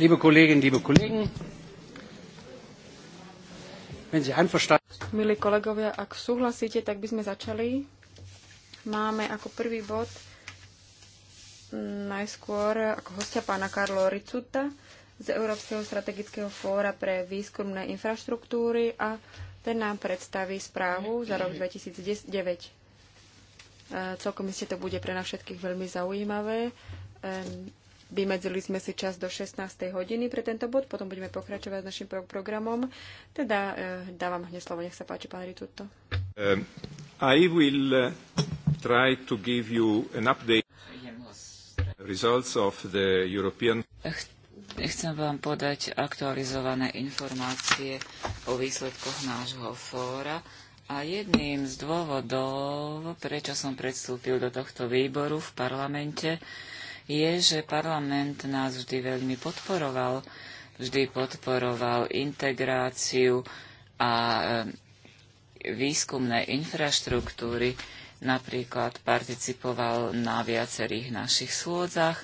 Liebe Kolleginnen, liebe Kollegen, wenn Sie einverstanden Milí kolegovia, ak súhlasíte, tak by sme začali. Máme ako prvý bod najskôr ako hostia pána Karlo Ricuta z Európskeho strategického fóra pre výskumné infraštruktúry a ten nám predstaví správu za rok 2009. E, celkom iste to bude pre nás všetkých veľmi zaujímavé. Vymedzili sme si čas do 16. hodiny pre tento bod, potom budeme pokračovať s našim pro- programom. Teda e, dávam hneď slovo, nech sa páči, pán Rituto. Um, I will uh, try to give you an update results of the European... Chcem vám podať aktualizované informácie o výsledkoch nášho fóra. A jedným z dôvodov, prečo som predstúpil do tohto výboru v parlamente, je, že parlament nás vždy veľmi podporoval. Vždy podporoval integráciu a e, výskumné infraštruktúry. Napríklad participoval na viacerých našich slôdzach.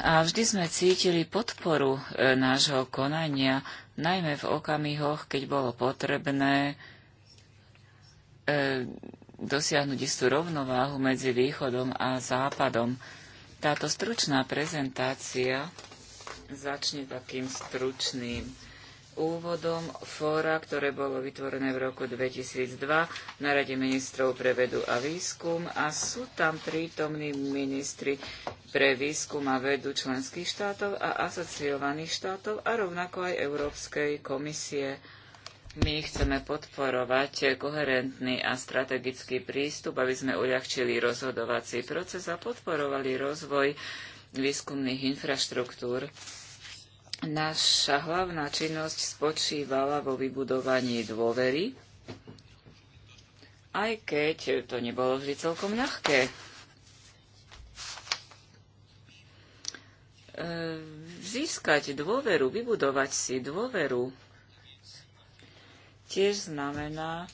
A vždy sme cítili podporu e, nášho konania, najmä v okamihoch, keď bolo potrebné e, dosiahnuť istú rovnováhu medzi východom a západom. Táto stručná prezentácia začne takým stručným úvodom fóra, ktoré bolo vytvorené v roku 2002 na Rade ministrov pre vedu a výskum a sú tam prítomní ministri pre výskum a vedu členských štátov a asociovaných štátov a rovnako aj Európskej komisie. My chceme podporovať koherentný a strategický prístup, aby sme uľahčili rozhodovací proces a podporovali rozvoj výskumných infraštruktúr. Naša hlavná činnosť spočívala vo vybudovaní dôvery, aj keď to nebolo vždy celkom ľahké. E, získať dôveru, vybudovať si dôveru tiež znamená,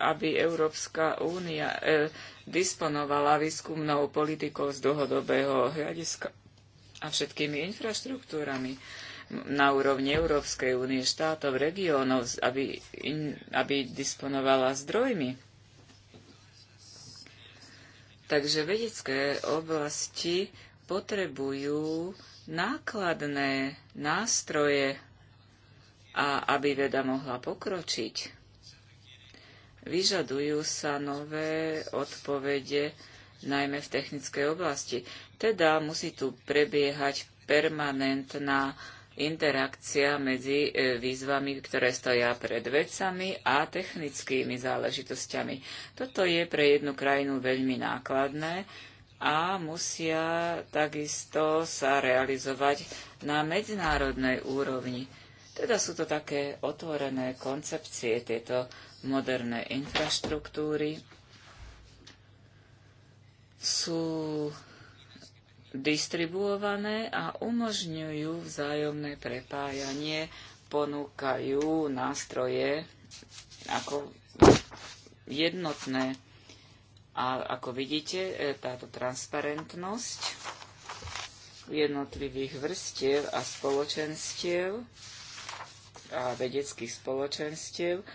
aby Európska únia e, disponovala výskumnou politikou z dlhodobého hľadiska a všetkými infraštruktúrami na úrovni Európskej únie, štátov, regiónov, aby, aby disponovala zdrojmi. Takže vedecké oblasti potrebujú nákladné nástroje a aby veda mohla pokročiť, vyžadujú sa nové odpovede, najmä v technickej oblasti. Teda musí tu prebiehať permanentná interakcia medzi e, výzvami, ktoré stoja pred vedcami a technickými záležitosťami. Toto je pre jednu krajinu veľmi nákladné a musia takisto sa realizovať na medzinárodnej úrovni. Teda sú to také otvorené koncepcie, tieto moderné infraštruktúry sú distribuované a umožňujú vzájomné prepájanie, ponúkajú nástroje ako jednotné. A ako vidíte, e, táto transparentnosť jednotlivých vrstiev a spoločenstiev a vedeckých spoločenstiev e,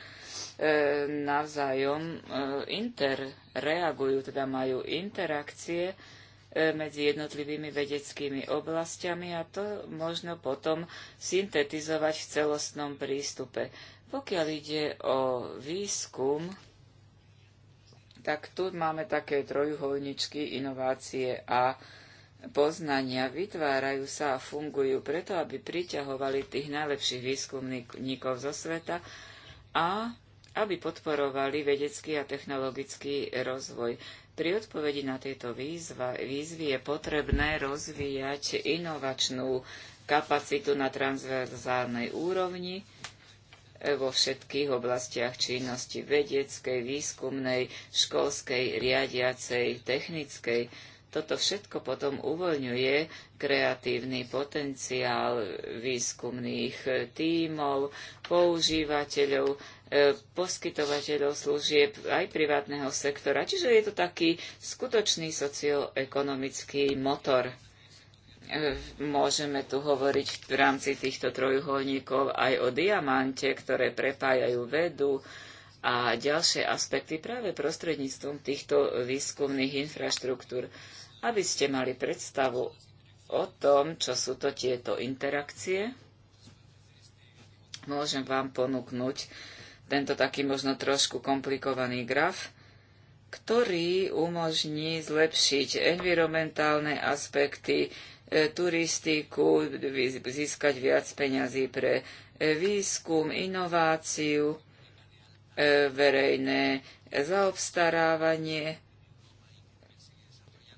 navzájom e, interreagujú, teda majú interakcie e, medzi jednotlivými vedeckými oblastiami a to možno potom syntetizovať v celostnom prístupe. Pokiaľ ide o výskum, tak tu máme také trojuholničky inovácie a poznania vytvárajú sa a fungujú preto, aby priťahovali tých najlepších výskumníkov zo sveta a aby podporovali vedecký a technologický rozvoj. Pri odpovedi na tieto výzva, výzvy je potrebné rozvíjať inovačnú kapacitu na transverzálnej úrovni vo všetkých oblastiach činnosti vedeckej, výskumnej, školskej, riadiacej, technickej toto všetko potom uvoľňuje kreatívny potenciál výskumných tímov, používateľov, e, poskytovateľov služieb aj privátneho sektora. Čiže je to taký skutočný socioekonomický motor. E, môžeme tu hovoriť v rámci týchto trojuholníkov aj o diamante, ktoré prepájajú vedu, a ďalšie aspekty práve prostredníctvom týchto výskumných infraštruktúr aby ste mali predstavu o tom, čo sú to tieto interakcie. Môžem vám ponúknuť tento taký možno trošku komplikovaný graf, ktorý umožní zlepšiť environmentálne aspekty, e, turistiku, získať viac peňazí pre e, výskum, inováciu, e, verejné zaobstarávanie,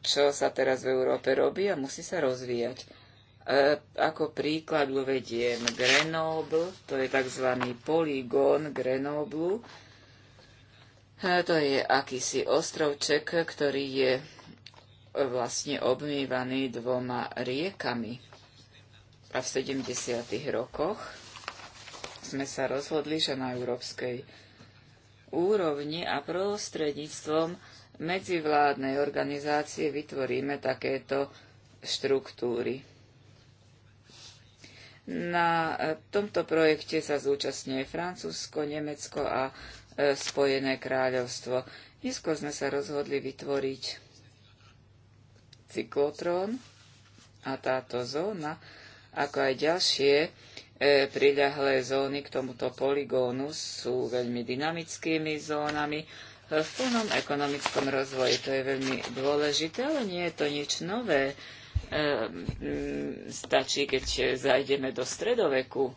čo sa teraz v Európe robí a musí sa rozvíjať. E, ako príklad uvediem Grenoble, to je tzv. polygón Grenoble. E, to je akýsi ostrovček, ktorý je vlastne obmývaný dvoma riekami. A v 70. rokoch sme sa rozhodli, že na európskej úrovni a prostredníctvom medzivládnej organizácie vytvoríme takéto štruktúry. Na e, tomto projekte sa zúčastňuje Francúzsko, Nemecko a e, Spojené kráľovstvo. Neskôr sme sa rozhodli vytvoriť cyklotrón a táto zóna, ako aj ďalšie e, priľahlé zóny k tomuto poligónu sú veľmi dynamickými zónami v plnom ekonomickom rozvoji. To je veľmi dôležité, ale nie je to nič nové. Ehm, stačí, keď zajdeme do stredoveku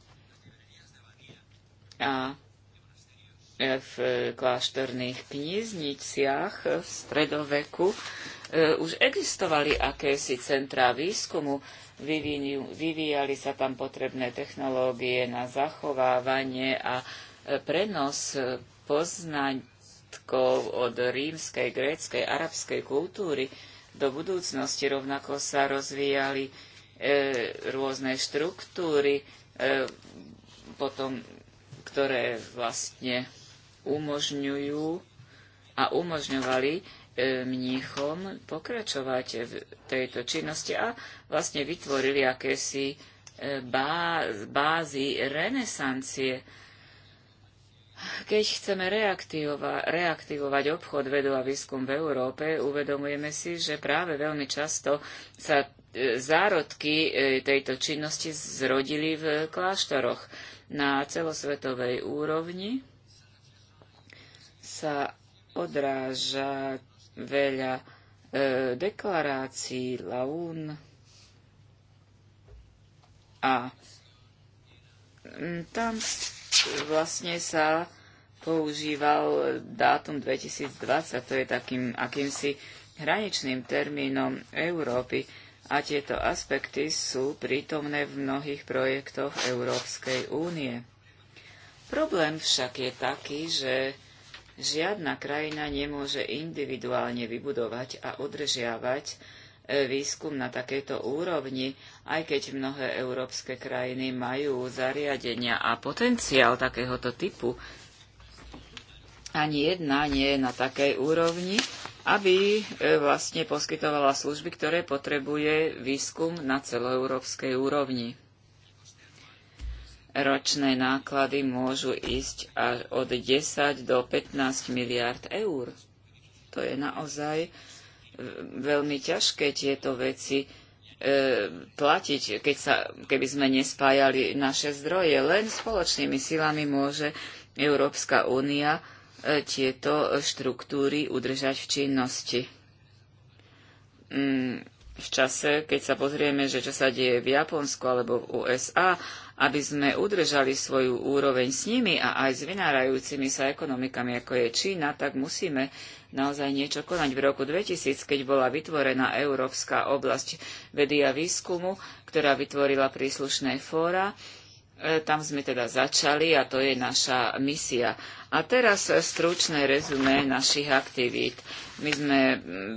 a v kláštorných knizniciach v stredoveku e, už existovali akési centrá výskumu, vyvíjali sa tam potrebné technológie na zachovávanie a prenos poznaní statkov od rímskej, gréckej, arabskej kultúry do budúcnosti. Rovnako sa rozvíjali e, rôzne štruktúry, e, potom, ktoré vlastne umožňujú a umožňovali e, mníchom pokračovať v tejto činnosti a vlastne vytvorili akési e, bá, bázy renesancie keď chceme reaktivova- reaktivovať obchod vedu a výskum v Európe, uvedomujeme si, že práve veľmi často sa e, zárodky e, tejto činnosti zrodili v kláštoroch. Na celosvetovej úrovni sa odráža veľa e, deklarácií, laún a mm, tam vlastne sa používal dátum 2020, to je takým akýmsi hraničným termínom Európy a tieto aspekty sú prítomné v mnohých projektoch Európskej únie. Problém však je taký, že žiadna krajina nemôže individuálne vybudovať a udržiavať e, výskum na takejto úrovni, aj keď mnohé európske krajiny majú zariadenia a potenciál takéhoto typu ani jedna nie je na takej úrovni, aby e, vlastne poskytovala služby, ktoré potrebuje výskum na celoeurópskej úrovni. Ročné náklady môžu ísť až od 10 do 15 miliard eur. To je naozaj e, veľmi ťažké tieto veci e, platiť, keď sa, keby sme nespájali naše zdroje. Len spoločnými silami môže Európska únia tieto štruktúry udržať v činnosti. Mm, v čase, keď sa pozrieme, že čo sa deje v Japonsku alebo v USA, aby sme udržali svoju úroveň s nimi a aj s vynárajúcimi sa ekonomikami, ako je Čína, tak musíme naozaj niečo konať. V roku 2000, keď bola vytvorená Európska oblasť vedy a výskumu, ktorá vytvorila príslušné fóra, E, tam sme teda začali a to je naša misia. A teraz stručné rezumé našich aktivít. My sme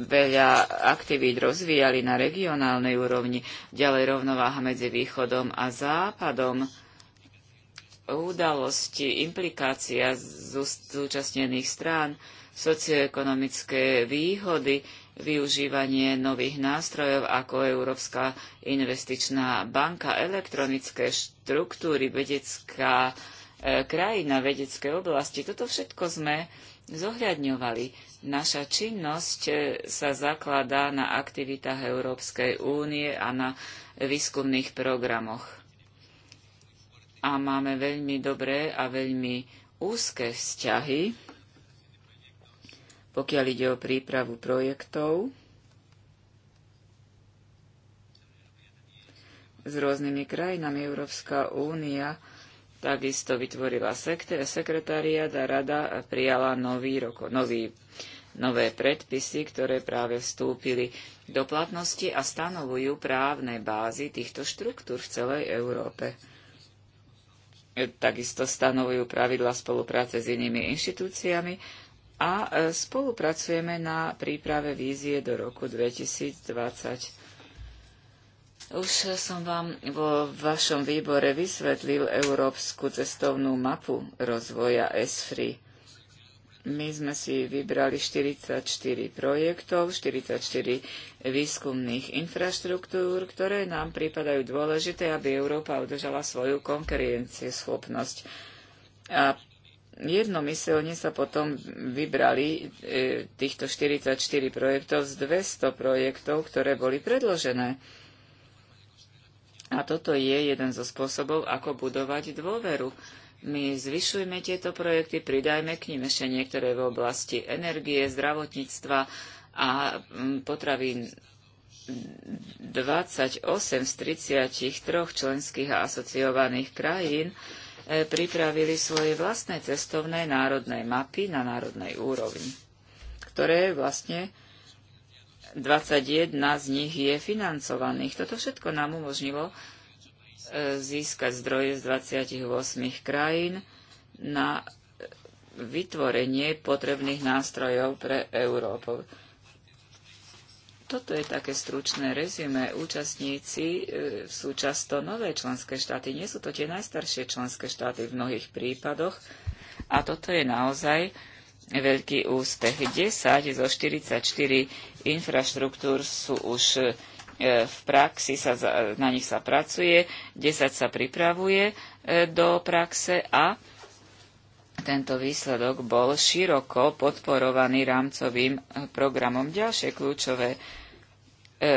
veľa aktivít rozvíjali na regionálnej úrovni, ďalej rovnováha medzi východom a západom, udalosti, implikácia zúčastnených strán, socioekonomické výhody, využívanie nových nástrojov ako Európska investičná banka, elektronické štruktúry, vedecká e, krajina, vedecké oblasti. Toto všetko sme zohľadňovali. Naša činnosť e, sa zakladá na aktivitách Európskej únie a na výskumných programoch. A máme veľmi dobré a veľmi úzke vzťahy pokiaľ ide o prípravu projektov s rôznymi krajinami. Európska únia takisto vytvorila sekretariat a rada prijala nový, roko, nový nové predpisy, ktoré práve vstúpili do platnosti a stanovujú právne bázy týchto štruktúr v celej Európe. Takisto stanovujú pravidla spolupráce s inými inštitúciami a e, spolupracujeme na príprave vízie do roku 2020. Už som vám vo vašom výbore vysvetlil európsku cestovnú mapu rozvoja ESFRI. My sme si vybrali 44 projektov, 44 výskumných infraštruktúr, ktoré nám prípadajú dôležité, aby Európa udržala svoju konkurencieschopnosť. A jednomyselne sa potom vybrali e, týchto 44 projektov z 200 projektov, ktoré boli predložené. A toto je jeden zo spôsobov, ako budovať dôveru. My zvyšujme tieto projekty, pridajme k nim ešte niektoré v oblasti energie, zdravotníctva a potravín 28 z 33 členských a asociovaných krajín E, pripravili svoje vlastné cestovné národné mapy na národnej úrovni, ktoré vlastne 21 z nich je financovaných. Toto všetko nám umožnilo e, získať zdroje z 28 krajín na vytvorenie potrebných nástrojov pre Európu. Toto je také stručné rezume. Účastníci e, sú často nové členské štáty, nie sú to tie najstaršie členské štáty v mnohých prípadoch. A toto je naozaj veľký úspech. 10 zo 44 infraštruktúr sú už e, v praxi, sa, na nich sa pracuje, 10 sa pripravuje e, do praxe a tento výsledok bol široko podporovaný rámcovým e, programom. Ďalšie kľúčové e,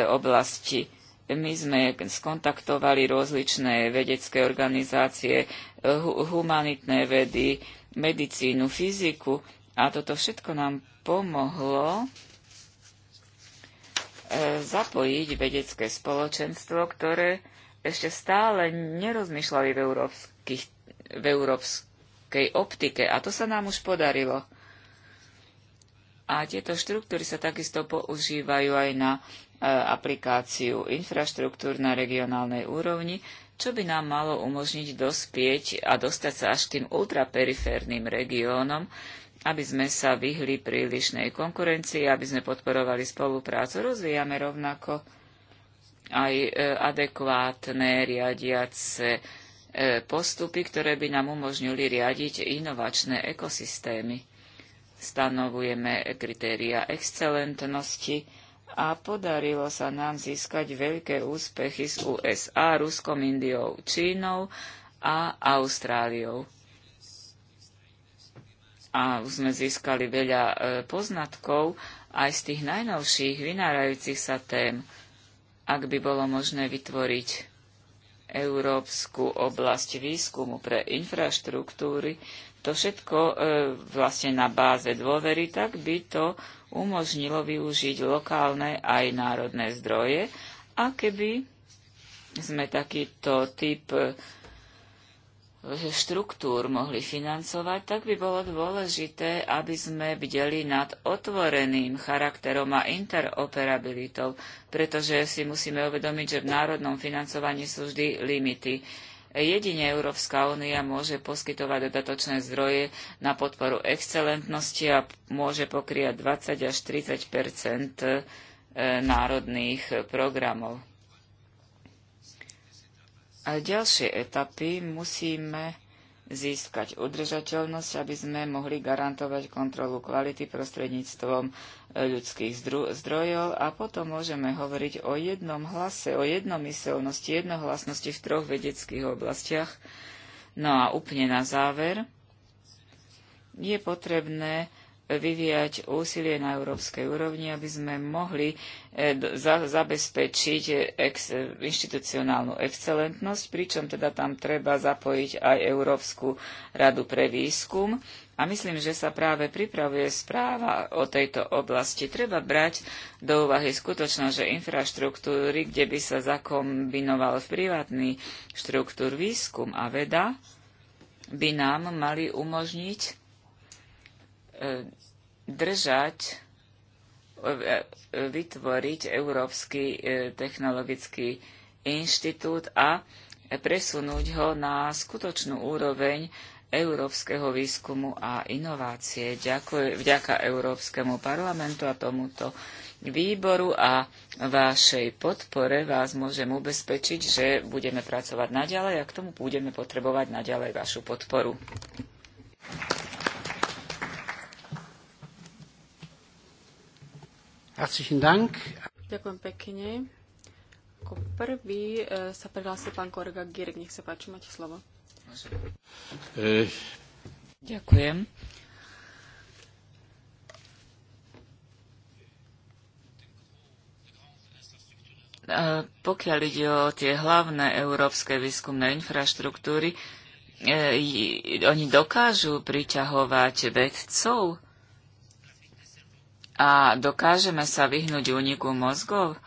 oblasti. My sme skontaktovali rozličné vedecké organizácie, e, hu humanitné vedy, medicínu, fyziku a toto všetko nám pomohlo e, zapojiť vedecké spoločenstvo, ktoré ešte stále nerozmýšľali v európskych v nejakej optike. A to sa nám už podarilo. A tieto štruktúry sa takisto používajú aj na e, aplikáciu infraštruktúr na regionálnej úrovni, čo by nám malo umožniť dospieť a dostať sa až tým ultraperiférnym regiónom, aby sme sa vyhli prílišnej konkurencii, aby sme podporovali spoluprácu. Rozvíjame rovnako aj e, adekvátne riadiace E, postupy, ktoré by nám umožnili riadiť inovačné ekosystémy. Stanovujeme kritéria excelentnosti a podarilo sa nám získať veľké úspechy s USA, Ruskom, Indiou, Čínou a Austráliou. A už sme získali veľa e, poznatkov aj z tých najnovších vynárajúcich sa tém, ak by bolo možné vytvoriť európsku oblasť výskumu pre infraštruktúry, to všetko e, vlastne na báze dôvery, tak by to umožnilo využiť lokálne aj národné zdroje. A keby sme takýto typ e, štruktúr mohli financovať, tak by bolo dôležité, aby sme bdeli nad otvoreným charakterom a interoperabilitou, pretože si musíme uvedomiť, že v národnom financovaní sú vždy limity. Jedine Európska únia môže poskytovať dodatočné zdroje na podporu excelentnosti a môže pokriať 20 až 30 eh, národných programov ďalšie etapy musíme získať udržateľnosť, aby sme mohli garantovať kontrolu kvality prostredníctvom e, ľudských zdrojov a potom môžeme hovoriť o jednom hlase, o jednomyselnosti, jednohlasnosti v troch vedeckých oblastiach. No a úplne na záver je potrebné vyvíjať úsilie na európskej úrovni, aby sme mohli e, zabezpečiť e, e, inštitucionálnu excelentnosť, pričom teda tam treba zapojiť aj Európsku radu pre výskum. A myslím, že sa práve pripravuje správa o tejto oblasti. Treba brať do úvahy skutočnosť, že infraštruktúry, kde by sa zakombinoval v privátny štruktúr výskum a veda, by nám mali umožniť držať, e, e, vytvoriť Európsky e, technologický inštitút a presunúť ho na skutočnú úroveň európskeho výskumu a inovácie. Ďakujem vďaka Európskemu parlamentu a tomuto výboru a vašej podpore vás môžem ubezpečiť, že budeme pracovať naďalej a k tomu budeme potrebovať naďalej vašu podporu. Herzlichen Dank. Ďakujem pekne. Ako prvý e, sa prihlásil pán kolega Gierek. Nech sa páči, máte slovo. E, Ďakujem. E, pokiaľ ide o tie hlavné európske výskumné infraštruktúry, oni dokážu priťahovať vedcov, a dokážeme sa vyhnúť úniku mozgov?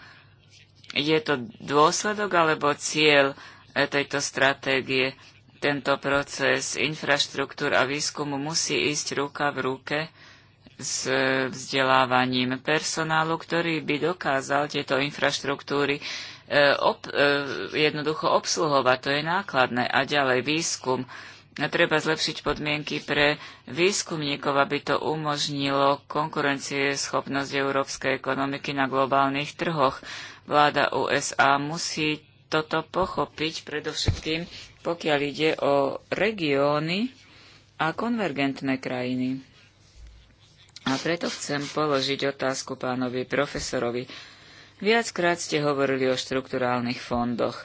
Je to dôsledok alebo cieľ e, tejto stratégie? Tento proces infraštruktúr a výskumu musí ísť ruka v ruke s e, vzdelávaním personálu, ktorý by dokázal tieto infraštruktúry e, ob, jednoducho obsluhovať. To je nákladné. A ďalej výskum treba zlepšiť podmienky pre výskumníkov, aby to umožnilo konkurencieschopnosť európskej ekonomiky na globálnych trhoch. Vláda USA musí toto pochopiť predovšetkým, pokiaľ ide o regióny a konvergentné krajiny. A preto chcem položiť otázku pánovi profesorovi. Viackrát ste hovorili o štrukturálnych fondoch.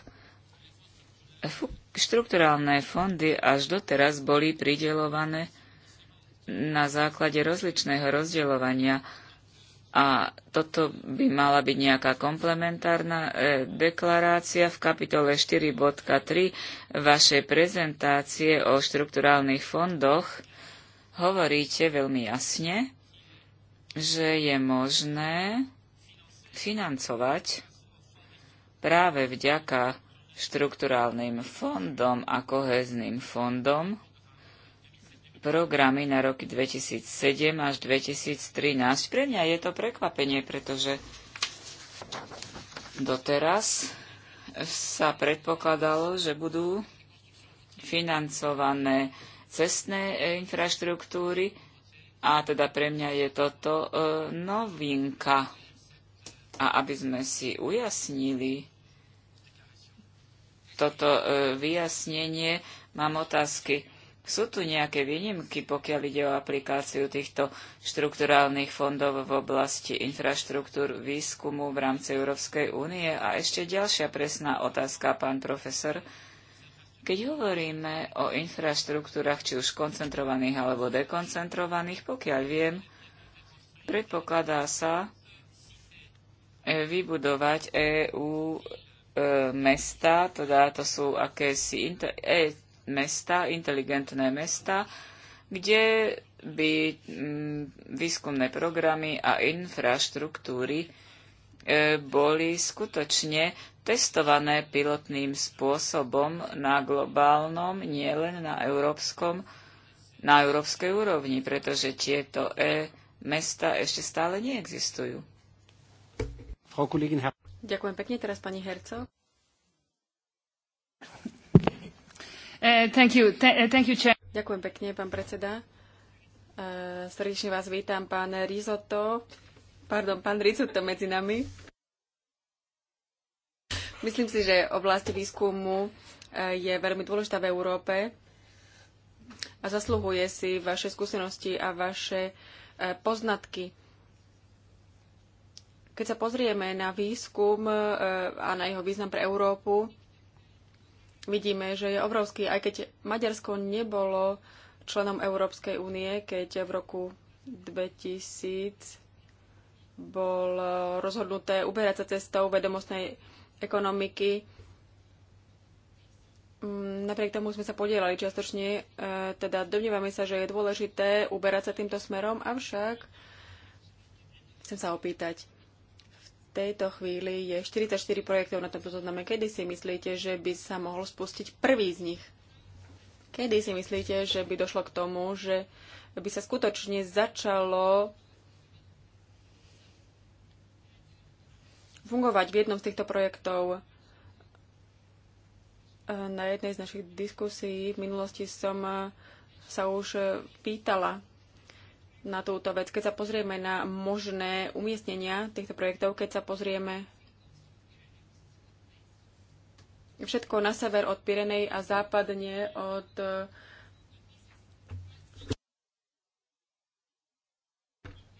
Štrukturálne fondy až doteraz boli pridelované na základe rozličného rozdeľovania a toto by mala byť nejaká komplementárna e, deklarácia v kapitole 4.3 vašej prezentácie o štrukturálnych fondoch. Hovoríte veľmi jasne, že je možné financovať práve vďaka štrukturálnym fondom a kohezným fondom programy na roky 2007 až 2013. Pre mňa je to prekvapenie, pretože doteraz sa predpokladalo, že budú financované cestné e, infraštruktúry a teda pre mňa je toto e, novinka. A aby sme si ujasnili, toto e, vyjasnenie, mám otázky. Sú tu nejaké výnimky, pokiaľ ide o aplikáciu týchto štrukturálnych fondov v oblasti infraštruktúr výskumu v rámci Európskej únie? A ešte ďalšia presná otázka, pán profesor. Keď hovoríme o infraštruktúrach, či už koncentrovaných alebo dekoncentrovaných, pokiaľ viem, predpokladá sa e, vybudovať EÚ E, mesta, teda to sú akési e, mesta, inteligentné mesta, kde by m, mm, výskumné programy a infraštruktúry e, boli skutočne testované pilotným spôsobom na globálnom, nielen na európskom, na európskej úrovni, pretože tieto e mesta ešte stále neexistujú. Ďakujem pekne. Teraz pani Herco. Uh, eh, thank you. Th eh, thank you, Ďakujem pekne, pán predseda. Uh, srdečne vás vítam, pán Rizotto. Pardon, pán Rizotto medzi nami. Myslím si, že oblasti výskumu je veľmi dôležitá v Európe a zasluhuje si vaše skúsenosti a vaše poznatky. Keď sa pozrieme na výskum e, a na jeho význam pre Európu, vidíme, že je obrovský. Aj keď Maďarsko nebolo členom Európskej únie, keď v roku 2000 bol e, rozhodnuté uberať sa cestou vedomostnej ekonomiky. Mm, napriek tomu sme sa podielali čiastočne, e, teda domnievame sa, že je dôležité uberať sa týmto smerom, avšak chcem sa opýtať, tejto chvíli je 44 projektov na tomto zozname. Kedy si myslíte, že by sa mohol spustiť prvý z nich? Kedy si myslíte, že by došlo k tomu, že by sa skutočne začalo fungovať v jednom z týchto projektov? E, na jednej z našich diskusí v minulosti som sa už pýtala na túto vec. Keď sa pozrieme na možné umiestnenia týchto projektov, keď sa pozrieme všetko na sever od Pirenej a západne od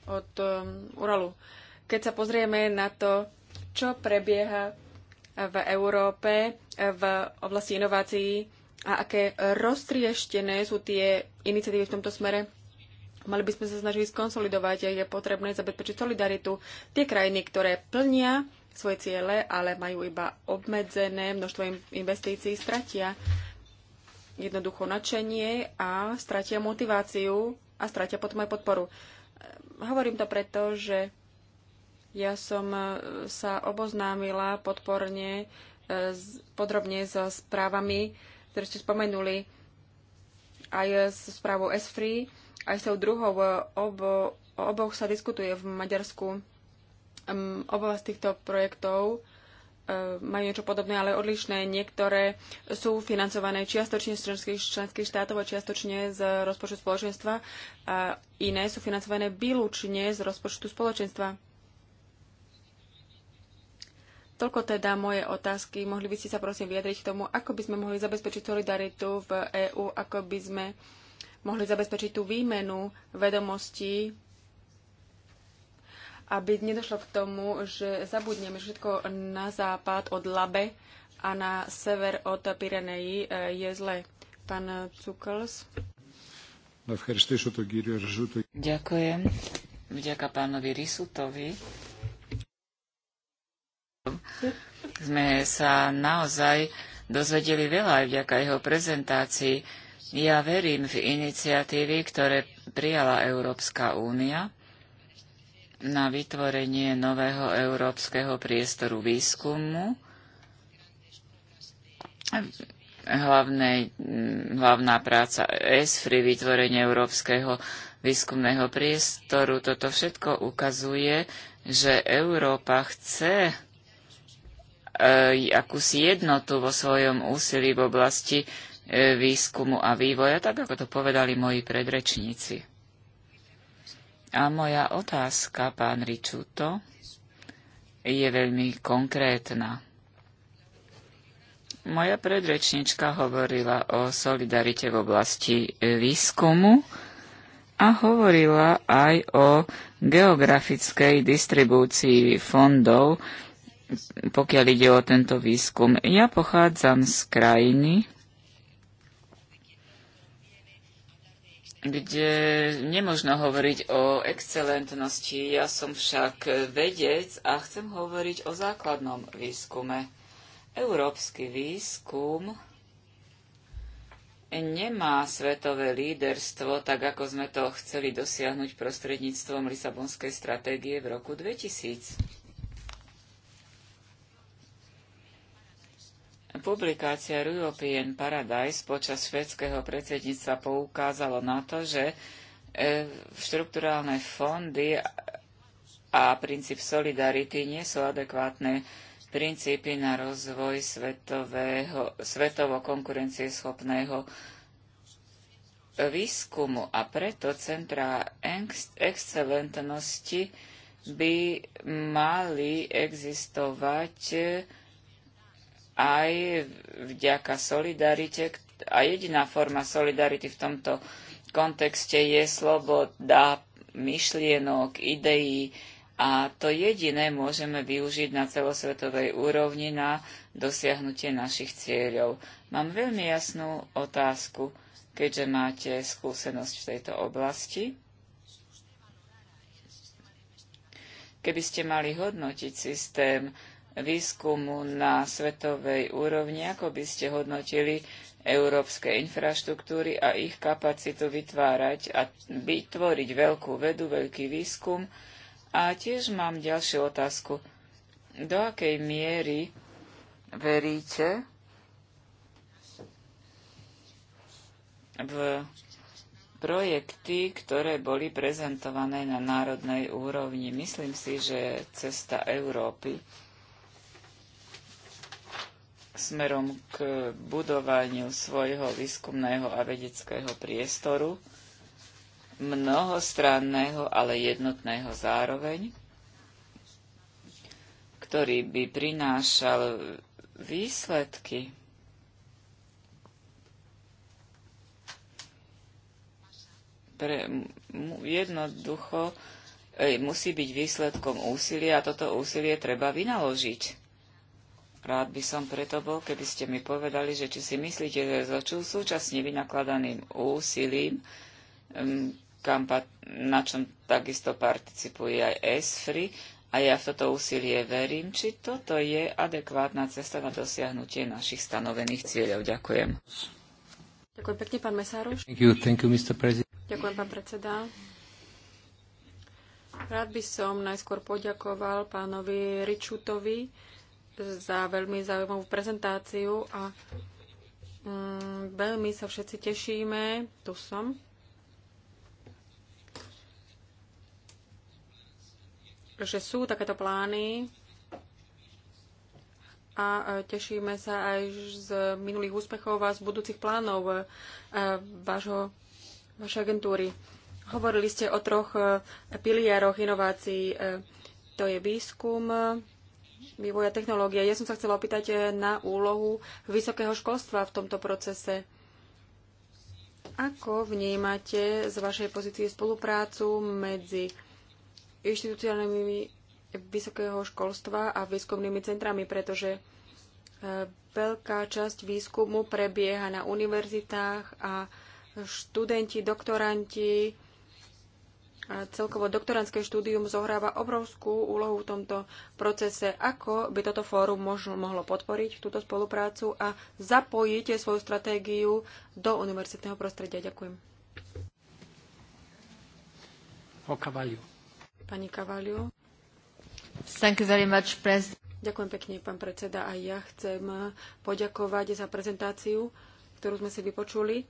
od um, Uralu. Keď sa pozrieme na to, čo prebieha v Európe v oblasti inovácií a aké roztrieštené sú tie iniciatívy v tomto smere, Mali by sme sa snažiť skonsolidovať a je potrebné zabezpečiť solidaritu. Tie krajiny, ktoré plnia svoje ciele, ale majú iba obmedzené množstvo investícií, stratia jednoducho nadšenie a stratia motiváciu a stratia potom aj podporu. Hovorím to preto, že ja som e, sa oboznámila podporne, e, podrobne so správami, ktoré ste spomenuli, aj s správou S-Free, aj s tou druhou. Eh, Obo, o oboch sa diskutuje v Maďarsku. Um, oba z týchto projektov eh, majú niečo podobné, ale odlišné. Niektoré sú financované čiastočne z členských, členských štátov a čiastočne z rozpočtu spoločenstva a iné sú financované výlučne z rozpočtu spoločenstva. Toľko teda moje otázky. Mohli by ste sa prosím vyjadriť k tomu, ako by sme mohli zabezpečiť solidaritu v EÚ, ako by sme uh, mohli zabezpečiť tú výmenu vedomostí, aby nedošlo k tomu, že zabudneme všetko na západ od Labe a na sever od Pireneji e, je zle. Pán Cukls. Ďakujem. Vďaka pánovi Risutovi sme sa naozaj dozvedeli veľa aj vďaka jeho prezentácii. Ja verím v iniciatívy, ktoré prijala Európska únia na vytvorenie nového európskeho priestoru výskumu, Hlavné, hlavná práca ESFRI, vytvorenie európskeho výskumného priestoru. Toto všetko ukazuje, že Európa chce e, akúsi jednotu vo svojom úsilí v oblasti E, výskumu a vývoja, tak ako to povedali moji predrečníci. A moja otázka, pán Ričuto, je veľmi konkrétna. Moja predrečnička hovorila o solidarite v oblasti e, výskumu a hovorila aj o geografickej distribúcii fondov, pokiaľ ide o tento výskum. Ja pochádzam z krajiny, kde nemožno hovoriť o excelentnosti. Ja som však vedec a chcem hovoriť o základnom výskume. Európsky výskum nemá svetové líderstvo, tak ako sme to chceli dosiahnuť prostredníctvom Lisabonskej stratégie v roku 2000. Publikácia European Paradise počas švedského predsedníctva poukázalo na to, že e, štrukturálne fondy a princíp solidarity nie sú adekvátne princípy na rozvoj svetového, svetovo konkurencieschopného výskumu a preto centrá excelentnosti by mali existovať e, aj vďaka solidarite. A jediná forma solidarity v tomto kontexte je sloboda myšlienok, ideí a to jediné môžeme využiť na celosvetovej úrovni na dosiahnutie našich cieľov. Mám veľmi jasnú otázku, keďže máte skúsenosť v tejto oblasti. Keby ste mali hodnotiť systém výskumu na svetovej úrovni, ako by ste hodnotili európske infraštruktúry a ich kapacitu vytvárať a vytvoriť veľkú vedu, veľký výskum. A tiež mám ďalšiu otázku. Do akej miery veríte v projekty, ktoré boli prezentované na národnej úrovni? Myslím si, že cesta Európy smerom k budovaniu svojho výskumného a vedeckého priestoru, mnohostranného, ale jednotného zároveň, ktorý by prinášal výsledky. Pre, jednoducho musí byť výsledkom úsilia a toto úsilie treba vynaložiť Rád by som preto bol, keby ste mi povedali, že či si myslíte, že so súčasne vynakladaným úsilím, kam, na čom takisto participuje aj ESFRI, a ja v toto úsilie verím, či toto je adekvátna cesta na dosiahnutie našich stanovených cieľov. Ďakujem. Ďakujem pekne, pán Mesároš. Thank you, thank you, Mr. Ďakujem, pán predseda. Rád by som najskôr poďakoval pánovi Ričutovi za veľmi zaujímavú prezentáciu a mm, veľmi sa všetci tešíme. Tu som. že sú takéto plány a e, tešíme sa aj z minulých úspechov a z budúcich plánov e, vášho, vašej agentúry. Hovorili ste o troch e, pilieroch inovácií. To je výskum, vývoja technológie. Ja som sa chcela opýtať eh, na úlohu vysokého školstva v tomto procese. Ako vnímate z vašej pozície spoluprácu medzi inštitúciálnymi vysokého školstva a výskumnými centrami, pretože eh, veľká časť výskumu prebieha na univerzitách a študenti, doktoranti, celkovo doktorantské štúdium zohráva obrovskú úlohu v tomto procese. Ako by toto fórum možno, mohlo podporiť túto spoluprácu a zapojiť svoju stratégiu do univerzitného prostredia? Ďakujem. Pani Kavaliu. Thank you very much, Ďakujem pekne, pán predseda. A ja chcem poďakovať za prezentáciu, ktorú sme si vypočuli.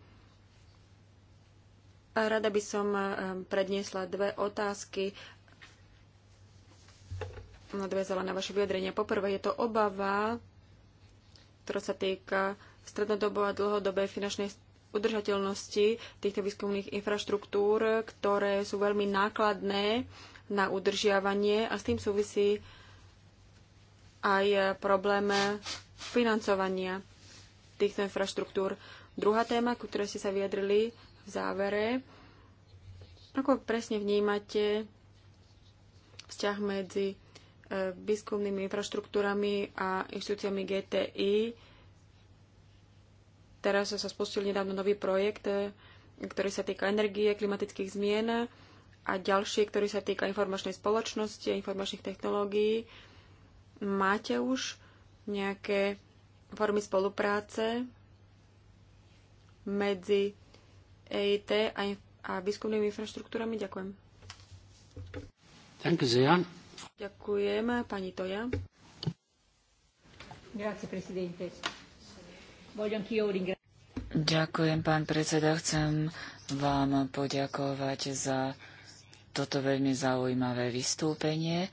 Rada by som eh, predniesla dve otázky nadviazala na vaše vyjadrenie. Poprvé je to obava, ktorá sa týka strednodobo a dlhodobej finančnej udržateľnosti týchto výskumných infraštruktúr, ktoré sú veľmi nákladné na udržiavanie a s tým súvisí aj problém financovania týchto infraštruktúr. Druhá téma, ku ktorej ste sa vyjadrili, v závere. Ako presne vnímate vzťah medzi výskumnými e, infraštruktúrami a inštitúciami GTI? Teraz sa spustil nedávno nový projekt, e, ktorý sa týka energie, klimatických zmien a ďalší, ktorý sa týka informačnej spoločnosti a informačných technológií. Máte už nejaké formy spolupráce medzi EIT a, a výskumnými infraštruktúrami. Ďakujem. Ďakujem. Ďakujem, pani Toja. Ďakujem, pán predseda. Chcem vám poďakovať za toto veľmi zaujímavé vystúpenie.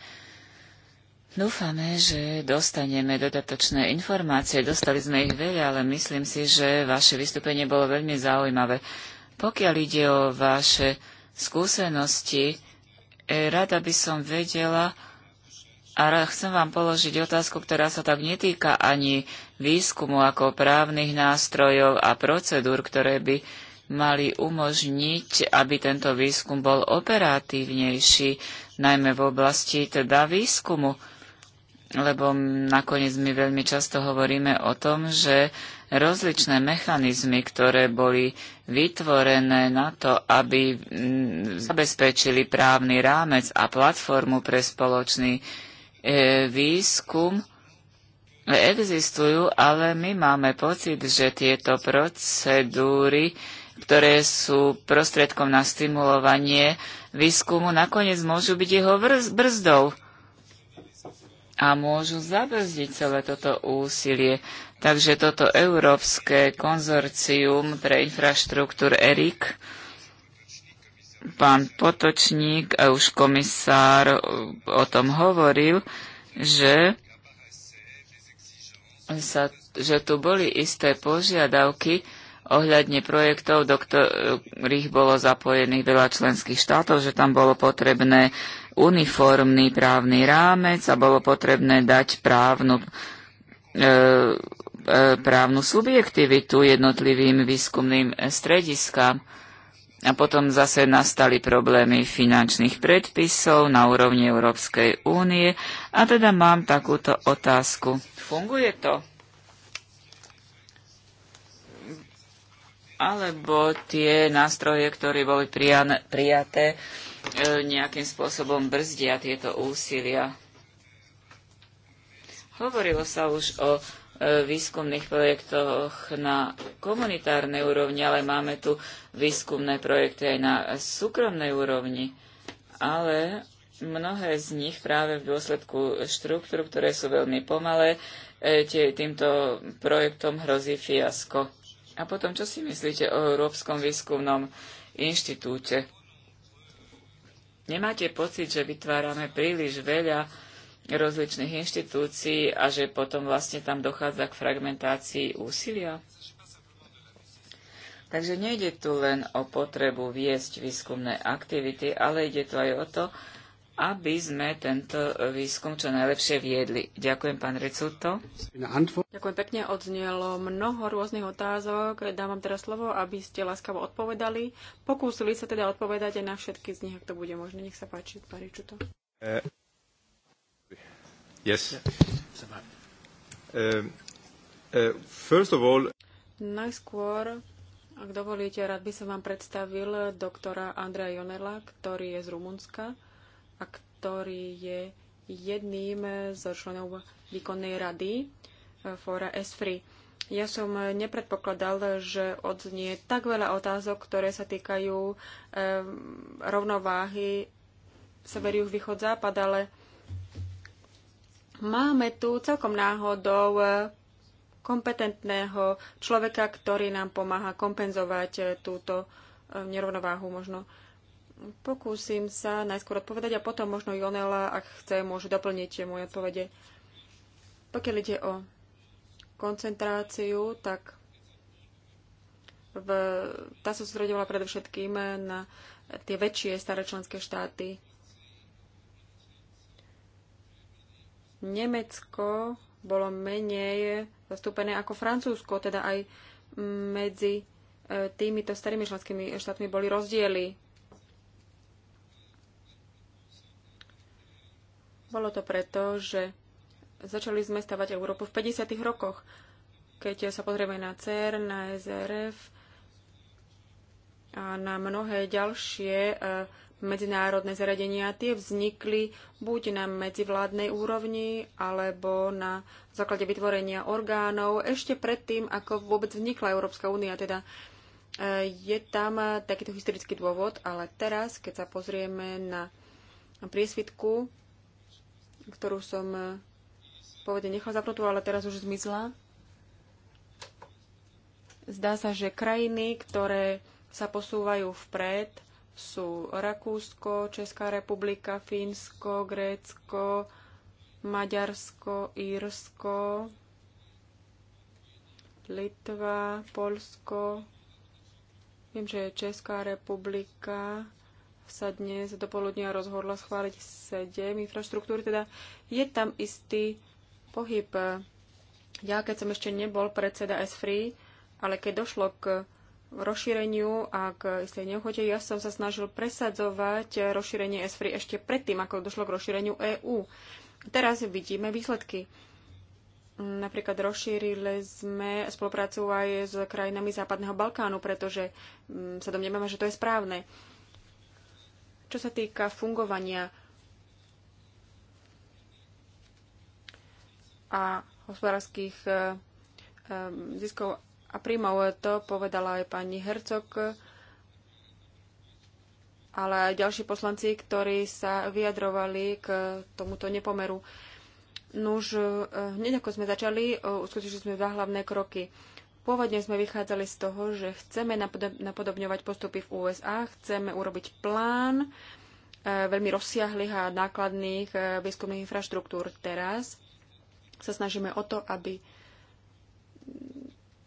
Dúfame, že dostaneme dodatočné informácie. Dostali sme ich veľa, ale myslím si, že vaše vystúpenie bolo veľmi zaujímavé. Pokiaľ ide o vaše skúsenosti, e, rada by som vedela, a chcem vám položiť otázku, ktorá sa tak netýka ani výskumu ako právnych nástrojov a procedúr, ktoré by mali umožniť, aby tento výskum bol operatívnejší, najmä v oblasti teda výskumu lebo nakoniec my veľmi často hovoríme o tom, že rozličné mechanizmy, ktoré boli vytvorené na to, aby zabezpečili právny rámec a platformu pre spoločný e, výskum, existujú, ale my máme pocit, že tieto procedúry, ktoré sú prostriedkom na stimulovanie výskumu, nakoniec môžu byť jeho brzdou a môžu zabrzdiť celé toto úsilie. Takže toto Európske konzorcium pre infraštruktúr ERIC, pán Potočník a už komisár o tom hovoril, že, sa, že tu boli isté požiadavky ohľadne projektov, do ktorých bolo zapojených veľa členských štátov, že tam bolo potrebné uniformný právny rámec a bolo potrebné dať právnu, e, e, právnu subjektivitu jednotlivým výskumným strediskám. A potom zase nastali problémy finančných predpisov na úrovni Európskej únie. A teda mám takúto otázku. Funguje to? Alebo tie nástroje, ktoré boli prijaté, E, nejakým spôsobom brzdia tieto úsilia. Hovorilo sa už o e, výskumných projektoch na komunitárnej úrovni, ale máme tu výskumné projekty aj na súkromnej úrovni. Ale mnohé z nich práve v dôsledku štruktúr, ktoré sú veľmi pomalé, e, týmto projektom hrozí fiasko. A potom, čo si myslíte o Európskom výskumnom inštitúte? Nemáte pocit, že vytvárame príliš veľa rozličných inštitúcií a že potom vlastne tam dochádza k fragmentácii úsilia? Takže nejde tu len o potrebu viesť výskumné aktivity, ale ide tu aj o to, aby sme tento výskum čo najlepšie viedli. Ďakujem, pán Recuto. Ďakujem pekne, odznelo mnoho rôznych otázok. Dám vám teraz slovo, aby ste láskavo odpovedali. Pokúsili sa teda odpovedať aj na všetky z nich, ak to bude možné. Nech sa páči, pán Recuto. Uh, eh, yes. Uh, uh, first of all... Najskôr ak dovolíte, rád by som vám predstavil doktora Andreja Jonela, ktorý je z Rumunska a ktorý je jedným zo členov výkonnej rady e, fóra 3 Ja som nepredpokladal, že odznie tak veľa otázok, ktoré sa týkajú e, rovnováhy sever, východ, západ, ale máme tu celkom náhodou e, kompetentného človeka, ktorý nám pomáha kompenzovať e, túto nerovnováhu možno. E, Pokúsim sa najskôr odpovedať a potom možno Jonela, ak chce, môže doplniť moje odpovede. Pokiaľ ide o koncentráciu, tak v, tá sústredovala predovšetkým na tie väčšie staré členské štáty. Nemecko bolo menej zastúpené ako Francúzsko, teda aj medzi e, týmito starými členskými štátmi boli rozdiely Bolo to preto, že začali sme stavať Európu v 50. rokoch. Keď sa pozrieme na CER, na SRF a na mnohé ďalšie e, medzinárodné zariadenia, tie vznikli buď na medzivládnej úrovni, alebo na základe vytvorenia orgánov ešte predtým, ako vôbec vznikla Európska únia. Teda e, je tam takýto historický dôvod, ale teraz, keď sa pozrieme na priesvitku ktorú som eh, povede nechal zapnutú, ale teraz už zmizla. Zdá sa, že krajiny, ktoré sa posúvajú vpred, sú Rakúsko, Česká republika, Fínsko, Grécko, Maďarsko, Írsko, Litva, Polsko. Viem, že Česká republika sa dnes do poludnia rozhodla schváliť 7 infraštruktúry, teda je tam istý pohyb. Ja, keď som ešte nebol predseda S-Free, ale keď došlo k rozšíreniu a k istej neochote, ja som sa snažil presadzovať rozšírenie S-Free ešte predtým, ako došlo k rozšíreniu EÚ. Teraz vidíme výsledky. Napríklad rozšírili sme spoluprácu aj s krajinami Západného Balkánu, pretože mm, sa domnievame, že to je správne. Čo sa týka fungovania a hospodárskych e, e, ziskov a príjmov, to povedala aj pani Hercog, ale aj ďalší poslanci, ktorí sa vyjadrovali k tomuto nepomeru. Nuž, e, hneď ako sme začali, uskutočili sme dva hlavné kroky. Pôvodne sme vychádzali z toho, že chceme napodobňovať postupy v USA, chceme urobiť plán e, veľmi rozsiahlých a nákladných e, výskumných infraštruktúr. Teraz sa snažíme o to, aby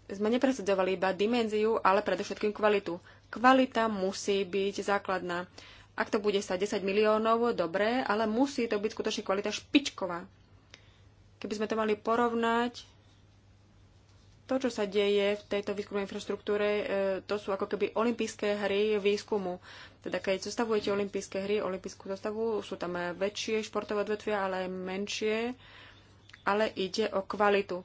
sme nepresadzovali iba dimenziu, ale predovšetkým kvalitu. Kvalita musí byť základná. Ak to bude sa 10 miliónov, dobre, ale musí to byť skutočne kvalita špičková. Keby sme to mali porovnať to, čo sa deje v tejto výskumnej infraštruktúre, e, to sú ako keby olympijské hry výskumu. Teda keď zostavujete olympijské hry, olympijskú zostavu, sú tam väčšie športové odvetvia, ale aj menšie, ale ide o kvalitu.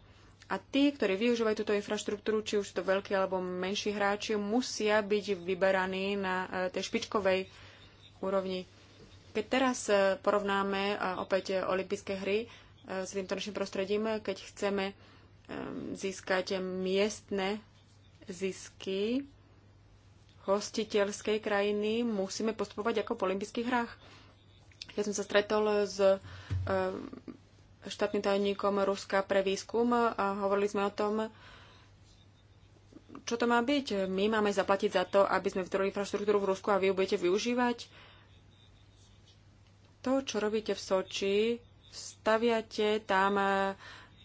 A tí, ktorí využívajú túto infraštruktúru, či už to veľkí alebo menší hráči, musia byť vyberaní na e, tej špičkovej úrovni. Keď teraz e, porovnáme opäť olympijské hry s týmto našim prostredím, keď chceme Ehm, získať miestne zisky hostiteľskej krajiny, musíme postupovať ako po olympijských hrách. Ja som sa stretol s ehm, štátnym tajomníkom Ruska pre výskum a hovorili sme o tom, čo to má byť. My máme zaplatiť za to, aby sme vytvorili infraštruktúru v Rusku a vy ju budete využívať. To, čo robíte v Soči, staviate tam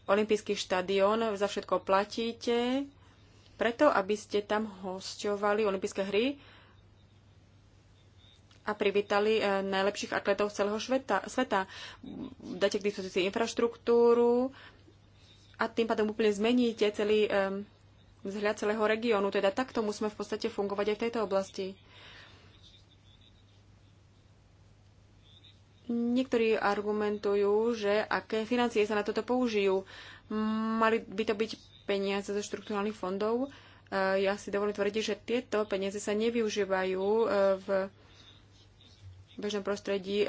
olympijský štadión, za všetko platíte, preto aby ste tam hosťovali olympijské hry a privítali eh, najlepších atletov z celého šveta, sveta. Dáte k dispozícii infraštruktúru a tým pádom úplne zmeníte celý um, vzhľad celého regiónu. Teda takto musíme v podstate fungovať aj v tejto oblasti. Niektorí argumentujú, že aké financie sa na toto použijú. Mali by to byť peniaze zo štruktúrnych fondov. E, ja si dovolím tvrdiť, že tieto peniaze sa nevyužívajú e, v bežnom prostredí e,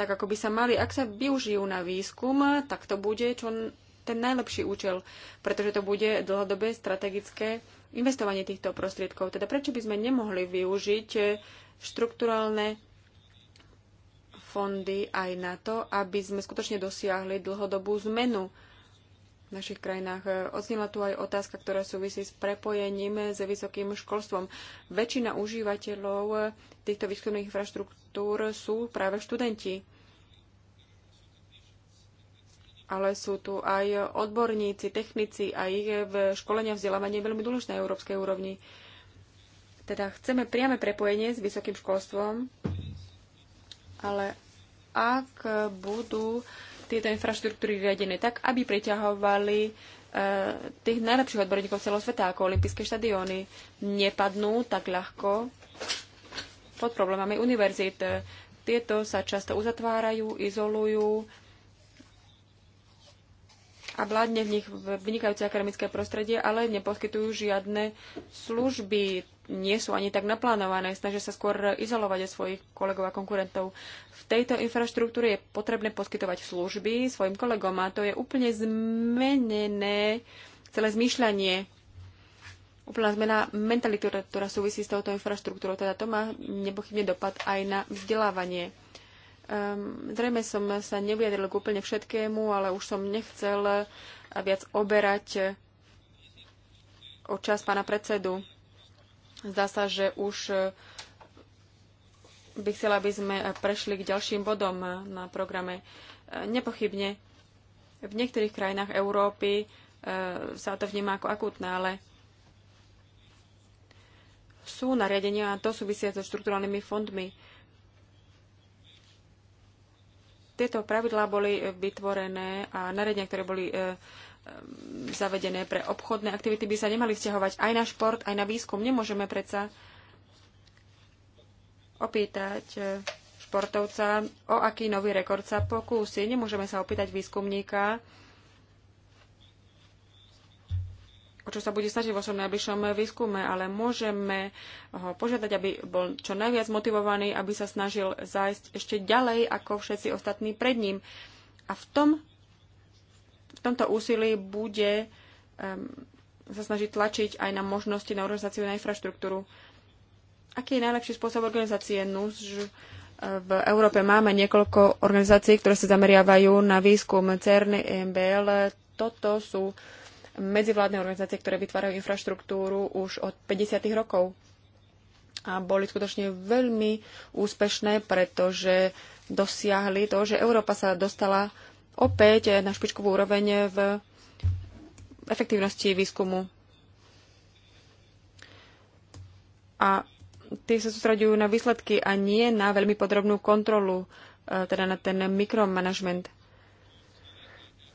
tak, ako by sa mali. Ak sa využijú na výskum, tak to bude čo ten najlepší účel, pretože to bude dlhodobé strategické investovanie týchto prostriedkov. Teda prečo by sme nemohli využiť štruktúralne fondy aj na to, aby sme skutočne dosiahli dlhodobú zmenu v našich krajinách. Odznila tu aj otázka, ktorá súvisí s prepojením s vysokým školstvom. Väčšina užívateľov týchto výskumných infraštruktúr sú práve študenti. Ale sú tu aj odborníci, technici a ich v školenia vzdelávanie veľmi dôležité na európskej úrovni. Teda chceme priame prepojenie s vysokým školstvom, ale ak budú tieto infraštruktúry riadené tak, aby priťahovali e, tých najlepších odborníkov celého sveta, ako olympijské štadióny, nepadnú tak ľahko pod problémami univerzít. Tieto sa často uzatvárajú, izolujú, a vládne v nich vynikajúce akademické prostredie, ale neposkytujú žiadne služby, nie sú ani tak naplánované, snažia sa skôr izolovať od svojich kolegov a konkurentov. V tejto infraštruktúre je potrebné poskytovať služby svojim kolegom a to je úplne zmenené celé zmýšľanie úplná zmena mentality, ktorá súvisí s touto infraštruktúrou. Teda to má nepochybne dopad aj na vzdelávanie. Um, zrejme som sa nevyjadril k úplne všetkému, ale už som nechcel eh, viac oberať eh, o čas pána predsedu. Zdá sa, že už eh, by chcela, aby sme prešli k ďalším bodom na programe. Nepochybne v niektorých krajinách Európy sa to vníma ako akutné, ale sú nariadenia a to súvisia so štruktúralnými fondmi. Tieto pravidlá boli vytvorené a nariadenia, ktoré boli e, e, zavedené pre obchodné aktivity, by sa nemali vzťahovať aj na šport, aj na výskum. Nemôžeme predsa opýtať e, športovca, o aký nový rekord sa pokúsi. Nemôžeme sa opýtať výskumníka, o čo sa bude snažiť vo svojom najbližšom výskume, ale môžeme ho požiadať, aby bol čo najviac motivovaný, aby sa snažil zájsť ešte ďalej ako všetci ostatní pred ním. A v, tom, v tomto úsilí bude um, sa snažiť tlačiť aj na možnosti na organizáciu, na infraštruktúru. Aký je najlepší spôsob organizácie NUS e, V Európe máme niekoľko organizácií, ktoré sa zameriavajú na výskum CERN, EMBL. Toto sú medzivládne organizácie, ktoré vytvárajú infraštruktúru už od 50. rokov. A boli skutočne veľmi úspešné, pretože dosiahli to, že Európa sa dostala opäť na špičkovú úroveň v efektívnosti výskumu. A tie sa sústraďujú na výsledky a nie na veľmi podrobnú kontrolu, e, teda na ten mikromanagement.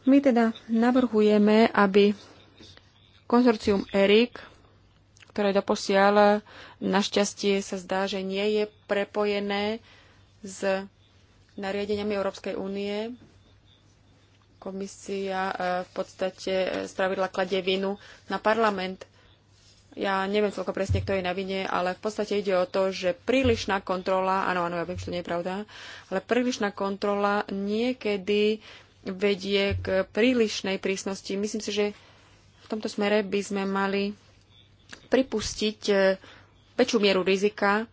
My teda navrhujeme, aby konzorcium ERIC, ktoré doposiaľ našťastie sa zdá, že nie je prepojené s nariadeniami Európskej únie, komisia e, v podstate spravidla e, kladie vinu na parlament. Ja neviem celko presne, kto je na vine, ale v podstate ide o to, že prílišná kontrola, áno, áno, ja viem, že to nie je pravda, ale prílišná kontrola niekedy vedie k prílišnej prísnosti. Myslím si, že v tomto smere by sme mali pripustiť e, väčšiu mieru rizika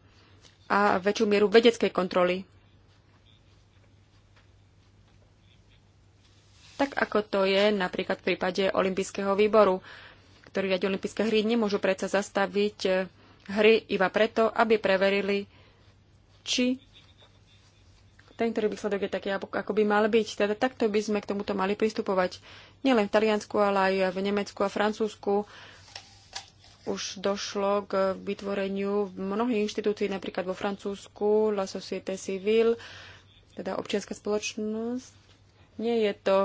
a väčšiu mieru vedeckej kontroly. Tak ako to je napríklad v prípade Olympijského výboru, ktorý riadi olympijské hry, nemôžu predsa zastaviť e, hry iba preto, aby preverili, či ten, ktorý výsledok je taký, ako by mal byť. Teda takto by sme k tomuto mali pristupovať. Nielen v Taliansku, ale aj v Nemecku a Francúzsku už došlo k vytvoreniu mnohých inštitúcií, napríklad vo Francúzsku, La Société Civile, teda občianská spoločnosť. Nie je to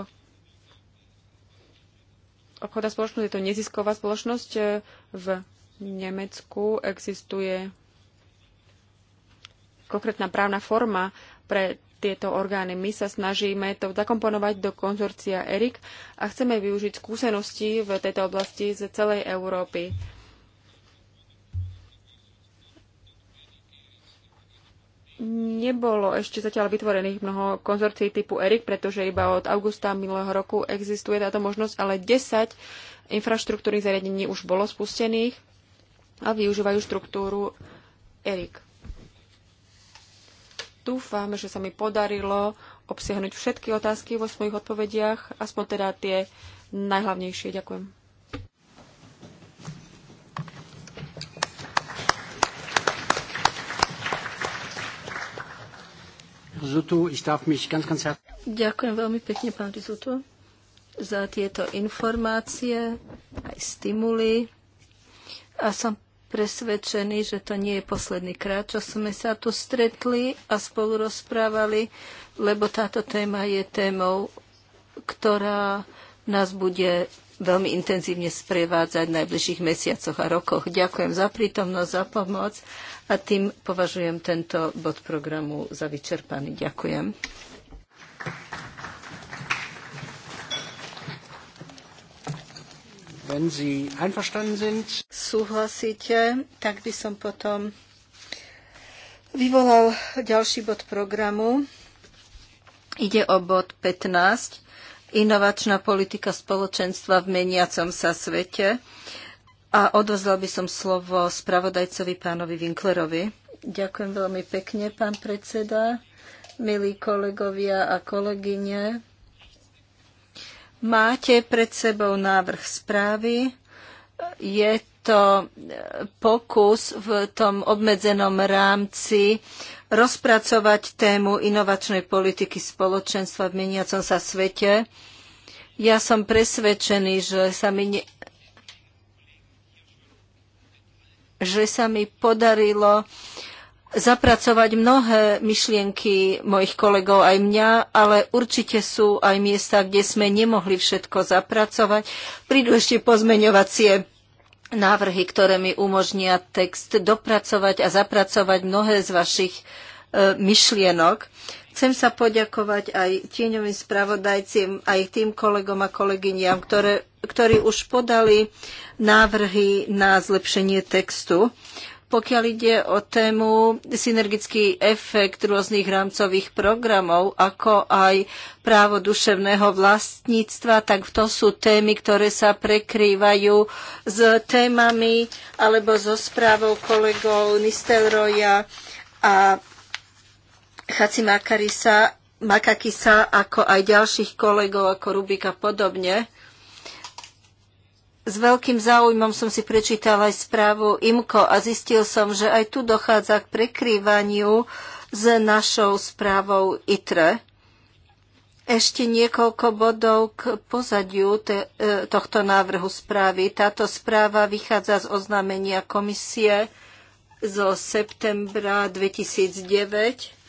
obchodná spoločnosť, je to nezisková spoločnosť. V Nemecku existuje konkrétna právna forma pre tieto orgány. My sa snažíme to zakomponovať do konzorcia ERIC a chceme využiť skúsenosti v tejto oblasti z celej Európy. Nebolo ešte zatiaľ vytvorených mnoho konzorcií typu ERIC, pretože iba od augusta minulého roku existuje táto možnosť, ale 10 infraštruktúrnych zariadení už bolo spustených a využívajú štruktúru ERIC. Dúfam, že sa mi podarilo obsiahnuť všetky otázky vo svojich odpovediach, aspoň teda tie najhlavnejšie. Ďakujem. Ďakujem veľmi pekne, pán Rizuto, za tieto informácie, aj stimuly. A som presvedčený, že to nie je posledný krát, čo sme sa tu stretli a spolu rozprávali, lebo táto téma je témou, ktorá nás bude veľmi intenzívne sprevádzať v najbližších mesiacoch a rokoch. Ďakujem za prítomnosť, za pomoc a tým považujem tento bod programu za vyčerpaný. Ďakujem. Súhlasíte, tak by som potom vyvolal ďalší bod programu. Ide o bod 15. Inovačná politika spoločenstva v meniacom sa svete. A odozdal by som slovo spravodajcovi pánovi Winklerovi. Ďakujem veľmi pekne, pán predseda, milí kolegovia a kolegyne. Máte pred sebou návrh správy. Je to pokus v tom obmedzenom rámci rozpracovať tému inovačnej politiky spoločenstva v meniacom sa svete. Ja som presvedčený, že sa mi, ne... že sa mi podarilo uh, zapracovať mnohé myšlienky mojich kolegov aj mňa, ale určite sú aj miesta, kde sme nemohli všetko zapracovať. Prídu ešte pozmeňovacie návrhy, ktoré mi umožnia text dopracovať a zapracovať mnohé z vašich e, myšlienok. Chcem sa poďakovať aj tieňovým spravodajcím, aj tým kolegom a kolegyniam, ktoré, ktorí už podali návrhy na zlepšenie textu pokiaľ ide o tému synergický efekt rôznych rámcových programov, ako aj právo duševného vlastníctva, tak to sú témy, ktoré sa prekrývajú s témami alebo so správou kolegov Nistelroja a Chacimakarisa, Makakisa, ako aj ďalších kolegov ako Rubik a podobne s veľkým záujmom som si prečítala aj správu IMKO a zistil som, že aj tu dochádza k prekrývaniu s našou správou ITRE. Ešte niekoľko bodov k pozadiu te, e, tohto návrhu správy. Táto správa vychádza z oznámenia komisie zo septembra 2009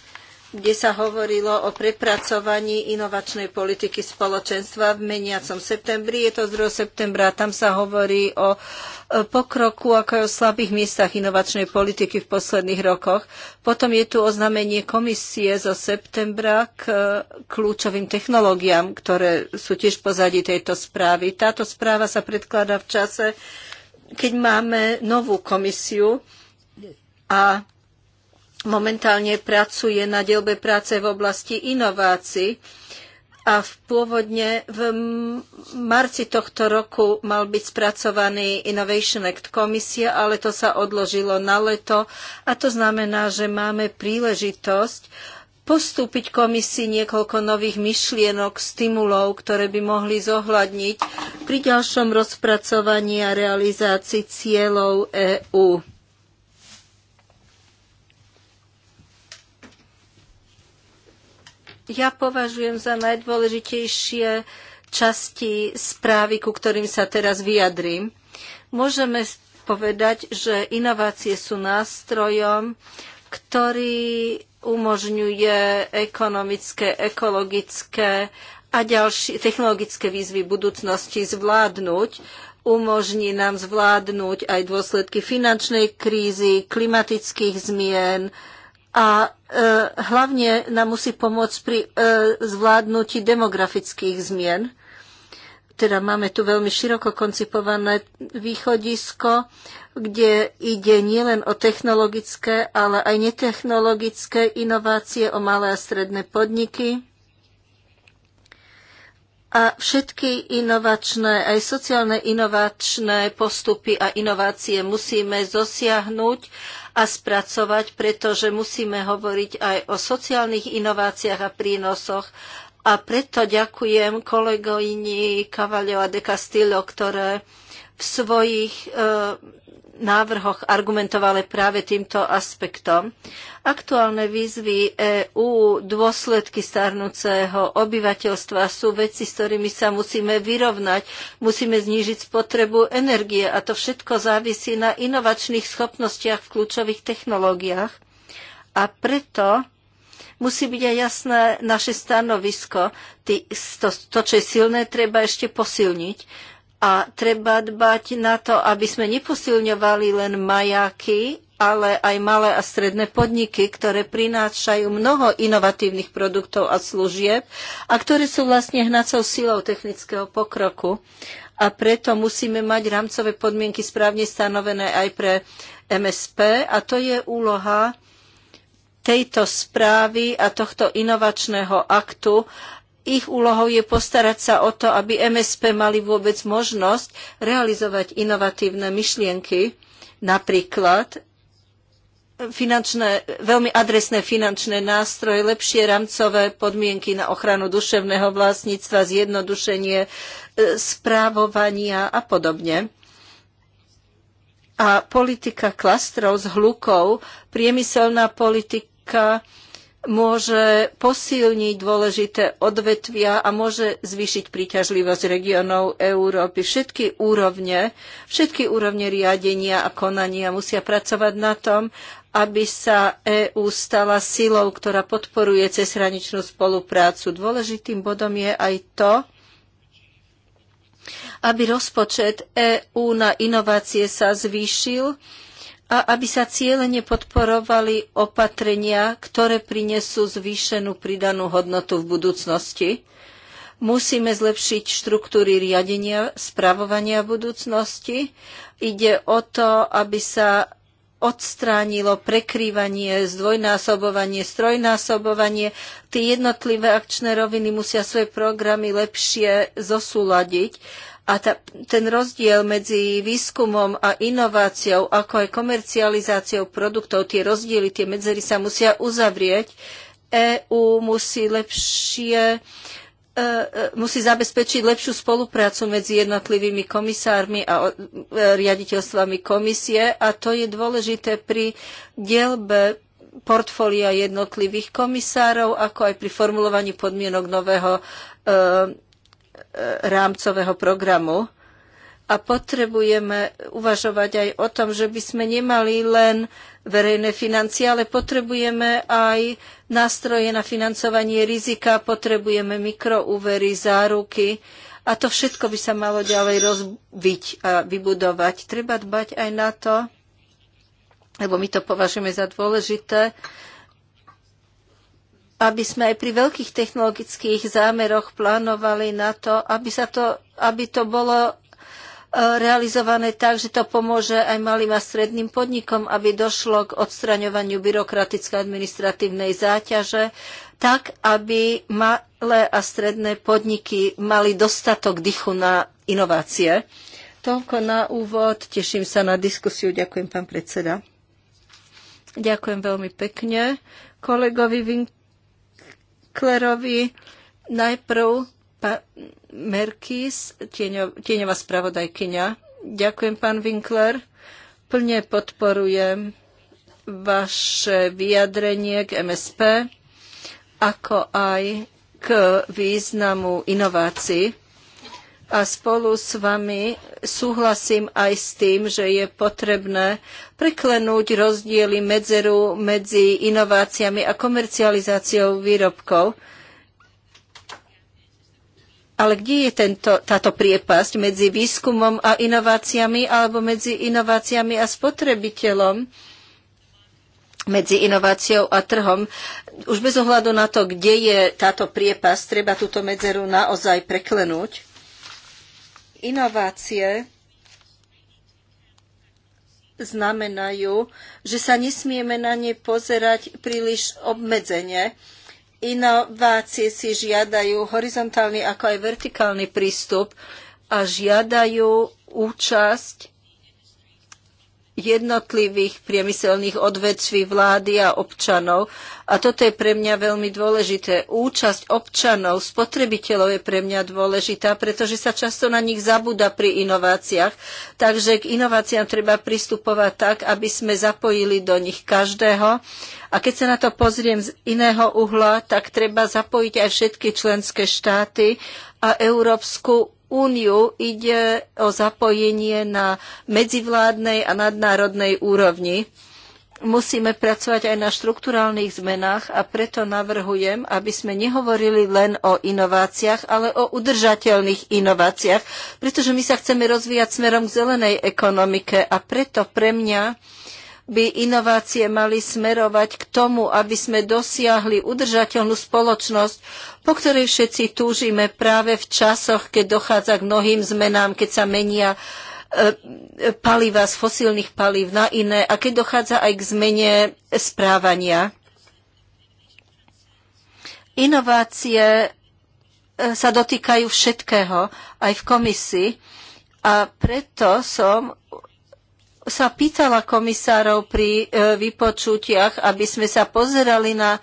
kde sa hovorilo o prepracovaní inovačnej politiky spoločenstva v meniacom septembri. Je to z 2. septembra. Tam sa hovorí o e, pokroku, ako aj o slabých miestach inovačnej politiky v posledných rokoch. Potom je tu oznámenie komisie zo septembra k e, kľúčovým technológiám, ktoré sú tiež pozadí tejto správy. Táto správa sa predkladá v čase, keď máme novú komisiu a momentálne pracuje na dielbe práce v oblasti inovácií a v pôvodne v marci tohto roku mal byť spracovaný Innovation Act komisia, ale to sa odložilo na leto a to znamená, že máme príležitosť postúpiť komisii niekoľko nových myšlienok, stimulov, ktoré by mohli zohľadniť pri ďalšom rozpracovaní a realizácii cieľov EÚ. ja považujem za najdôležitejšie časti správy, ku ktorým sa teraz vyjadrím. Môžeme povedať, že inovácie sú nástrojom, ktorý umožňuje ekonomické, ekologické a ďalšie technologické výzvy budúcnosti zvládnuť. Umožní nám zvládnuť aj dôsledky finančnej krízy, klimatických zmien, a e, hlavne nám musí pomôcť pri e, zvládnutí demografických zmien. Teda máme tu veľmi široko koncipované východisko, kde ide nielen o technologické, ale aj netechnologické inovácie, o malé a stredné podniky. A všetky inovačné, aj sociálne inovačné postupy a inovácie musíme zosiahnuť a spracovať, pretože musíme hovoriť aj o sociálnych inováciách a prínosoch. A preto ďakujem kolegovi Cavalio a de Castillo, ktoré v svojich e, návrhoch argumentovali práve týmto aspektom. Aktuálne výzvy EÚ, dôsledky starnúceho obyvateľstva sú veci, s ktorými sa musíme vyrovnať. Musíme znížiť spotrebu energie a to všetko závisí na inovačných schopnostiach v kľúčových technológiách. A preto musí byť aj jasné naše stanovisko. To, to, čo je silné, treba ešte posilniť a treba dbať na to, aby sme neposilňovali len majáky, ale aj malé a stredné podniky, ktoré prinášajú mnoho inovatívnych produktov a služieb a ktoré sú vlastne hnacou silou technického pokroku. A preto musíme mať rámcové podmienky správne stanovené aj pre MSP a to je úloha tejto správy a tohto inovačného aktu, ich úlohou je postarať sa o to, aby MSP mali vôbec možnosť realizovať inovatívne myšlienky, napríklad finančné, veľmi adresné finančné nástroje, lepšie rámcové podmienky na ochranu duševného vlastníctva, zjednodušenie e, správovania a podobne. A politika klastrov s hlukou, priemyselná politika, môže posilniť dôležité odvetvia a môže zvýšiť príťažlivosť regiónov Európy. Všetky úrovne, všetky úrovne riadenia a konania musia pracovať na tom, aby sa EÚ stala silou, ktorá podporuje cezhraničnú spoluprácu. Dôležitým bodom je aj to, aby rozpočet EÚ na inovácie sa zvýšil a aby sa cieľene podporovali opatrenia, ktoré prinesú zvýšenú pridanú hodnotu v budúcnosti. Musíme zlepšiť štruktúry riadenia, spravovania budúcnosti. Ide o to, aby sa odstránilo prekrývanie, zdvojnásobovanie, strojnásobovanie. Tie jednotlivé akčné roviny musia svoje programy lepšie zosúladiť a ta, ten rozdiel medzi výskumom a inováciou, ako aj komercializáciou produktov, tie rozdiely, tie medzery sa musia uzavrieť. EÚ musí lepšie e, e, musí zabezpečiť lepšiu spoluprácu medzi jednotlivými komisármi a e, riaditeľstvami komisie a to je dôležité pri dielbe portfólia jednotlivých komisárov, ako aj pri formulovaní podmienok nového rámcového programu. A potrebujeme uvažovať aj o tom, že by sme nemali len verejné financie, ale potrebujeme aj nástroje na financovanie rizika, potrebujeme mikroúvery, záruky. A to všetko by sa malo ďalej rozbiť a vybudovať. Treba dbať aj na to, lebo my to považujeme za dôležité, aby sme aj pri veľkých technologických zámeroch plánovali na to, aby, sa to, aby to bolo e, realizované tak, že to pomôže aj malým a stredným podnikom, aby došlo k odstraňovaniu byrokratické administratívnej záťaže, tak, aby malé a stredné podniky mali dostatok dychu na inovácie. Toľko na úvod. Teším sa na diskusiu. Ďakujem, pán predseda. Ďakujem veľmi pekne kolegovi Vink Klerovi. Najprv pa Merkis, tieňo, tieňová spravodajkyňa. Ďakujem, pán Winkler. Plne podporujem vaše vyjadrenie k MSP, ako aj k významu inovácií a spolu s vami súhlasím aj s tým, že je potrebné preklenúť rozdiely medzeru medzi inováciami a komercializáciou výrobkov. Ale kde je tento, táto priepasť medzi výskumom a inováciami alebo medzi inováciami a spotrebiteľom? medzi inováciou a trhom. Už bez ohľadu na to, kde je táto priepas, treba túto medzeru naozaj preklenúť. Inovácie znamenajú, že sa nesmieme na ne pozerať príliš obmedzenie. Inovácie si žiadajú horizontálny ako aj vertikálny prístup a žiadajú účasť jednotlivých priemyselných odvetví vlády a občanov. A toto je pre mňa veľmi dôležité. Účasť občanov, spotrebiteľov je pre mňa dôležitá, pretože sa často na nich zabúda pri inováciách. Takže k inováciám treba pristupovať tak, aby sme zapojili do nich každého. A keď sa na to pozriem z iného uhla, tak treba zapojiť aj všetky členské štáty a Európsku úniu ide o zapojenie na medzivládnej a nadnárodnej úrovni. Musíme pracovať aj na štruktúrálnych zmenách a preto navrhujem, aby sme nehovorili len o inováciách, ale o udržateľných inováciách, pretože my sa chceme rozvíjať smerom k zelenej ekonomike a preto pre mňa by inovácie mali smerovať k tomu, aby sme dosiahli udržateľnú spoločnosť, po ktorej všetci túžime práve v časoch, keď dochádza k mnohým zmenám, keď sa menia e, e, paliva z fosílnych palív na iné a keď dochádza aj k zmene správania. Inovácie e, sa dotýkajú všetkého, aj v komisii. A preto som sa pýtala komisárov pri e, vypočutiach, aby sme sa pozerali na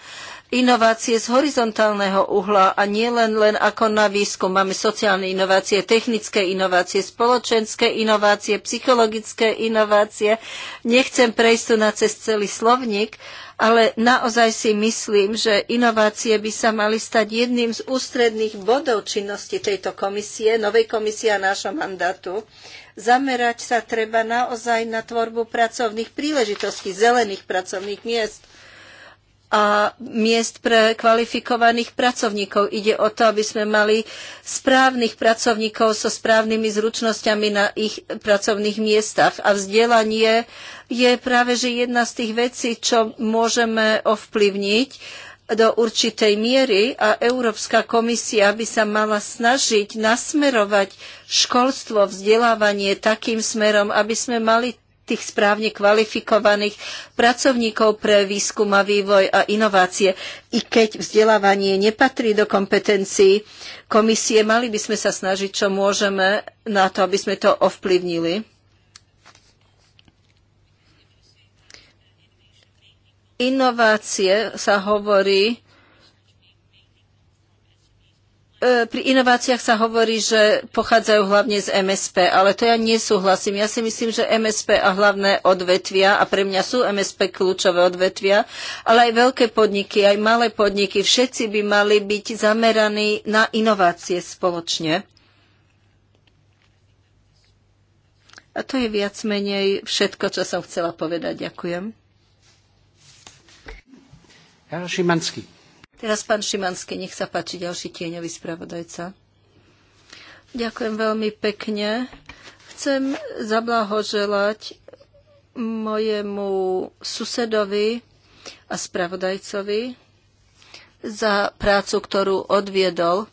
inovácie z horizontálneho uhla a nie len, len ako na výskum. Máme sociálne inovácie, technické inovácie, spoločenské inovácie, psychologické inovácie. Nechcem prejsť tu na cez celý slovník, ale naozaj si myslím, že inovácie by sa mali stať jedným z ústredných bodov činnosti tejto komisie, novej komisie a nášho mandátu. Zamerať sa treba naozaj na tvorbu pracovných príležitostí, zelených pracovných miest a miest pre kvalifikovaných pracovníkov. Ide o to, aby sme mali správnych pracovníkov so správnymi zručnosťami na ich pracovných miestach. A vzdelanie je práve že jedna z tých vecí, čo môžeme ovplyvniť do určitej miery a Európska komisia by sa mala snažiť nasmerovať školstvo, vzdelávanie takým smerom, aby sme mali tých správne kvalifikovaných pracovníkov pre výskum a vývoj a inovácie. I keď vzdelávanie nepatrí do kompetencií komisie, mali by sme sa snažiť, čo môžeme na to, aby sme to ovplyvnili. Inovácie sa hovorí, e, pri inováciách sa hovorí, že pochádzajú hlavne z MSP, ale to ja nesúhlasím. Ja si myslím, že MSP a hlavné odvetvia, a pre mňa sú MSP kľúčové odvetvia, ale aj veľké podniky, aj malé podniky, všetci by mali byť zameraní na inovácie spoločne. A to je viac menej všetko, čo som chcela povedať. Ďakujem. Herr Šimanský. Teraz pán Šimanský, nech sa páči ďalší tieňový spravodajca. Ďakujem veľmi pekne. Chcem zablahoželať mojemu susedovi a spravodajcovi za prácu, ktorú odviedol,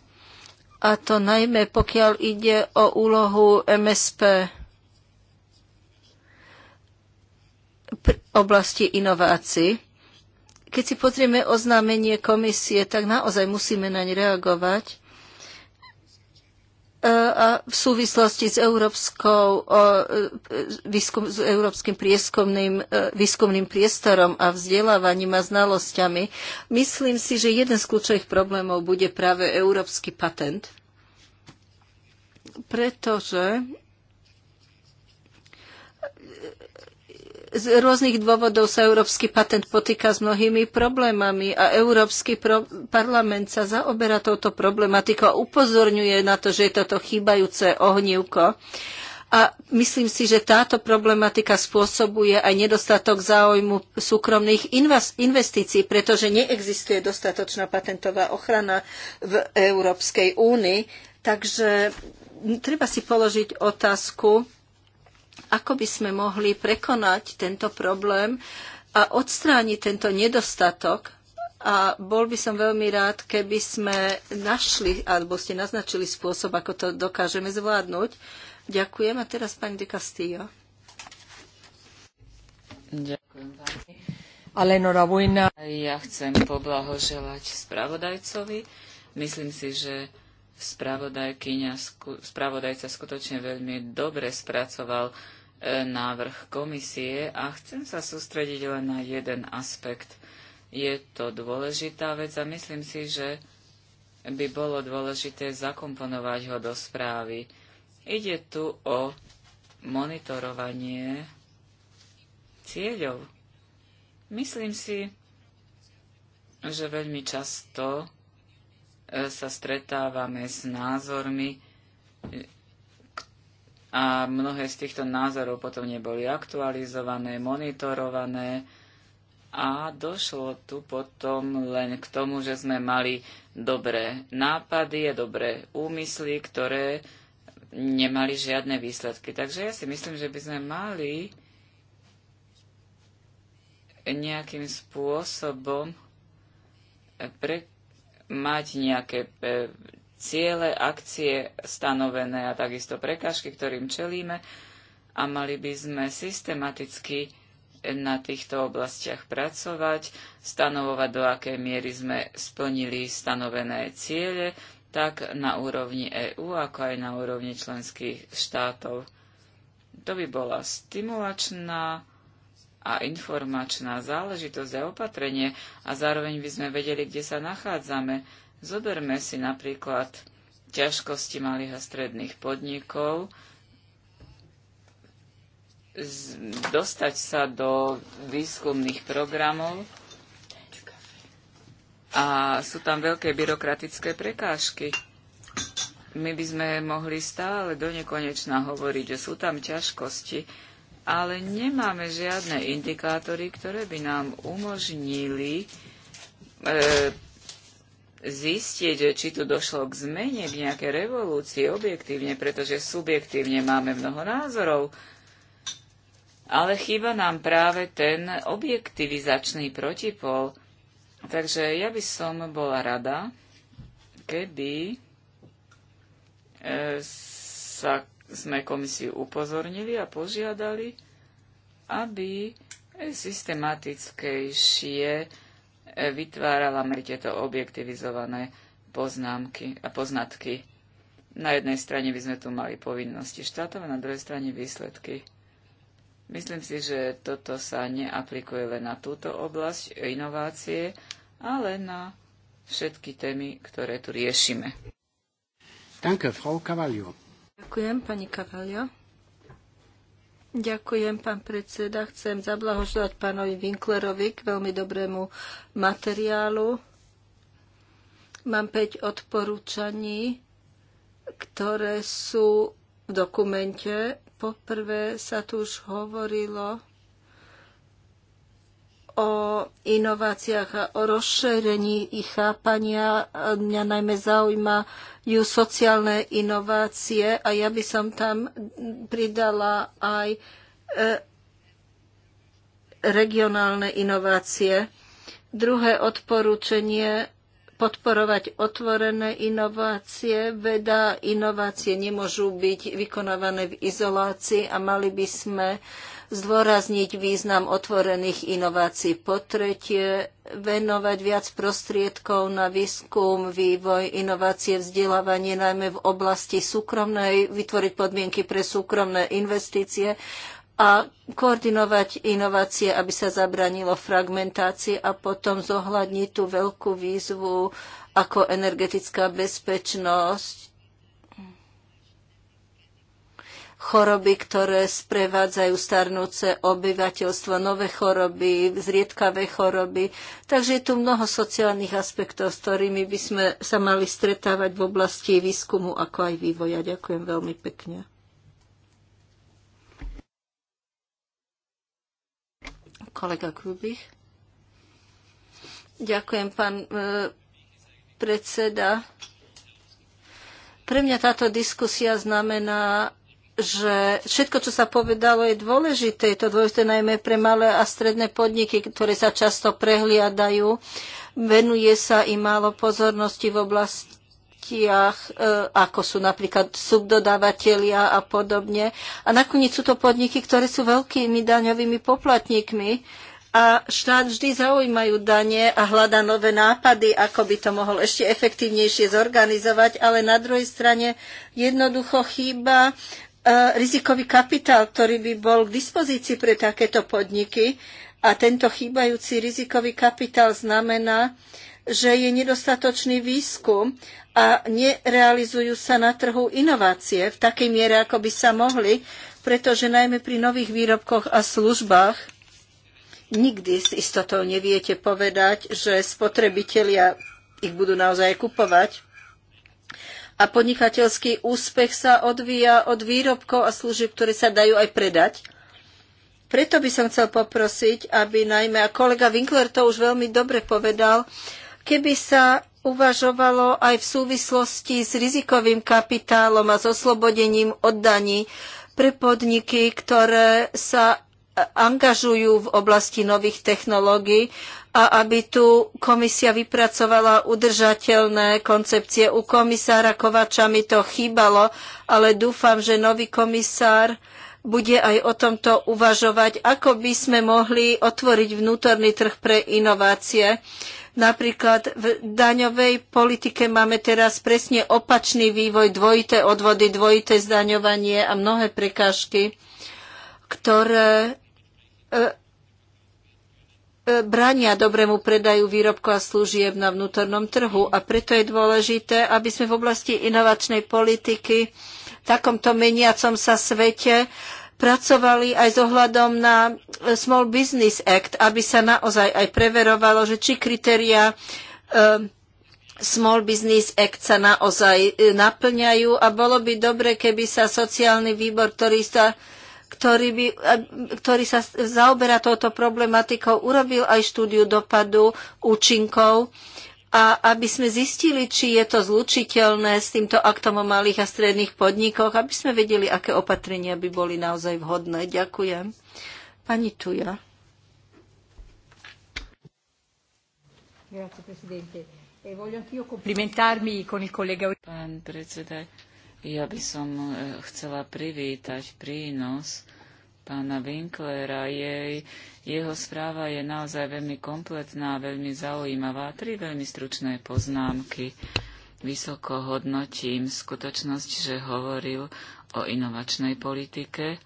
a to najmä pokiaľ ide o úlohu MSP v oblasti inovácií. Keď si pozrieme oznámenie komisie, tak naozaj musíme naň reagovať e, a v súvislosti s, európskou, e, s európskym prieskumným, e, výskumným priestorom a vzdelávaním a znalosťami. Myslím si, že jeden z kľúčových problémov bude práve európsky patent, pretože z rôznych dôvodov sa európsky patent potýka s mnohými problémami a Európsky pro- parlament sa zaoberá touto problematikou a upozorňuje na to, že je toto chýbajúce ohnívko. A myslím si, že táto problematika spôsobuje aj nedostatok záujmu súkromných investícií, pretože neexistuje dostatočná patentová ochrana v Európskej únii. Takže treba si položiť otázku, ako by sme mohli prekonať tento problém a odstrániť tento nedostatok. A bol by som veľmi rád, keby sme našli, alebo ste naznačili spôsob, ako to dokážeme zvládnuť. Ďakujem. A teraz pani de Castillo. Ďakujem pani. Ale norabuena. Ja chcem poblahoželať spravodajcovi. Myslím si, že spravodajca skutočne veľmi dobre spracoval e, návrh komisie a chcem sa sústrediť len na jeden aspekt. Je to dôležitá vec a myslím si, že by bolo dôležité zakomponovať ho do správy. Ide tu o monitorovanie cieľov. Myslím si, že veľmi často sa stretávame s názormi a mnohé z týchto názorov potom neboli aktualizované, monitorované a došlo tu potom len k tomu, že sme mali dobré nápady a dobré úmysly, ktoré nemali žiadne výsledky. Takže ja si myslím, že by sme mali nejakým spôsobom pre mať nejaké e, ciele, akcie stanovené a takisto prekážky, ktorým čelíme a mali by sme systematicky na týchto oblastiach pracovať, stanovovať, do akej miery sme splnili stanovené ciele, tak na úrovni EÚ, ako aj na úrovni členských štátov. To by bola stimulačná a informačná záležitosť a opatrenie a zároveň by sme vedeli, kde sa nachádzame. Zoberme si napríklad ťažkosti malých a stredných podnikov, dostať sa do výskumných programov a sú tam veľké byrokratické prekážky. My by sme mohli stále do nekonečna hovoriť, že sú tam ťažkosti, ale nemáme žiadne indikátory, ktoré by nám umožnili e, zistiť, či tu došlo k zmene, k nejakej revolúcii objektívne, pretože subjektívne máme mnoho názorov, ale chýba nám práve ten objektivizačný protipol. Takže ja by som bola rada, keby e, sa sme komisiu upozornili a požiadali, aby systematickejšie eh, vytvárala tieto objektivizované poznámky a poznatky. Na jednej strane by sme tu mali povinnosti štátov a na druhej strane výsledky. Myslím si, že toto sa neaplikuje len na túto oblasť inovácie, ale na všetky témy, ktoré tu riešime. Danke, Frau Cavallio. Ďakujem, pani Kavalio. Ďakujem, pán predseda. Chcem zablahožovať pánovi Winklerovi k veľmi dobrému materiálu. Mám 5 odporúčaní, ktoré sú v dokumente. Poprvé sa tu už hovorilo o inováciách a o rozšírení ich chápania. Mňa najmä zaujímajú sociálne inovácie a ja by som tam pridala aj e, regionálne inovácie. Druhé odporúčanie podporovať otvorené inovácie. Veda, inovácie nemôžu byť vykonávané v izolácii a mali by sme uh, zdôrazniť význam otvorených inovácií. Po tretie, venovať viac prostriedkov na výskum, vývoj, inovácie, vzdelávanie, najmä v oblasti súkromnej, vytvoriť podmienky pre súkromné investície a koordinovať inovácie, aby sa zabranilo fragmentácii a potom zohľadniť tú veľkú výzvu ako energetická bezpečnosť choroby, ktoré sprevádzajú starnúce obyvateľstvo, nové choroby, zriedkavé choroby. Takže je tu mnoho sociálnych aspektov, s ktorými by sme sa mali stretávať v oblasti výskumu ako aj vývoja. Ďakujem veľmi pekne. Kolega Krubich. Ďakujem, pán e, predseda. Pre mňa táto diskusia znamená že všetko, čo sa povedalo, je dôležité. Je to dôležité najmä pre malé a stredné podniky, ktoré sa často prehliadajú. Venuje sa im málo pozornosti v oblastiach, e, ako sú napríklad subdodávateľia a podobne. A nakoniec sú to podniky, ktoré sú veľkými daňovými poplatníkmi a štát vždy zaujímajú dane a hľada nové nápady, ako by to mohol ešte efektívnejšie zorganizovať, ale na druhej strane jednoducho chýba E, rizikový kapitál, ktorý by bol k dispozícii pre takéto podniky. A tento chýbajúci rizikový kapitál znamená, že je nedostatočný výskum a nerealizujú sa na trhu inovácie v takej miere, ako by sa mohli, pretože najmä pri nových výrobkoch a službách nikdy s istotou neviete povedať, že spotrebitelia ich budú naozaj kupovať a podnikateľský úspech sa odvíja od výrobkov a služieb, ktoré sa dajú aj predať. Preto by som chcel poprosiť, aby najmä, a kolega Winkler to už veľmi dobre povedal, keby sa uvažovalo aj v súvislosti s rizikovým kapitálom a s oslobodením oddaní pre podniky, ktoré sa angažujú v oblasti nových technológií a aby tu komisia vypracovala udržateľné koncepcie. U komisára Kovača mi to chýbalo, ale dúfam, že nový komisár bude aj o tomto uvažovať, ako by sme mohli otvoriť vnútorný trh pre inovácie. Napríklad v daňovej politike máme teraz presne opačný vývoj, dvojité odvody, dvojité zdaňovanie a mnohé prekážky, ktoré E, e, brania dobrému predaju výrobkov a služieb na vnútornom trhu. A preto je dôležité, aby sme v oblasti inovačnej politiky v takomto meniacom sa svete pracovali aj s ohľadom na Small Business Act, aby sa naozaj aj preverovalo, že či kritéria e, Small Business Act sa naozaj naplňajú a bolo by dobre, keby sa sociálny výbor, ktorý sa ktorý, by, e, ktorý sa zaoberá touto problematikou, urobil aj štúdiu dopadu účinkov a aby sme zistili, či je to zlučiteľné s týmto aktom o malých a stredných podnikoch, aby sme vedeli, aké opatrenia by boli naozaj vhodné. Ďakujem. Pani Tuja. Grazie, Presidente. E voglio anch'io complimentarmi con il collega... Pan, predseda, ja by som e, chcela privítať prínos pána Winklera. Jej, jeho správa je naozaj veľmi kompletná, veľmi zaujímavá. Tri veľmi stručné poznámky. Vysoko hodnotím skutočnosť, že hovoril o inovačnej politike,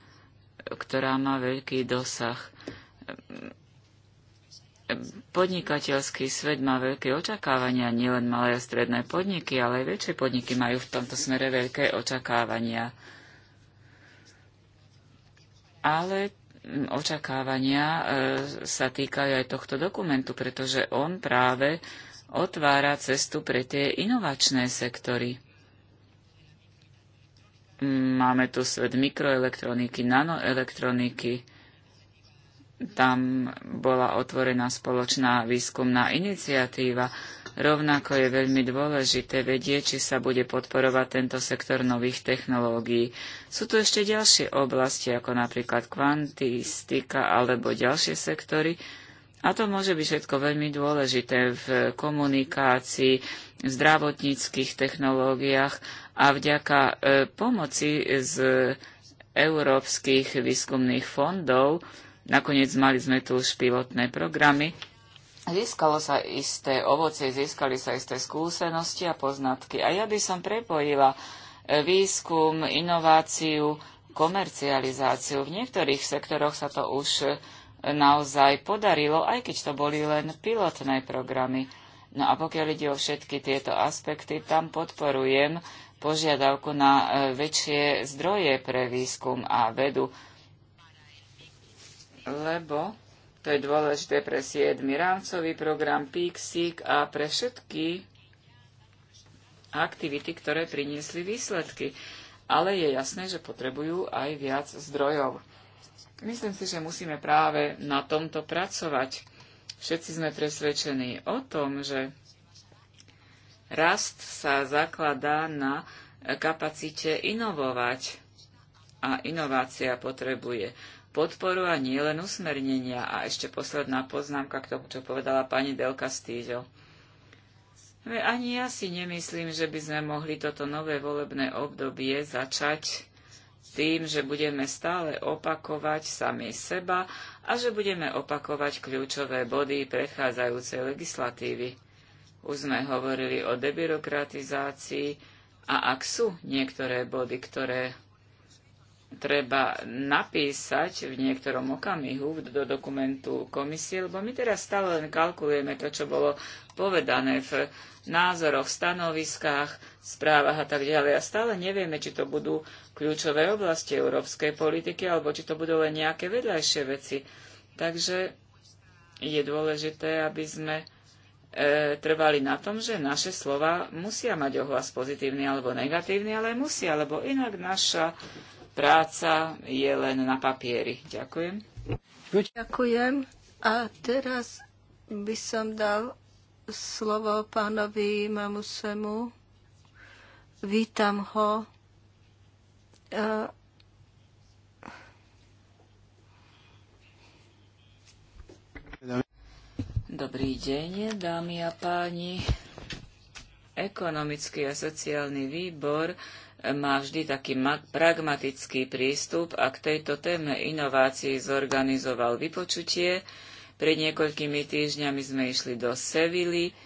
ktorá má veľký dosah podnikateľský svet má veľké očakávania, nielen malé a stredné podniky, ale aj väčšie podniky majú v tomto smere veľké očakávania. Ale očakávania e, sa týkajú aj tohto dokumentu, pretože on práve otvára cestu pre tie inovačné sektory. Máme tu svet mikroelektroniky, nanoelektroniky, tam bola otvorená spoločná výskumná iniciatíva. Rovnako je veľmi dôležité vedieť, či sa bude podporovať tento sektor nových technológií. Sú tu ešte ďalšie oblasti, ako napríklad kvantistika alebo ďalšie sektory. A to môže byť všetko veľmi dôležité v komunikácii, v zdravotníckých technológiách a vďaka e, pomoci z európskych výskumných fondov, Nakoniec mali sme tu už pilotné programy. Získalo sa isté ovocie, získali sa isté skúsenosti a poznatky. A ja by som prepojila e, výskum, inováciu, komercializáciu. V niektorých sektoroch sa to už e, naozaj podarilo, aj keď to boli len pilotné programy. No a pokiaľ ide o všetky tieto aspekty, tam podporujem požiadavku na e, väčšie zdroje pre výskum a vedu lebo to je dôležité pre 7. rámcový program PIXIC a pre všetky aktivity, ktoré priniesli výsledky. Ale je jasné, že potrebujú aj viac zdrojov. Myslím si, že musíme práve na tomto pracovať. Všetci sme presvedčení o tom, že rast sa zakladá na kapacite inovovať a inovácia potrebuje podporu a nie len usmernenia. A ešte posledná poznámka k tomu, čo povedala pani Del Castillo. Ani ja si nemyslím, že by sme mohli toto nové volebné obdobie začať tým, že budeme stále opakovať sami seba a že budeme opakovať kľúčové body predchádzajúcej legislatívy. Už sme hovorili o debirokratizácii a ak sú niektoré body, ktoré treba napísať v niektorom okamihu do dokumentu komisie, lebo my teraz stále len kalkulujeme to, čo bolo povedané v názoroch, stanoviskách, správach a tak ďalej. A stále nevieme, či to budú kľúčové oblasti európskej politiky, alebo či to budú len nejaké vedľajšie veci. Takže je dôležité, aby sme e, trvali na tom, že naše slova musia mať ohlas pozitívny alebo negatívny, ale musia, lebo inak naša práca je len na papieri. Ďakujem. Ďakujem. A teraz by som dal slovo pánovi Mamusemu. Vítam ho. E, Dobrý deň, dámy a páni. Ekonomický a sociálny výbor má vždy taký pragmatický prístup a k tejto téme inovácií zorganizoval vypočutie. Pred niekoľkými týždňami sme išli do Sevily.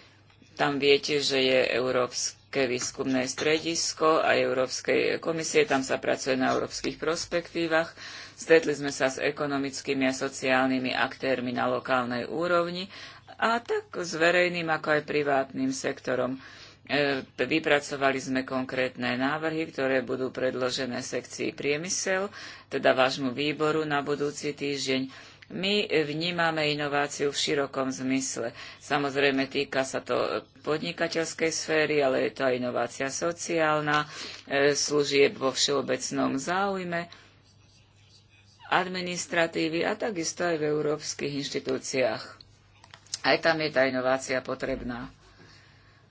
Tam viete, že je Európske výskumné stredisko a Európskej komisie. Tam sa pracuje na európskych prospektívach. Stretli sme sa s ekonomickými a sociálnymi aktérmi na lokálnej úrovni a tak s verejným ako aj privátnym sektorom. E, vypracovali sme konkrétne návrhy, ktoré budú predložené sekcii priemysel, teda vášmu výboru na budúci týždeň. My vnímame inováciu v širokom zmysle. Samozrejme, týka sa to podnikateľskej sféry, ale je to aj inovácia sociálna, e, služieb vo všeobecnom záujme, administratívy a takisto aj v európskych inštitúciách. Aj tam je tá inovácia potrebná.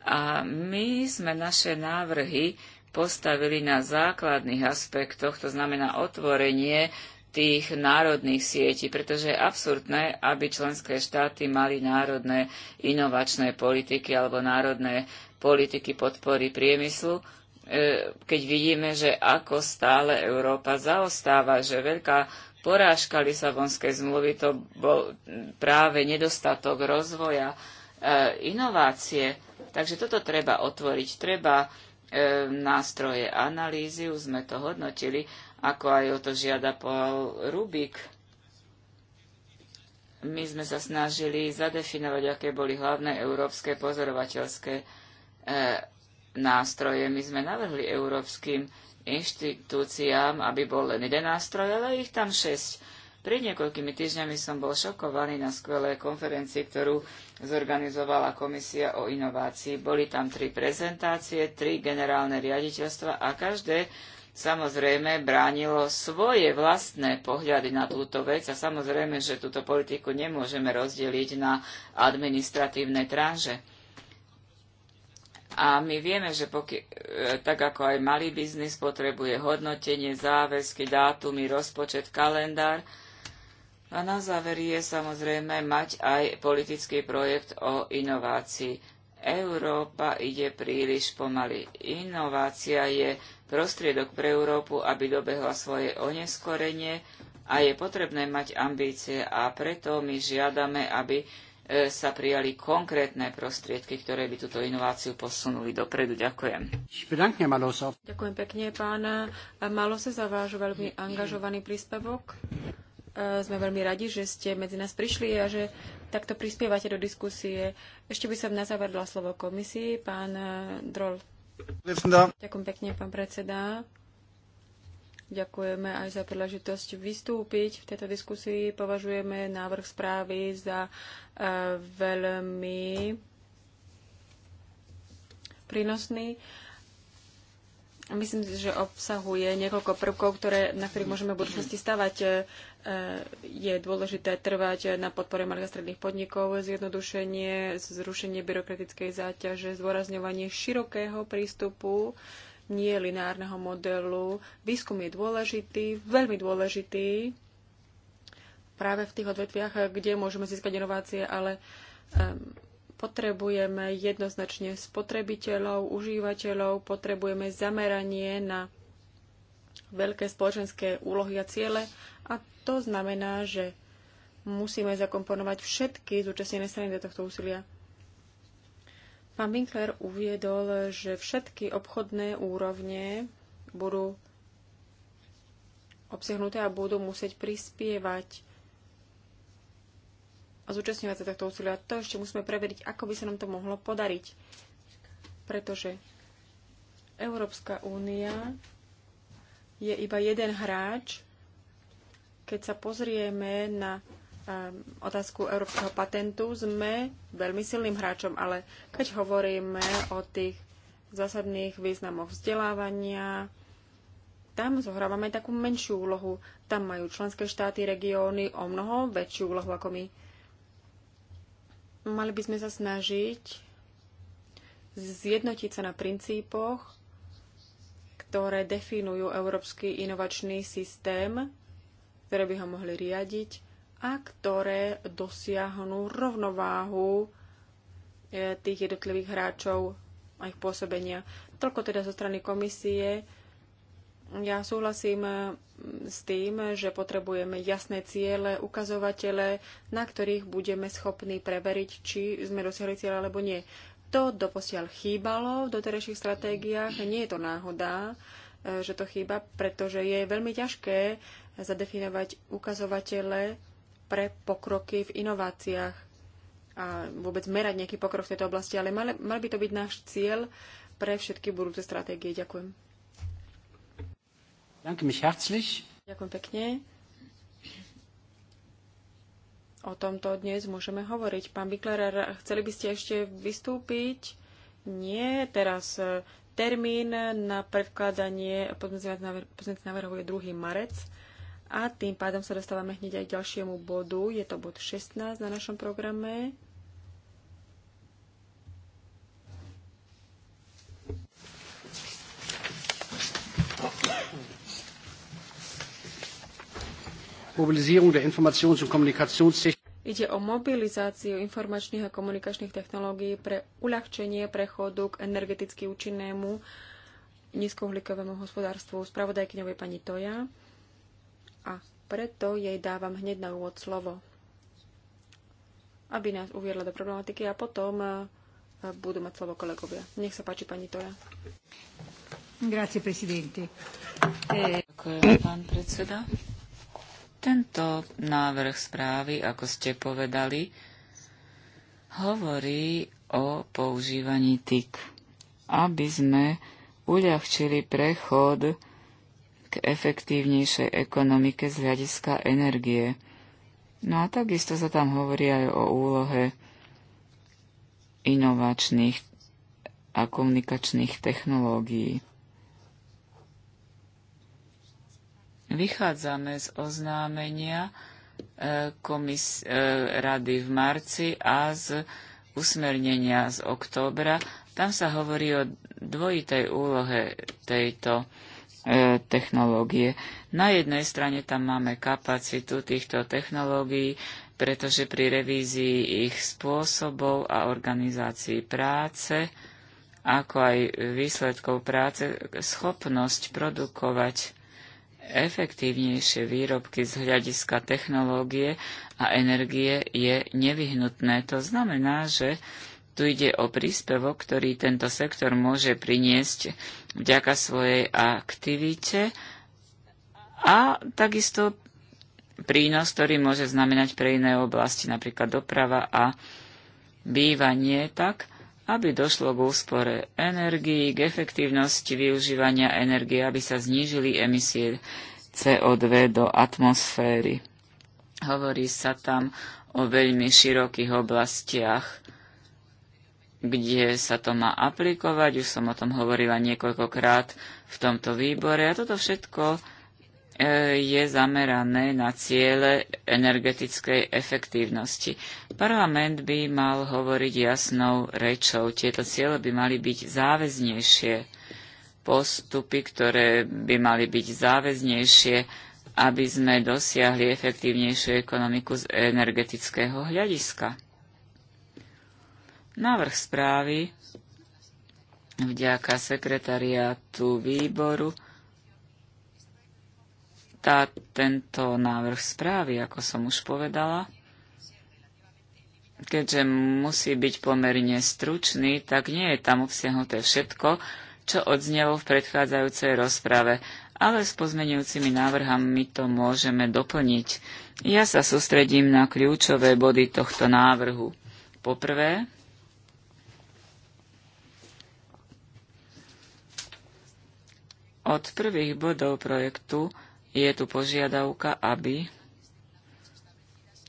A my sme naše návrhy postavili na základných aspektoch, to znamená otvorenie tých národných sietí, pretože je absurdné, aby členské štáty mali národné inovačné politiky alebo národné politiky podpory priemyslu, e, keď vidíme, že ako stále Európa zaostáva, že veľká porážka Lisabonskej zmluvy to bol práve nedostatok rozvoja e, inovácie Takže toto treba otvoriť, treba e, nástroje analýzy, už sme to hodnotili, ako aj o to žiada Paul Rubik. My sme sa snažili zadefinovať, aké boli hlavné európske pozorovateľské e, nástroje. My sme navrhli európskym inštitúciám, aby bol len jeden nástroj, ale ich tam šesť pred niekoľkými týždňami som bol šokovaný na skvelé konferencii, ktorú zorganizovala Komisia o inovácii. Boli tam tri prezentácie, tri generálne riaditeľstva a každé samozrejme bránilo svoje vlastné pohľady na túto vec a samozrejme, že túto politiku nemôžeme rozdeliť na administratívne tranže. A my vieme, že poky, e, tak ako aj malý biznis potrebuje hodnotenie, záväzky, dátumy, rozpočet, kalendár a na záver je samozrejme mať aj politický projekt o inovácii. Európa ide príliš pomaly. Inovácia je prostriedok pre Európu, aby dobehla svoje oneskorenie a je potrebné mať ambície a preto my žiadame, aby e, sa prijali konkrétne prostriedky, ktoré by túto inováciu posunuli dopredu. Ďakujem. Ďakujem pekne, pána Malose, za váš veľmi angažovaný príspevok. Eh, sme veľmi radi, že ste medzi nás prišli a že takto prispievate do diskusie. Ešte by som na záver dala slovo komisii. Pán eh, Drol. Ďakujem pekne, pán predseda. Ďakujeme aj za príležitosť vystúpiť v tejto diskusii. Považujeme návrh správy za eh, veľmi prínosný. Myslím si, že obsahuje niekoľko prvkov, ktoré, na ktorých môžeme v budúcnosti stavať. E, je dôležité trvať na podpore malých a stredných podnikov, zjednodušenie, zrušenie byrokratickej záťaže, zdôrazňovanie širokého prístupu, nie lineárneho modelu. Výskum je dôležitý, veľmi dôležitý, práve v tých odvetviach, kde môžeme získať inovácie, ale um, Potrebujeme jednoznačne spotrebiteľov, užívateľov, potrebujeme zameranie na veľké spoločenské úlohy a ciele a to znamená, že musíme zakomponovať všetky zúčastnené strany do tohto úsilia. Pán Winkler uviedol, že všetky obchodné úrovne budú obsiahnuté a budú musieť prispievať a zúčastňovať sa takto úsilia. To ešte musíme preveriť, ako by sa nám to mohlo podariť. Pretože Európska únia je iba jeden hráč. Keď sa pozrieme na um, otázku európskeho patentu, sme veľmi silným hráčom, ale keď hovoríme o tých zásadných významoch vzdelávania, tam zohrávame takú menšiu úlohu. Tam majú členské štáty, regióny o mnoho väčšiu úlohu ako my. Mali by sme sa snažiť zjednotiť sa na princípoch, ktoré definujú európsky inovačný systém, ktoré by ho mohli riadiť a ktoré dosiahnu rovnováhu eh, tých jednotlivých hráčov a ich pôsobenia. Toľko teda zo strany komisie. Ja súhlasím eh, s tým, že potrebujeme jasné ciele, ukazovatele, na ktorých budeme schopní preveriť, či sme dosiahli cieľ alebo nie. To doposiaľ chýbalo v doterajších stratégiách. Nie je to náhoda, eh, že to chýba, pretože je veľmi ťažké zadefinovať ukazovatele pre pokroky v inováciách a vôbec merať nejaký pokrok v tejto oblasti, ale mal, mal by to byť náš cieľ pre všetky budúce stratégie. Ďakujem. Ďakujem pekne. O tomto dnes môžeme hovoriť. Pán Bikler, chceli by ste ešte vystúpiť? Nie, teraz e, termín na predkladanie pozmeňovacích návrhov je 2. marec. A tým pádom sa dostávame hneď aj k ďalšiemu bodu. Je to bod 16 na našom programe. Ide o mobilizáciu informačných a komunikačných technológií pre uľahčenie prechodu k energeticky účinnému nízkouhlíkovému hospodárstvu. Spravodajkyňou je pani Toja a preto jej dávam hneď na úvod slovo, aby nás uviedla do problematiky a potom eh, budú mať slovo kolegovia. Nech sa páči, pani Toja. Grazie, presidente. Ďakujem, pán predseda. Tento návrh správy, ako ste povedali, hovorí o používaní TIK, aby sme uľahčili prechod k efektívnejšej ekonomike z hľadiska energie. No a takisto sa tam hovorí aj o úlohe inovačných a komunikačných technológií. Vychádzame z oznámenia e, komis- e, rady v marci a z usmernenia z októbra. Tam sa hovorí o dvojitej úlohe tejto e, technológie. Na jednej strane tam máme kapacitu týchto technológií, pretože pri revízii ich spôsobov a organizácii práce, ako aj výsledkov práce, schopnosť produkovať efektívnejšie výrobky z hľadiska technológie a energie je nevyhnutné. To znamená, že tu ide o príspevok, ktorý tento sektor môže priniesť vďaka svojej aktivite a takisto prínos, ktorý môže znamenať pre iné oblasti, napríklad doprava a bývanie, tak aby došlo k úspore energii, k efektívnosti využívania energie, aby sa znížili emisie CO2 do atmosféry. Hovorí sa tam o veľmi širokých oblastiach, kde sa to má aplikovať. Už som o tom hovorila niekoľkokrát v tomto výbore. A toto všetko E, je zamerané na ciele energetickej efektívnosti. Parlament by mal hovoriť jasnou rečou. Tieto ciele by mali byť záväznejšie. Postupy, ktoré by mali byť záväznejšie, aby sme dosiahli efektívnejšiu ekonomiku z energetického hľadiska. Návrh správy vďaka sekretariátu výboru tá, tento návrh správy, ako som už povedala, keďže musí byť pomerne stručný, tak nie je tam obsiahnuté všetko, čo odznelo v predchádzajúcej rozprave, ale s pozmenujúcimi návrhami to môžeme doplniť. Ja sa sústredím na kľúčové body tohto návrhu. Poprvé, od prvých bodov projektu je tu požiadavka, aby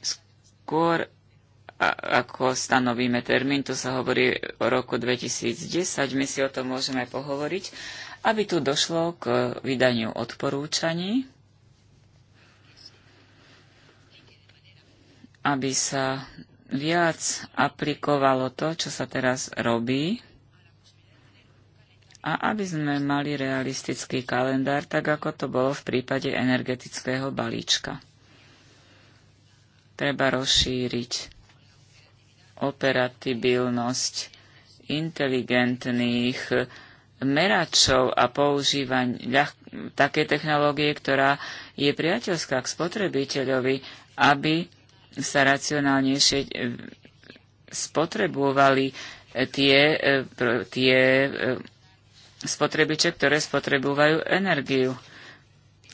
skôr ako stanovíme termín, to sa hovorí o roku 2010, my si o tom môžeme pohovoriť, aby tu došlo k vydaniu odporúčaní, aby sa viac aplikovalo to, čo sa teraz robí a aby sme mali realistický kalendár, tak ako to bolo v prípade energetického balíčka. Treba rozšíriť operatibilnosť inteligentných meračov a používať také technológie, ktorá je priateľská k spotrebiteľovi, aby sa racionálnejšie spotrebovali tie, e, tie e, spotrebiče, ktoré spotrebujú energiu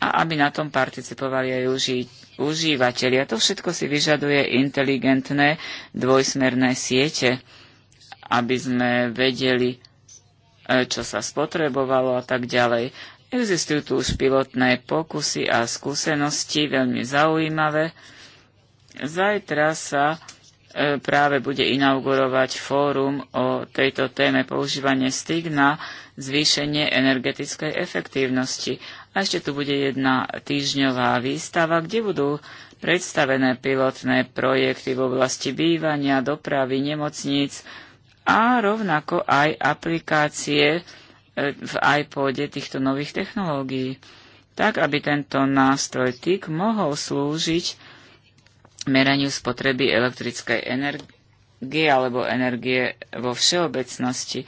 a aby na tom participovali aj uži- užívateľia. To všetko si vyžaduje inteligentné dvojsmerné siete, aby sme vedeli, e, čo sa spotrebovalo a tak ďalej. Existujú tu už pilotné pokusy a skúsenosti, veľmi zaujímavé. Zajtra sa e, práve bude inaugurovať fórum o tejto téme používanie stigna zvýšenie energetickej efektívnosti. A ešte tu bude jedna týždňová výstava, kde budú predstavené pilotné projekty v oblasti bývania, dopravy, nemocníc a rovnako aj aplikácie e, v iPode týchto nových technológií, tak aby tento nástroj TIC mohol slúžiť meraniu spotreby elektrickej energie alebo energie vo všeobecnosti.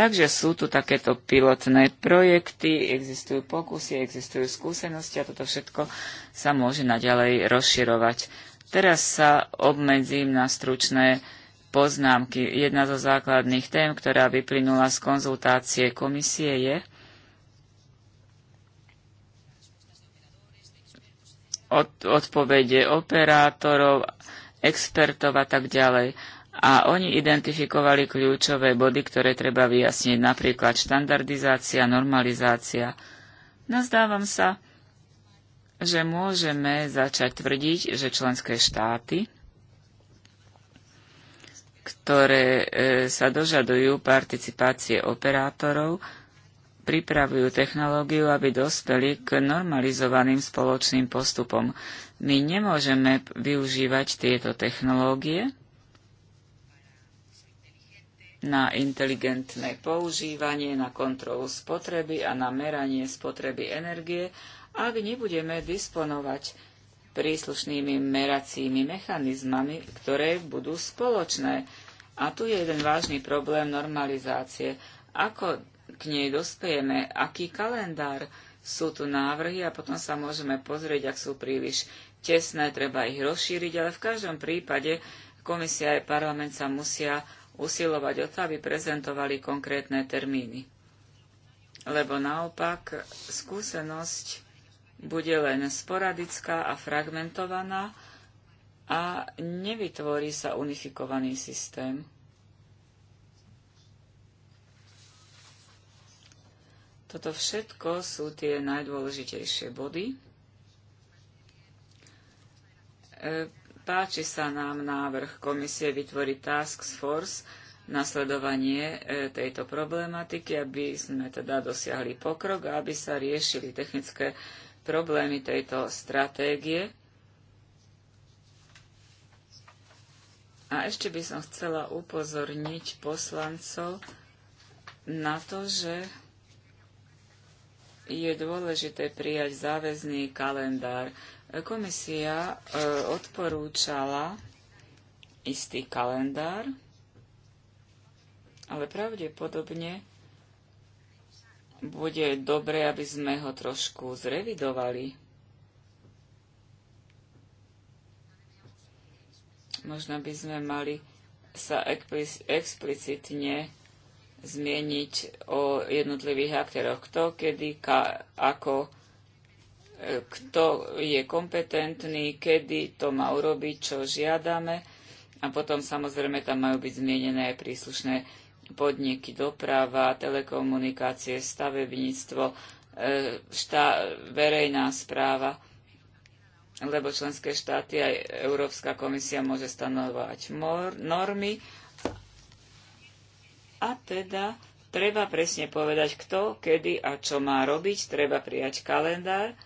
Takže sú tu takéto pilotné projekty, existujú pokusy, existujú skúsenosti a toto všetko sa môže naďalej rozširovať. Teraz sa obmedzím na stručné poznámky. Jedna zo základných tém, ktorá vyplynula z konzultácie komisie je od, odpovede operátorov, expertov a tak ďalej a oni identifikovali kľúčové body, ktoré treba vyjasniť, napríklad štandardizácia, normalizácia. Nazdávam sa, že môžeme začať tvrdiť, že členské štáty, ktoré e, sa dožadujú participácie operátorov, pripravujú technológiu, aby dospeli k normalizovaným spoločným postupom. My nemôžeme využívať tieto technológie, na inteligentné používanie, na kontrolu spotreby a na meranie spotreby energie, ak nebudeme disponovať príslušnými meracími mechanizmami, ktoré budú spoločné. A tu je jeden vážny problém normalizácie. Ako k nej dospejeme? Aký kalendár? Sú tu návrhy a potom sa môžeme pozrieť, ak sú príliš tesné, treba ich rozšíriť, ale v každom prípade komisia aj parlament sa musia usilovať o to, aby prezentovali konkrétne termíny. Lebo naopak skúsenosť bude len sporadická a fragmentovaná a nevytvorí sa unifikovaný systém. Toto všetko sú tie najdôležitejšie body. E, Páči sa nám návrh komisie vytvoriť task force na sledovanie e, tejto problematiky, aby sme teda dosiahli pokrok a aby sa riešili technické problémy tejto stratégie. A ešte by som chcela upozorniť poslancov na to, že je dôležité prijať záväzný kalendár Komisia e, odporúčala istý kalendár, ale pravdepodobne bude dobre, aby sme ho trošku zrevidovali. Možno by sme mali sa explicitne zmieniť o jednotlivých aktéroch. Kto, kedy, ka, ako kto je kompetentný, kedy to má urobiť, čo žiadame. A potom samozrejme tam majú byť zmienené aj príslušné podniky, doprava, telekomunikácie, stavebníctvo, e, štá, verejná správa, lebo členské štáty aj Európska komisia môže stanovať normy. A teda treba presne povedať, kto, kedy a čo má robiť, treba prijať kalendár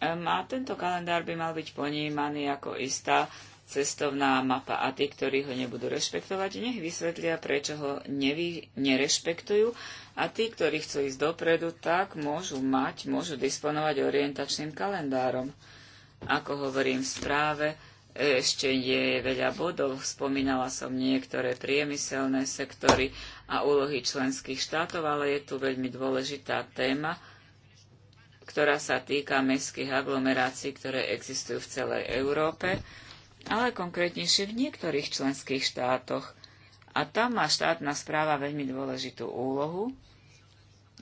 a tento kalendár by mal byť ponímaný ako istá cestovná mapa a tí, ktorí ho nebudú rešpektovať, nech vysvetlia, prečo ho nevy, nerešpektujú a tí, ktorí chcú ísť dopredu, tak môžu mať, môžu disponovať orientačným kalendárom. Ako hovorím v správe, ešte je veľa bodov, spomínala som niektoré priemyselné sektory a úlohy členských štátov, ale je tu veľmi dôležitá téma – ktorá sa týka mestských aglomerácií, ktoré existujú v celej Európe, ale konkrétnejšie v niektorých členských štátoch. A tam má štátna správa veľmi dôležitú úlohu,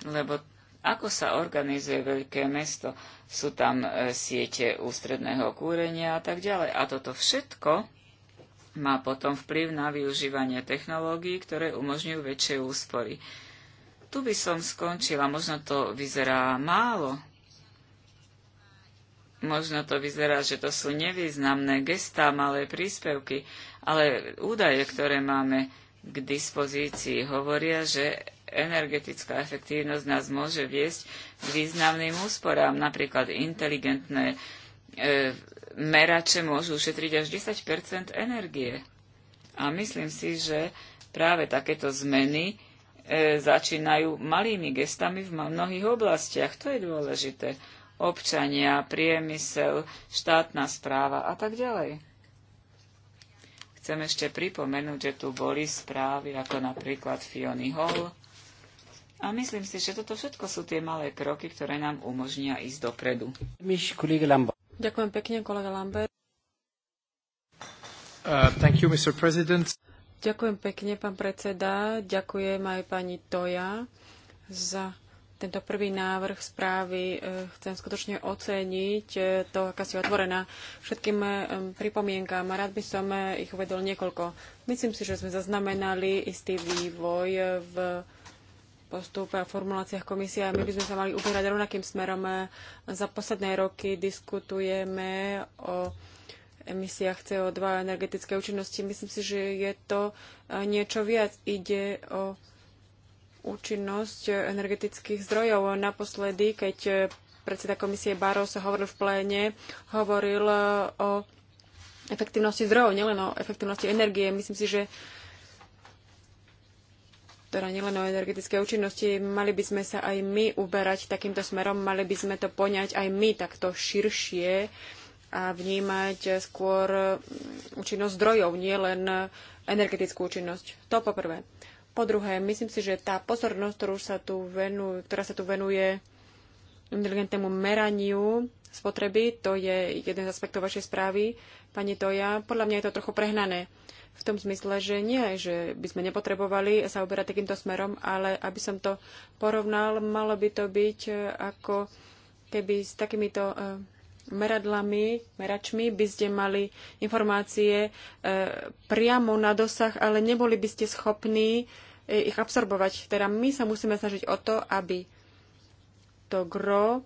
lebo ako sa organizuje veľké mesto, sú tam e, siete ústredného kúrenia a tak ďalej. A toto všetko má potom vplyv na využívanie technológií, ktoré umožňujú väčšie úspory. Tu by som skončila, možno to vyzerá málo, Možno to vyzerá, že to sú nevýznamné gestá, malé príspevky, ale údaje, ktoré máme k dispozícii, hovoria, že energetická efektívnosť nás môže viesť k významným úsporám. Napríklad inteligentné e, merače môžu ušetriť až 10 energie. A myslím si, že práve takéto zmeny e, začínajú malými gestami v mnohých oblastiach. To je dôležité občania, priemysel, štátna správa a tak ďalej. Chcem ešte pripomenúť, že tu boli správy ako napríklad Fiony Hall. A myslím si, že toto všetko sú tie malé kroky, ktoré nám umožnia ísť dopredu. Ďakujem pekne, kolega Lambert. Uh, you, Ďakujem pekne, pán predseda. Ďakujem aj pani Toja za tento prvý návrh správy e, chcem skutočne oceniť e, to, aká si otvorená všetkým e, pripomienkám. Rád by som ich uvedol niekoľko. Myslím si, že sme zaznamenali istý vývoj v postupe a formuláciách komisie a my by sme sa mali uberať rovnakým smerom. Za posledné roky diskutujeme o emisiách CO2 a energetické účinnosti. Myslím si, že je to niečo viac. Ide o účinnosť energetických zdrojov. Naposledy, keď predseda komisie Barros hovoril v pléne, hovoril e, o efektivnosti zdrojov, nielen o efektivnosti energie. Myslím si, že teda nielen o energetické účinnosti, mali by sme sa aj my uberať takýmto smerom, mali by sme to poňať aj my takto širšie a vnímať skôr účinnosť zdrojov, nielen energetickú účinnosť. To poprvé. Po druhé, myslím si, že tá pozornosť, ktorú sa tu venuje, ktorá sa tu venuje inteligentnému meraniu spotreby, to je jeden z aspektov vašej správy. Pani Toja, podľa mňa je to trochu prehnané v tom zmysle, že nie, že by sme nepotrebovali sa uberať takýmto smerom, ale aby som to porovnal, malo by to byť eh, ako keby s takýmito eh, meradlami, meračmi by ste mali informácie eh, priamo na dosah, ale neboli by ste schopní Eh, ich absorbovať. Teda my sa musíme snažiť o to, aby to gro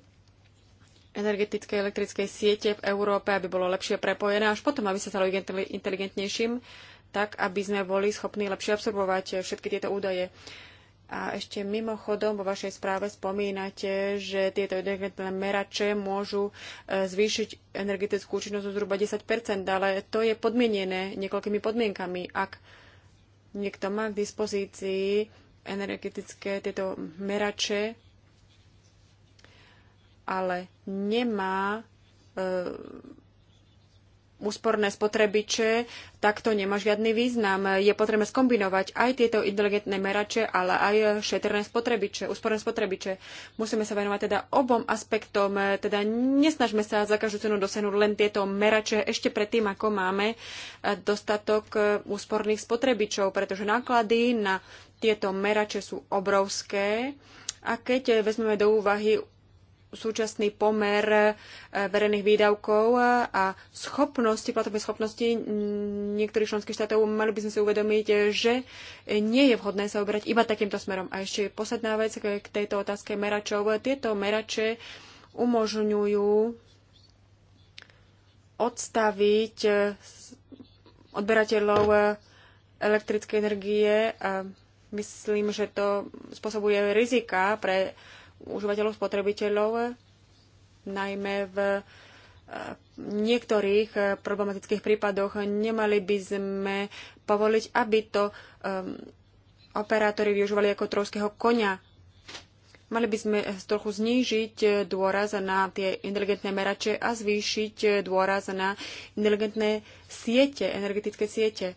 energetickej elektrickej siete v Európe, aby bolo lepšie prepojené, až potom, aby sa stalo inteligentnejším, tak aby sme boli schopní lepšie absorbovať eh, všetky tieto údaje. A ešte mimochodom vo vašej správe spomínate, že tieto inteligentné merače môžu eh, zvýšiť energetickú účinnosť o zhruba 10 ale to je podmienené niekoľkými podmienkami. Ak niekto má k dispozícii energetické tieto merače, ale nemá e, úsporné spotrebiče, tak to nemá žiadny význam. Je potrebné skombinovať aj tieto inteligentné merače, ale aj šetrné spotrebiče, úsporné spotrebiče. Musíme sa venovať teda obom aspektom, teda nesnažme sa za každú cenu dosiahnuť len tieto merače ešte predtým, ako máme dostatok úsporných spotrebičov, pretože náklady na tieto merače sú obrovské. A keď vezmeme do úvahy súčasný pomer e, verejných výdavkov a schopnosti, platobnej schopnosti niektorých členských štátov, mali by sme si uvedomiť, že nie je vhodné sa obrať iba takýmto smerom. A ešte posledná vec k tejto otázke meračov. Tieto merače umožňujú odstaviť e, odberateľov e, elektrickej energie. Myslím, že to spôsobuje rizika pre užívateľov, spotrebiteľov, najmä v e, niektorých e, problematických prípadoch nemali by sme povoliť, aby to um, operátori využívali ako trojského konia. Mali by sme trochu znížiť dôraz na tie inteligentné merače a zvýšiť dôraz na inteligentné siete, energetické siete.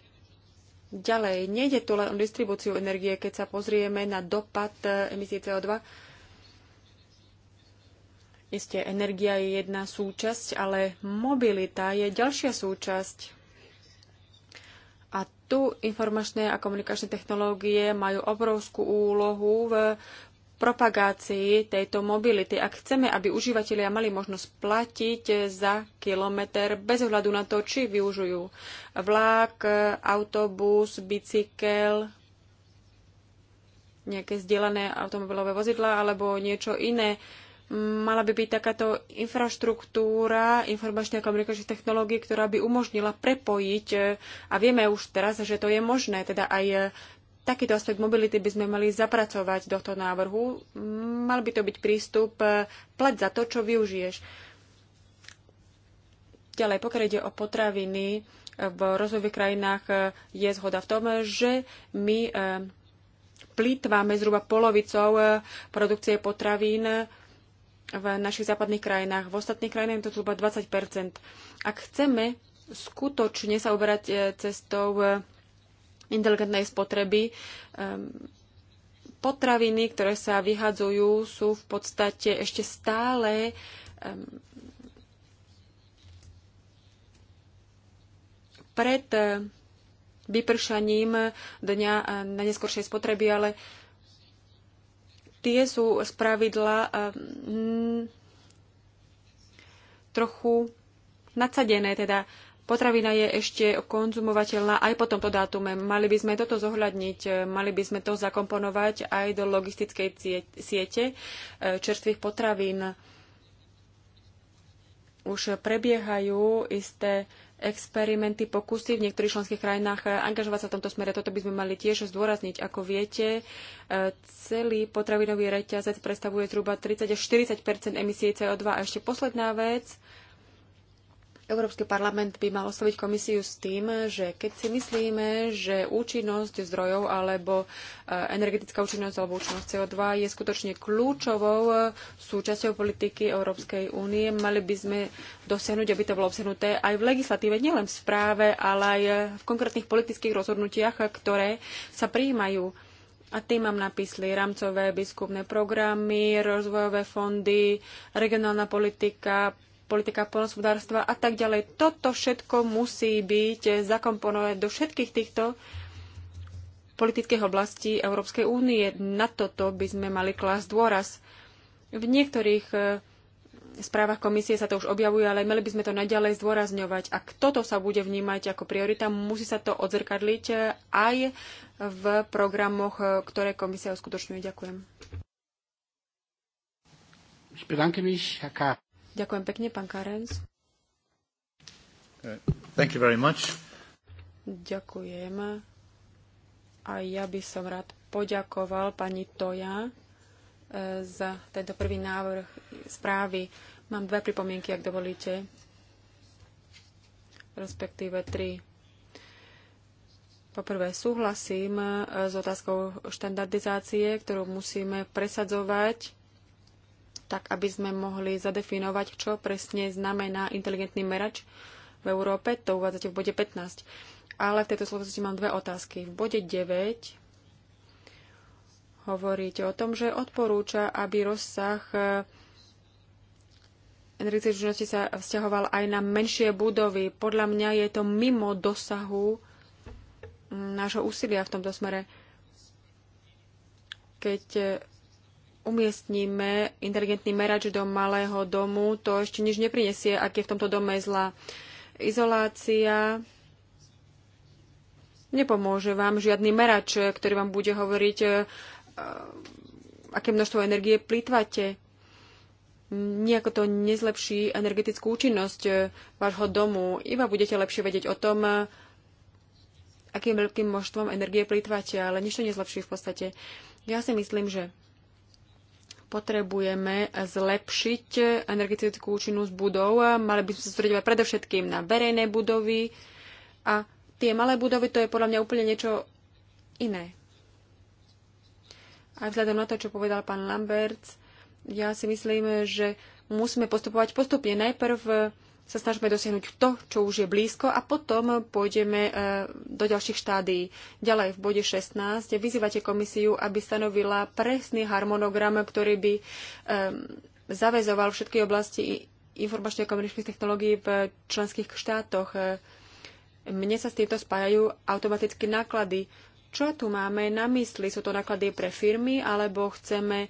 Ďalej, nejde tu len o distribúciu energie, keď sa pozrieme na dopad emisie CO2 Isté, energia je jedna súčasť, ale mobilita je ďalšia súčasť. A tu informačné a komunikačné technológie majú obrovskú úlohu v propagácii tejto mobility. Ak chceme, aby užívateľia mali možnosť platiť za kilometr bez ohľadu na to, či využujú vlak, autobus, bicykel, nejaké zdieľané automobilové vozidla alebo niečo iné, mala by byť takáto infraštruktúra informačnej a komunikačnej technológie, ktorá by umožnila prepojiť, e, a vieme už teraz, že to je možné, teda aj e, takýto aspekt mobility by sme mali zapracovať do toho návrhu. Mal by to byť prístup e, plať za to, čo využiješ. Ďalej, pokiaľ ide o potraviny, v rozvojových krajinách je zhoda v tom, že my plýtvame zhruba polovicou produkcie potravín v našich západných krajinách. V ostatných krajinách je to zhruba 20 Ak chceme skutočne sa uberať e, cestou e, inteligentnej spotreby, e, potraviny, ktoré sa vyhadzujú, sú v podstate ešte stále pred vypršaním dňa na neskoršej spotreby, ale tie sú z pravidla ehm, trochu nadsadené, teda potravina je ešte konzumovateľná aj po tomto dátume. Mali by sme toto zohľadniť, e, mali by sme to zakomponovať aj do logistickej siete e, čerstvých potravín. Už prebiehajú isté experimenty, pokusy v niektorých členských krajinách eh, angažovať sa v tomto smere. Toto by sme mali tiež zdôrazniť. Ako viete, eh, celý potravinový reťazec predstavuje zhruba 30 až 40 emisí CO2. A ešte posledná vec, Európsky parlament by mal osloviť komisiu s tým, že keď si myslíme, že účinnosť zdrojov alebo e, energetická účinnosť alebo účinnosť CO2 je skutočne kľúčovou e, súčasťou politiky Európskej únie, mali by sme dosiahnuť, aby to bolo obsiahnuté aj v legislatíve, nielen v správe, ale aj e, v konkrétnych politických rozhodnutiach, ktoré sa prijímajú. A tým mám na mysli rámcové biskupné programy, rozvojové fondy, regionálna politika, politika polnospodárstva a tak ďalej. Toto všetko musí byť zakomponované do všetkých týchto politických oblastí Európskej únie. Na toto by sme mali klásť dôraz. V niektorých e, správach komisie sa to už objavuje, ale mali by sme to naďalej zdôrazňovať. Ak toto sa bude vnímať ako priorita, musí sa to odzrkadliť e, aj v programoch, e, ktoré komisia uskutočňuje. Ďakujem. Ďakujem pekne, pán Karens. Thank you very much. Ďakujem. A ja by som rád poďakoval pani Toja e, za tento prvý návrh správy. Mám dve pripomienky, ak dovolíte, respektíve tri. Poprvé, súhlasím e, s otázkou štandardizácie, ktorú musíme presadzovať tak aby sme mohli zadefinovať, čo presne znamená inteligentný merač v Európe. To uvádzate v bode 15. Ale v tejto slovosti mám dve otázky. V bode 9 hovoríte o tom, že odporúča, aby rozsah eh, energetické činnosti sa vzťahoval aj na menšie budovy. Podľa mňa je to mimo dosahu mm, nášho úsilia v tomto smere. Keď eh, Umiestníme inteligentný merač do malého domu, to ešte nič neprinesie, ak je v tomto dome zlá izolácia. Nepomôže vám žiadny merač, ktorý vám bude hovoriť, e, aké množstvo energie plýtvate. Nijako to nezlepší energetickú účinnosť e, vášho domu, iba budete lepšie vedieť o tom, e, akým veľkým množstvom energie plýtvate, ale nič to nezlepší v podstate. Ja si myslím, že potrebujeme zlepšiť energetickú účinnosť budov. Mali by sme sa sústredovať predovšetkým na verejné budovy a tie malé budovy, to je podľa mňa úplne niečo iné. Aj vzhľadom na to, čo povedal pán Lamberts, ja si myslím, že musíme postupovať postupne. Najprv sa snažme dosiahnuť to, čo už je blízko a potom pôjdeme e, do ďalších štádií. Ďalej v bode 16 vyzývate komisiu, aby stanovila presný harmonogram, ktorý by e, zavezoval všetky oblasti informačných a komunikačných technológií v členských štátoch. E, mne sa s týmto spájajú automaticky náklady. Čo tu máme na mysli? Sú to náklady pre firmy, alebo chceme um,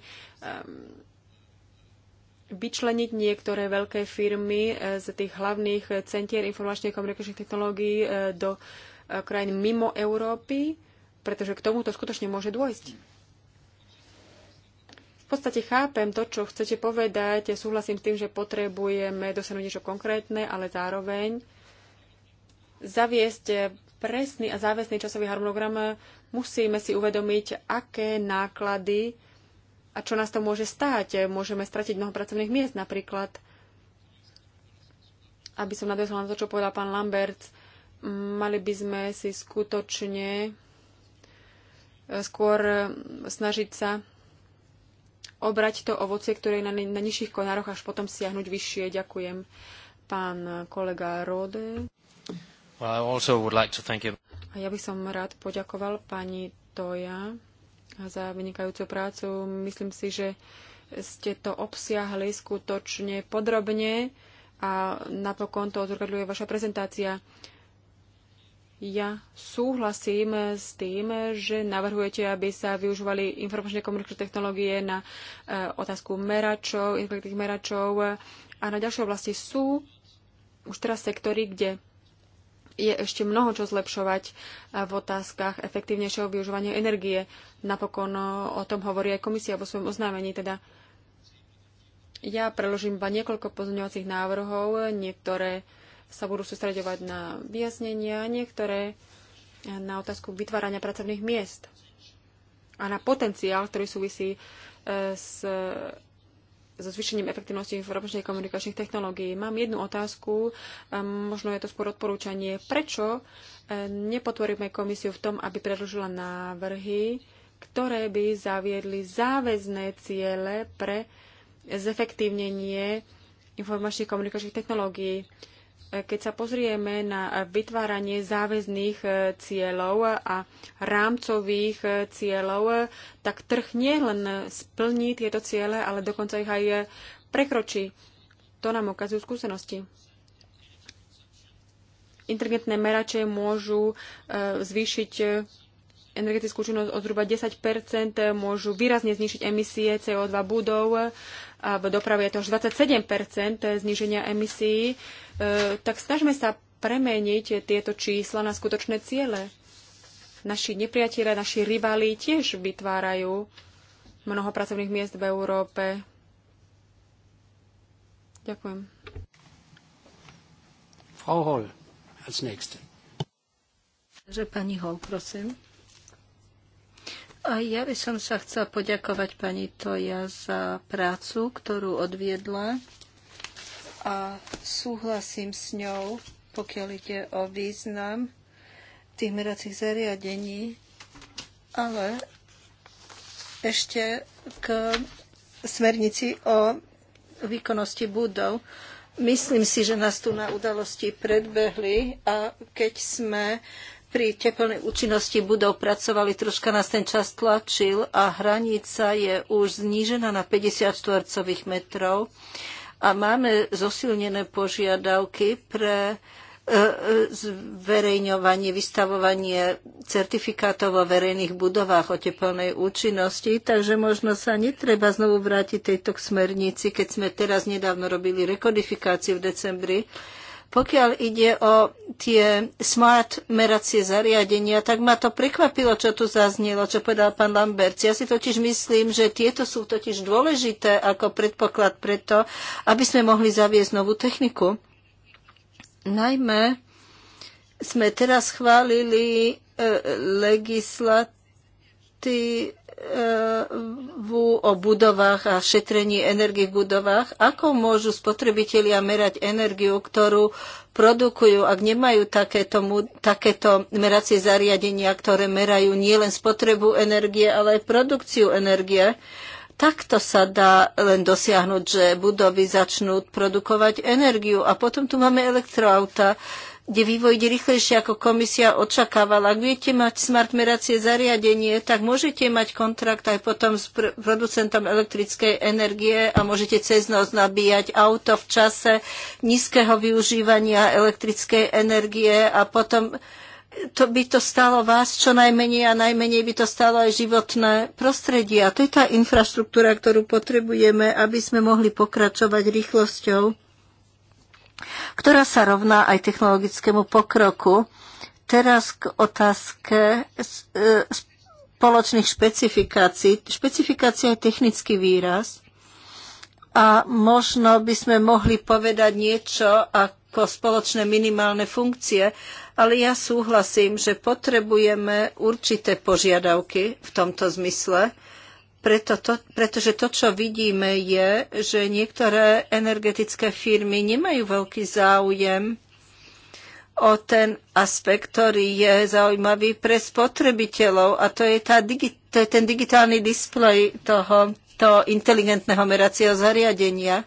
vyčleniť niektoré veľké firmy e, z tých hlavných e, centier informačných a komunikačných technológií e, do krajín mimo Európy, pretože k tomuto skutočne môže dôjsť. V podstate chápem to, čo chcete povedať, ja súhlasím s tým, že potrebujeme dosiahnuť niečo konkrétne, ale zároveň zaviesť presný a záväzný časový harmonogram musíme si uvedomiť, aké náklady a čo nás to môže stáť. Môžeme stratiť mnoho pracovných miest napríklad. Aby som nadviazala na to, čo povedal pán Lambert, mali by sme si skutočne eh, skôr eh, snažiť sa obrať to ovocie, ktoré je na, na nižších konároch, až potom siahnuť vyššie. Ďakujem, pán kolega Rode. Well, like a ja by som rád poďakoval pani Toja za vynikajúcu prácu. Myslím si, že ste to obsiahli skutočne podrobne a napokon to odzrkadľuje vaša prezentácia. Ja súhlasím s tým, že navrhujete, aby sa využívali informačné komunikačné technológie na e, otázku meračov, inteligentných meračov a na ďalšie oblasti sú už teraz sektory, kde je ešte mnoho čo zlepšovať v otázkach efektívnejšieho využívania energie. Napokon o tom hovorí aj komisia vo svojom oznámení. Teda ja preložím iba niekoľko pozňovacích návrhov. Niektoré sa budú sústredovať na vyjasnenia, niektoré na otázku vytvárania pracovných miest a na potenciál, ktorý súvisí e, s so zvýšením efektivnosti informačných komunikačných technológií. Mám jednu otázku, možno je to skôr odporúčanie. Prečo e, nepotvoríme komisiu v tom, aby predložila návrhy, ktoré by zaviedli záväzné ciele pre zefektívnenie informačných komunikačných technológií? E, keď sa pozrieme na vytváranie záväzných e, cieľov a rámcových e, cieľov, tak trh nie len splní tieto ciele, ale dokonca ich aj prekročí. To nám ukazujú skúsenosti. Inteligentné merače môžu zvýšiť energetickú činnosť o zhruba 10 môžu výrazne znižiť emisie CO2 budov a v doprave je to až 27 zníženia emisí. E, tak snažme sa premeniť tieto čísla na skutočné ciele. Naši nepriatelia, naši rivali tiež vytvárajú mnoho pracovných miest v Európe. Ďakujem. Frau Hol, als nächste. Že pani Hol, prosím. A ja by som sa chcela poďakovať pani Toja za prácu, ktorú odviedla a súhlasím s ňou, pokiaľ ide o význam tých meracích zariadení, ale ešte k smernici o výkonnosti budov. Myslím si, že nás tu na udalosti predbehli a keď sme pri teplnej účinnosti budov pracovali, troška nás ten čas tlačil a hranica je už znížená na 50 štvorcových metrov a máme zosilnené požiadavky pre e, e, zverejňovanie, vystavovanie certifikátov o verejných budovách o teplnej účinnosti, takže možno sa netreba znovu vrátiť tejto k smernici, keď sme teraz nedávno robili rekodifikáciu v decembri, pokiaľ ide o tie smart meracie zariadenia, tak ma to prekvapilo, čo tu zaznelo, čo povedal pán Lambert. Ja si totiž myslím, že tieto sú totiž dôležité ako predpoklad preto, aby sme mohli zaviesť novú techniku. Najmä sme teraz chválili e, legislat legislatívu e, o budovách a šetrení energie v budovách, ako môžu spotrebitelia merať energiu, ktorú produkujú, ak nemajú takéto, takéto meracie zariadenia, ktoré merajú nielen spotrebu energie, ale aj produkciu energie. Takto sa dá len dosiahnuť, že budovy začnú produkovať energiu. A potom tu máme elektroauta kde vývoj ide rýchlejšie, ako komisia očakávala. Ak budete mať smart meracie zariadenie, tak môžete mať kontrakt aj potom s pr- producentom elektrickej energie a môžete cez noc nabíjať auto v čase nízkeho využívania elektrickej energie a potom to by to stalo vás čo najmenej a najmenej by to stalo aj životné prostredie. A to je tá infraštruktúra, ktorú potrebujeme, aby sme mohli pokračovať rýchlosťou ktorá sa rovná aj technologickému pokroku. Teraz k otázke e, spoločných špecifikácií. Špecifikácia je technický výraz a možno by sme mohli povedať niečo ako spoločné minimálne funkcie, ale ja súhlasím, že potrebujeme určité požiadavky v tomto zmysle preto to, pretože to, čo vidíme, je, že niektoré energetické firmy nemajú veľký záujem o ten aspekt, ktorý je zaujímavý pre spotrebiteľov a to je, tá digi- to je ten digitálny displej toho, toho inteligentného meracieho zariadenia.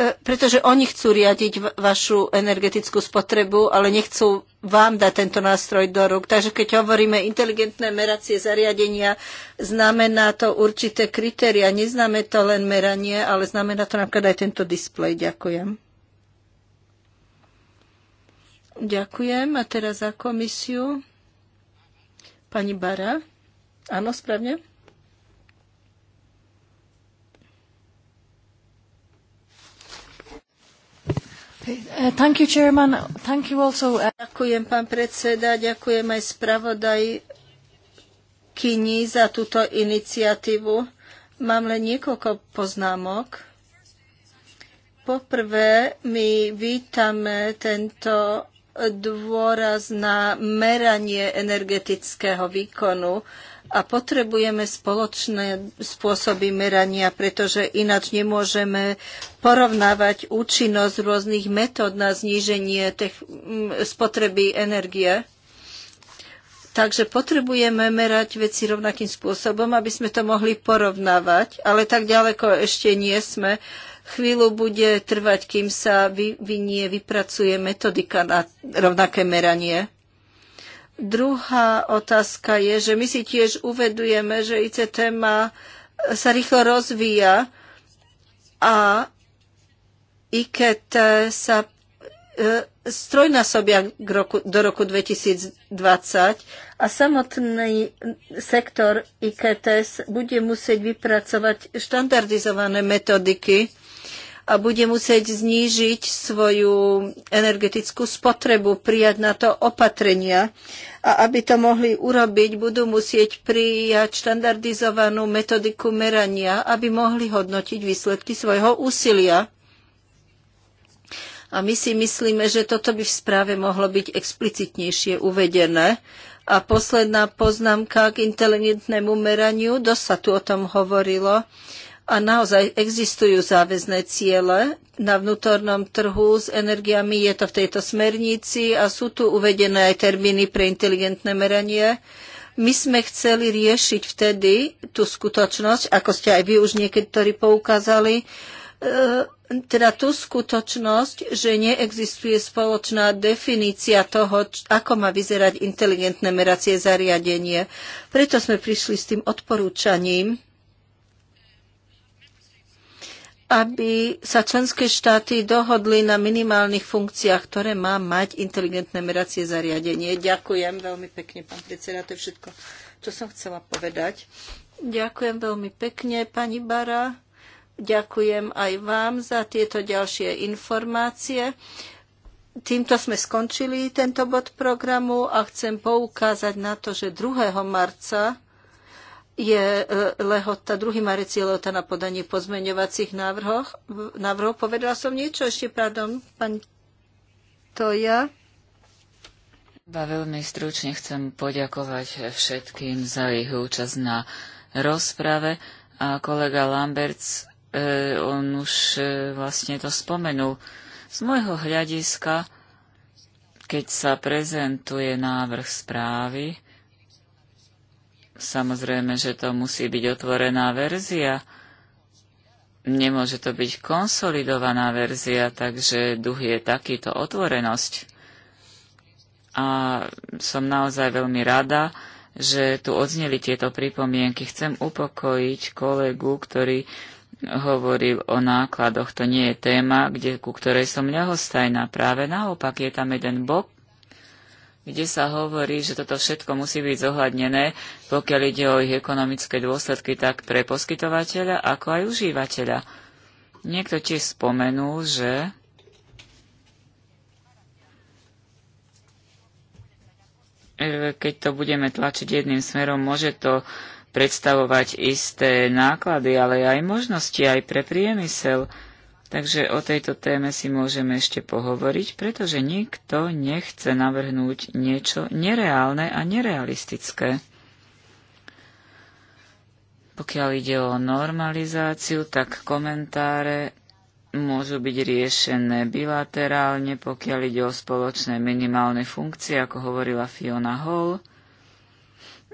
E, pretože oni chcú riadiť vašu energetickú spotrebu, ale nechcú vám dať tento nástroj do rúk. Takže keď hovoríme inteligentné meracie zariadenia, znamená to určité kritéria. Neznáme to len meranie, ale znamená to napríklad aj tento displej. Ďakujem. Ďakujem. A teraz za komisiu. Pani Bara. Áno, správne? Uh, thank you, Chairman. Thank you also. Uh, ďakujem, pán predseda, ďakujem aj spravodaj Kini za túto iniciatívu. Mám len niekoľko poznámok. Poprvé, my vítame tento dôraz na meranie energetického výkonu a potrebujeme spoločné spôsoby merania, pretože ináč nemôžeme porovnávať účinnosť rôznych metód na zníženie spotreby energie. Takže potrebujeme merať veci rovnakým spôsobom, aby sme to mohli porovnávať, ale tak ďaleko ešte nie sme. Chvíľu bude trvať, kým sa vyvinie, vypracuje metodika na rovnaké meranie. Druhá otázka je, že my si tiež uvedujeme, že ICT má, sa rýchlo rozvíja a IKT sa e, strojnásobia roku, do roku 2020 a samotný sektor IKT bude musieť vypracovať štandardizované metodiky a bude musieť znížiť svoju energetickú spotrebu, prijať na to opatrenia. A aby to mohli urobiť, budú musieť prijať štandardizovanú metodiku merania, aby mohli hodnotiť výsledky svojho úsilia. A my si myslíme, že toto by v správe mohlo byť explicitnejšie uvedené. A posledná poznámka k inteligentnému meraniu, dosť sa tu o tom hovorilo a naozaj existujú záväzné ciele na vnútornom trhu s energiami, je to v tejto smernici a sú tu uvedené aj termíny pre inteligentné meranie. My sme chceli riešiť vtedy tú skutočnosť, ako ste aj vy už niektorí poukázali, e, teda tú skutočnosť, že neexistuje spoločná definícia toho, ako má vyzerať inteligentné meracie zariadenie. Preto sme prišli s tým odporúčaním, aby sa členské štáty dohodli na minimálnych funkciách, ktoré má mať inteligentné meracie zariadenie. Ďakujem veľmi pekne, pán predseda, to je všetko, čo som chcela povedať. Ďakujem veľmi pekne, pani Bara. Ďakujem aj vám za tieto ďalšie informácie. Týmto sme skončili tento bod programu a chcem poukázať na to, že 2. marca je e, lehota, druhý marec je lehota na podanie pozmeňovacích návrhoch. Návrhov povedala som niečo ešte, pardon, pani Toja. Iba veľmi stručne chcem poďakovať všetkým za ich účasť na rozprave a kolega Lamberts, e, on už e, vlastne to spomenul. Z môjho hľadiska, keď sa prezentuje návrh správy, Samozrejme, že to musí byť otvorená verzia. Nemôže to byť konsolidovaná verzia, takže duch je takýto otvorenosť. A som naozaj veľmi rada, že tu odzneli tieto pripomienky. Chcem upokojiť kolegu, ktorý hovoril o nákladoch. To nie je téma, kde, ku ktorej som ľahostajná. Práve naopak je tam jeden bok kde sa hovorí, že toto všetko musí byť zohľadnené, pokiaľ ide o ich ekonomické dôsledky tak pre poskytovateľa, ako aj užívateľa. Niekto tiež spomenul, že keď to budeme tlačiť jedným smerom, môže to predstavovať isté náklady, ale aj možnosti aj pre priemysel. Takže o tejto téme si môžeme ešte pohovoriť, pretože nikto nechce navrhnúť niečo nereálne a nerealistické. Pokiaľ ide o normalizáciu, tak komentáre môžu byť riešené bilaterálne, pokiaľ ide o spoločné minimálne funkcie, ako hovorila Fiona Hall.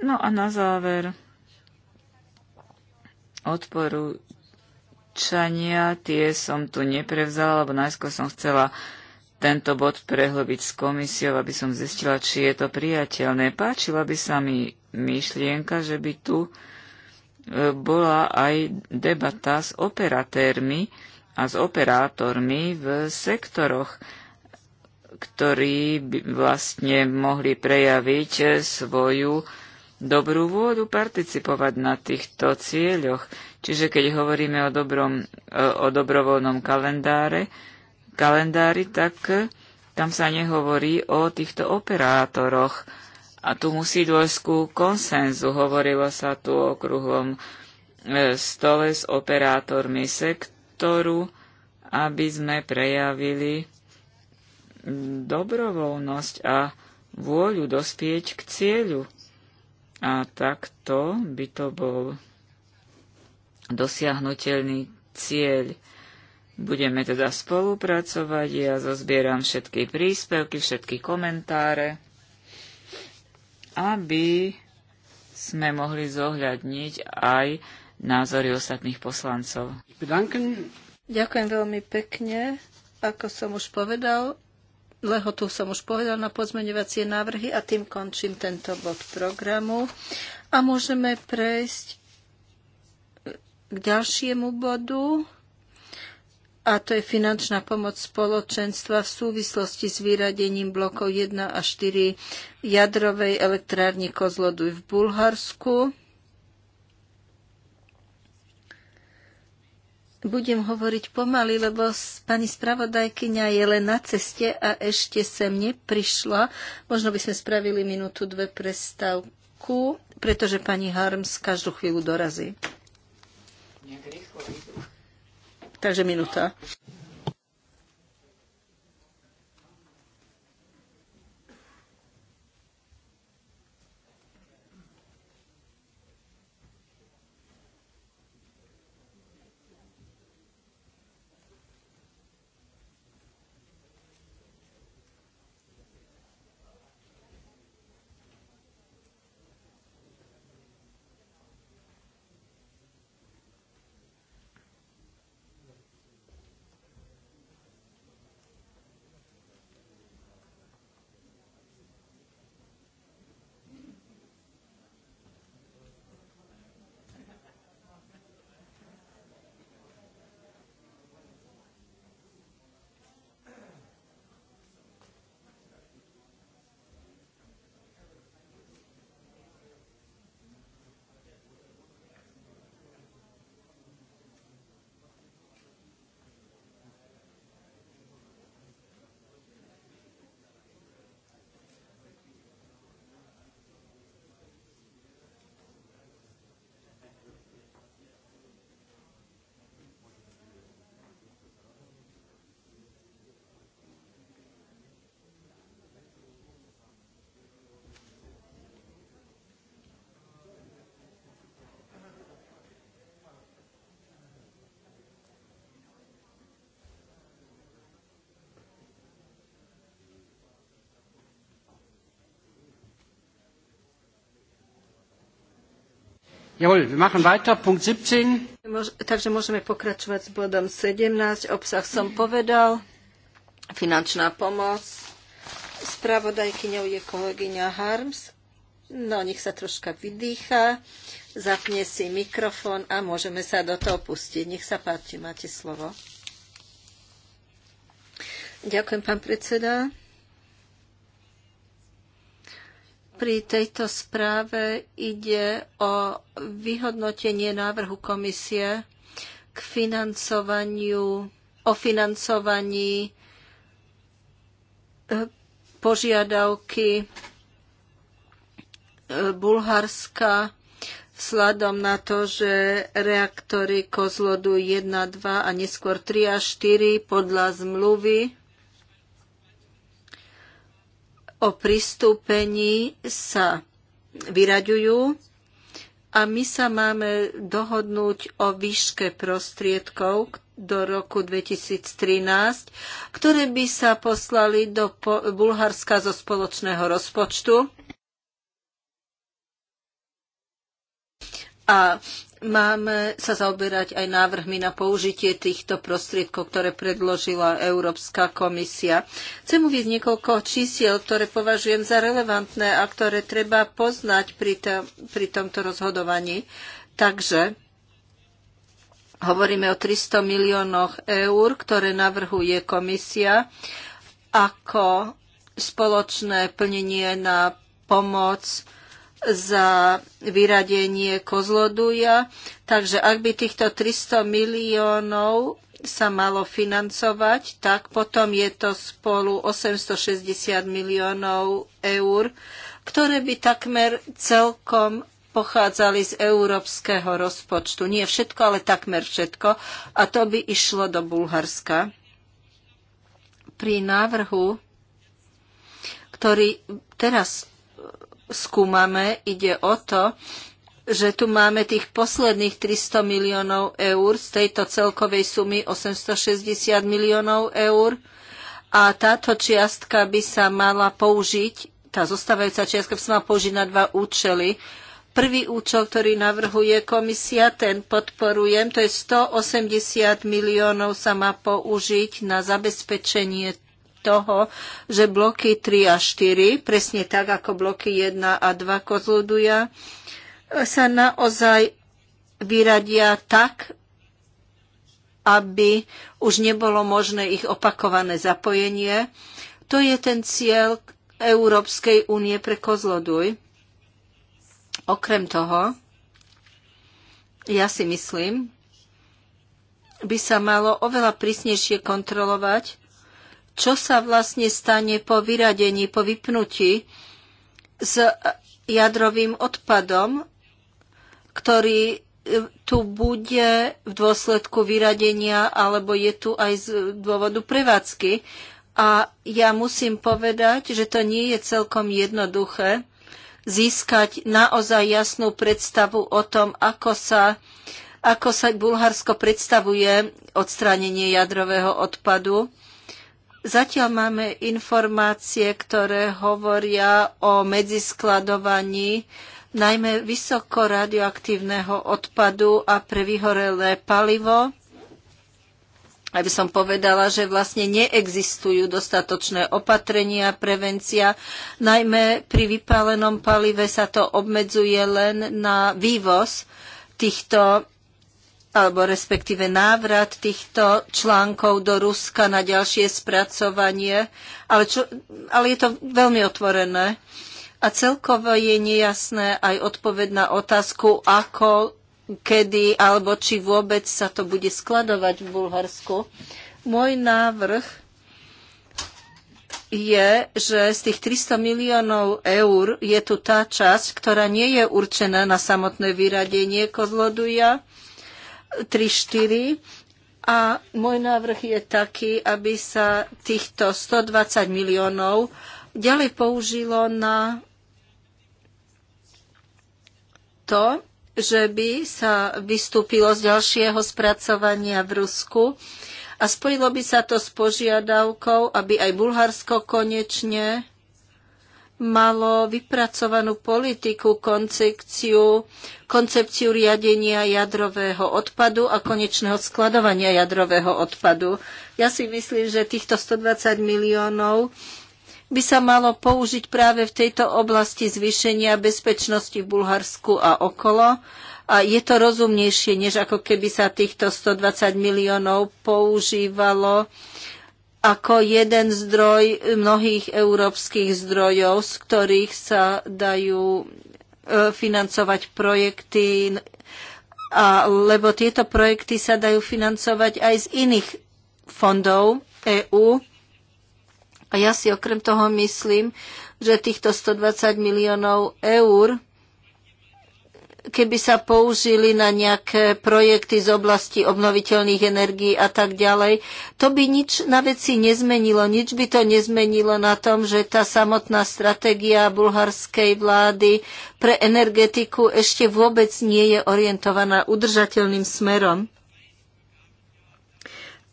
No a na záver odporu odporúčania, tie som tu neprevzala, lebo najskôr som chcela tento bod prehlbiť s komisiou, aby som zistila, či je to priateľné. Páčila by sa mi myšlienka, že by tu e, bola aj debata s operatérmi a s operátormi v sektoroch, ktorí by vlastne mohli prejaviť e, svoju dobrú vôdu participovať na týchto cieľoch. Čiže keď hovoríme o, dobrom, e, o dobrovoľnom kalendáre, kalendári, tak e, tam sa nehovorí o týchto operátoroch. A tu musí dôjsť ku konsenzu. Hovorilo sa tu o kruhlom e, stole s operátormi sektoru, aby sme prejavili mm, dobrovoľnosť a vôľu dospieť k cieľu. A takto by to bol dosiahnutelný cieľ. Budeme teda spolupracovať, ja zozbieram všetky príspevky, všetky komentáre, aby sme mohli zohľadniť aj názory ostatných poslancov. Ďakujem veľmi pekne. Ako som už povedal, lehotu som už povedal na pozmeňovacie návrhy a tým končím tento bod programu. A môžeme prejsť k ďalšiemu bodu a to je finančná pomoc spoločenstva v súvislosti s vyradením blokov 1 a 4 jadrovej elektrárne Kozloduj v Bulharsku. Budem hovoriť pomaly, lebo pani spravodajkyňa je len na ceste a ešte sem neprišla. Možno by sme spravili minútu, dve prestávku, pretože pani Harms každú chvíľu dorazí. Takže minúta. Jawohl, wir machen weiter. Punkt 17. Takže môžeme pokračovať s bodom 17. Obsah som povedal. Finančná pomoc. Spravodajkyňou je kolegyňa Harms. No, nech sa troška vydýcha, zapne si mikrofón a môžeme sa do toho pustiť. Nech sa páči, máte slovo. Ďakujem, pán predseda. Pri tejto správe ide o vyhodnotenie návrhu komisie k financovaniu, o financovaní e, požiadavky e, Bulharska vzhľadom na to, že reaktory Kozlodu 1, 2 a neskôr 3 a 4 podľa zmluvy o pristúpení sa vyraďujú a my sa máme dohodnúť o výške prostriedkov do roku 2013, ktoré by sa poslali do Bulharska zo spoločného rozpočtu A máme sa zaoberať aj návrhmi na použitie týchto prostriedkov, ktoré predložila Európska komisia. Chcem uvieť niekoľko čísiel, ktoré považujem za relevantné a ktoré treba poznať pri, to, pri tomto rozhodovaní. Takže hovoríme o 300 miliónoch eur, ktoré navrhuje komisia ako spoločné plnenie na pomoc za vyradenie Kozloduja. Takže ak by týchto 300 miliónov sa malo financovať, tak potom je to spolu 860 miliónov eur, ktoré by takmer celkom pochádzali z európskeho rozpočtu. Nie všetko, ale takmer všetko. A to by išlo do Bulharska. Pri návrhu, ktorý teraz skúmame, ide o to, že tu máme tých posledných 300 miliónov eur z tejto celkovej sumy 860 miliónov eur a táto čiastka by sa mala použiť, tá zostávajúca čiastka by sa mala použiť na dva účely. Prvý účel, ktorý navrhuje komisia, ten podporujem, to je 180 miliónov sa má použiť na zabezpečenie toho, že bloky 3 a 4, presne tak ako bloky 1 a 2 kozluduja, sa naozaj vyradia tak, aby už nebolo možné ich opakované zapojenie. To je ten cieľ Európskej únie pre Kozloduj. Okrem toho, ja si myslím, by sa malo oveľa prísnejšie kontrolovať, čo sa vlastne stane po vyradení, po vypnutí s jadrovým odpadom, ktorý e, tu bude v dôsledku vyradenia alebo je tu aj z dôvodu prevádzky. A ja musím povedať, že to nie je celkom jednoduché získať naozaj jasnú predstavu o tom, ako sa, ako sa Bulharsko predstavuje odstránenie jadrového odpadu Zatiaľ máme informácie, ktoré hovoria o medziskladovaní najmä vysoko radioaktívneho odpadu a pre vyhorelé palivo. Aby som povedala, že vlastne neexistujú dostatočné opatrenia, prevencia. Najmä pri vypálenom palive sa to obmedzuje len na vývoz týchto alebo respektíve návrat týchto článkov do Ruska na ďalšie spracovanie, ale, čo, ale je to veľmi otvorené. A celkovo je nejasné aj odpoveď na otázku, ako, kedy alebo či vôbec sa to bude skladovať v Bulharsku. Môj návrh je, že z tých 300 miliónov eur je tu tá časť, ktorá nie je určená na samotné vyradenie kozloduja, 3-4 a môj návrh je taký, aby sa týchto 120 miliónov ďalej použilo na to, že by sa vystúpilo z ďalšieho spracovania v Rusku a spojilo by sa to s požiadavkou, aby aj Bulharsko konečne malo vypracovanú politiku, koncepciu, koncepciu riadenia jadrového odpadu a konečného skladovania jadrového odpadu. Ja si myslím, že týchto 120 miliónov by sa malo použiť práve v tejto oblasti zvýšenia bezpečnosti v Bulharsku a okolo. A je to rozumnejšie, než ako keby sa týchto 120 miliónov používalo ako jeden zdroj mnohých európskych zdrojov, z ktorých sa dajú e, financovať projekty, a, lebo tieto projekty sa dajú financovať aj z iných fondov EÚ. A ja si okrem toho myslím, že týchto 120 miliónov eur keby sa použili na nejaké projekty z oblasti obnoviteľných energií a tak ďalej, to by nič na veci nezmenilo. Nič by to nezmenilo na tom, že tá samotná stratégia bulharskej vlády pre energetiku ešte vôbec nie je orientovaná udržateľným smerom.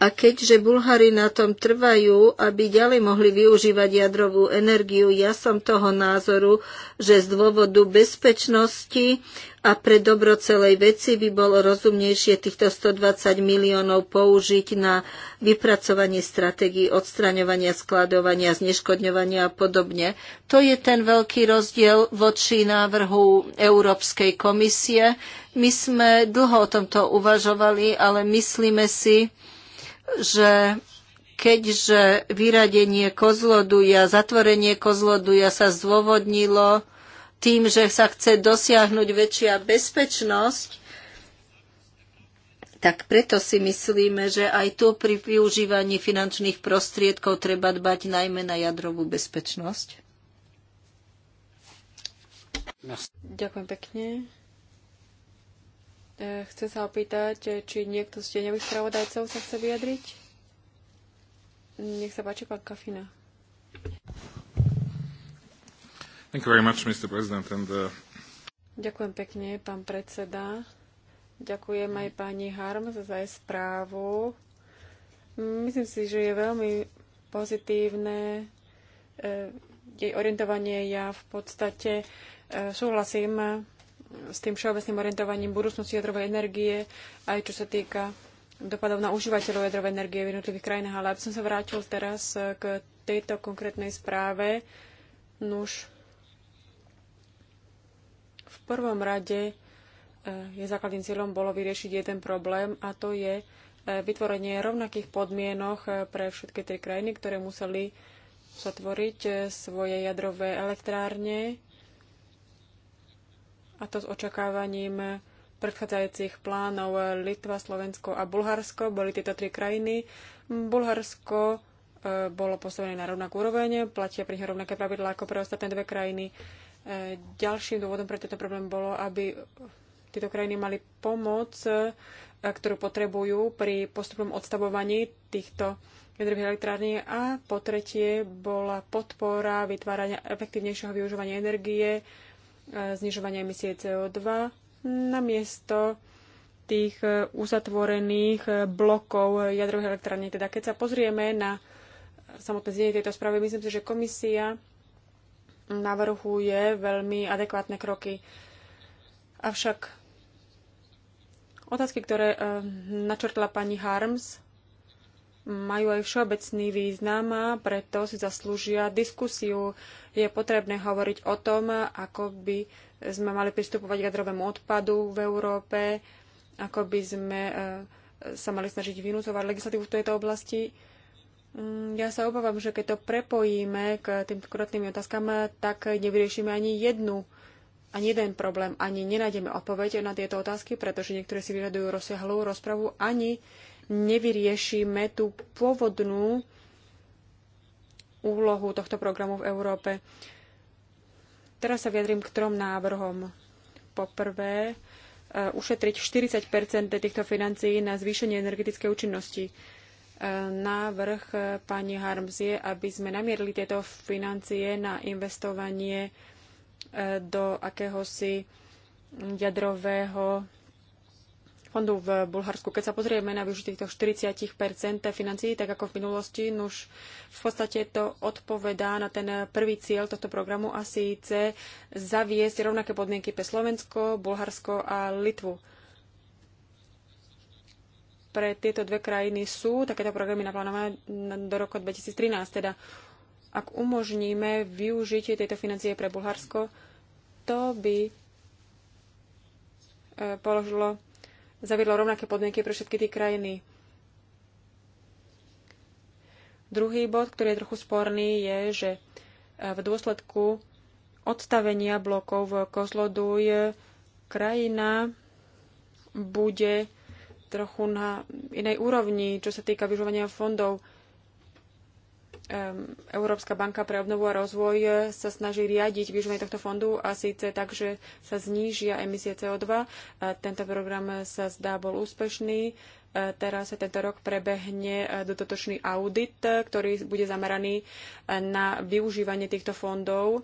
A keďže Bulhari na tom trvajú, aby ďalej mohli využívať jadrovú energiu, ja som toho názoru, že z dôvodu bezpečnosti a pre dobro celej veci by bolo rozumnejšie týchto 120 miliónov použiť na vypracovanie stratégií odstraňovania, skladovania, zneškodňovania a podobne. To je ten veľký rozdiel voči návrhu Európskej komisie. My sme dlho o tomto uvažovali, ale myslíme si, že keďže vyradenie kozloduja, zatvorenie kozloduja sa zdôvodnilo tým, že sa chce dosiahnuť väčšia bezpečnosť, tak preto si myslíme, že aj tu pri využívaní finančných prostriedkov treba dbať najmä na jadrovú bezpečnosť. Ďakujem pekne. E, chcem sa opýtať, e, či niekto z tieňových spravodajcov sa chce vyjadriť? Nech sa páči, pán Kafina. Thank you very much, Mr. President. And, uh... Ďakujem pekne, pán predseda. Ďakujem aj pani Harm za jej správu. Myslím si, že je veľmi pozitívne e, jej orientovanie. Ja v podstate e, súhlasím e, s tým všeobecným orientovaním budúcnosti jadrovej energie, aj čo sa týka dopadov na užívateľov jadrovej energie v jednotlivých krajinách. Ale aby som sa vrátil teraz k tejto konkrétnej správe, nuž v prvom rade e, je základným cieľom bolo vyriešiť jeden problém a to je e, vytvorenie rovnakých podmienok e, pre všetky tri krajiny, ktoré museli zatvoriť svoje jadrové elektrárne a to s očakávaním predchádzajúcich plánov Litva, Slovensko a Bulharsko. Boli tieto tri krajiny. Bulharsko bolo postavené na rovnakú úroveň, platia pri rovnaké pravidlá ako pre ostatné dve krajiny. Ďalším dôvodom pre tento problém bolo, aby tieto krajiny mali pomoc, e, ktorú potrebujú pri postupnom odstavovaní týchto jadrových elektrární a po tretie bola podpora vytvárania efektívnejšieho využívania energie, e, znižovania emisie CO2 namiesto tých e, uzatvorených blokov jadrových elektrární. Teda keď sa pozrieme na samotné znenie tejto správy, myslím si, že komisia navrhuje veľmi adekvátne kroky. Avšak otázky, ktoré eh, načrtla pani Harms, majú aj všeobecný význam a preto si zaslúžia diskusiu. Je potrebné hovoriť o tom, ako by sme mali pristupovať k jadrovému odpadu v Európe, ako by sme eh, sa mali snažiť vynúcovať legislatívu v tejto oblasti Mm, ja sa obávam, že keď to prepojíme k týmto krotným otázkam, tak nevyriešime ani jednu, ani jeden problém, ani nenájdeme odpoveď na tieto otázky, pretože niektoré si vyžadujú rozsiahlú rozpravu, ani nevyriešime tú pôvodnú úlohu tohto programu v Európe. Teraz sa vyjadrím k trom návrhom. Poprvé, e, ušetriť 40 týchto financií na zvýšenie energetickej účinnosti návrh pani Harms aby sme namierili tieto financie na investovanie e, do akéhosi jadrového fondu v Bulharsku. Keď sa pozrieme na využitie týchto 40 financií, tak ako v minulosti, už v podstate to odpovedá na ten prvý cieľ tohto programu a síce zaviesť rovnaké podmienky pre Slovensko, Bulharsko a Litvu pre tieto dve krajiny sú takéto programy naplánované do roku 2013. Teda ak umožníme využitie tejto financie pre Bulharsko, to by e, položilo, zaviedlo rovnaké podmienky pre všetky tie krajiny. Druhý bod, ktorý je trochu sporný, je, že e, v dôsledku odstavenia blokov v Kozloduj e, krajina bude trochu na inej úrovni, čo sa týka vyžovania fondov. Európska banka pre obnovu a rozvoj sa snaží riadiť využívanie tohto fondu a síce tak, že sa znížia emisie CO2. E, tento program sa zdá bol úspešný. E, teraz sa tento rok prebehne e, dodatočný audit, ktorý bude zameraný na využívanie týchto fondov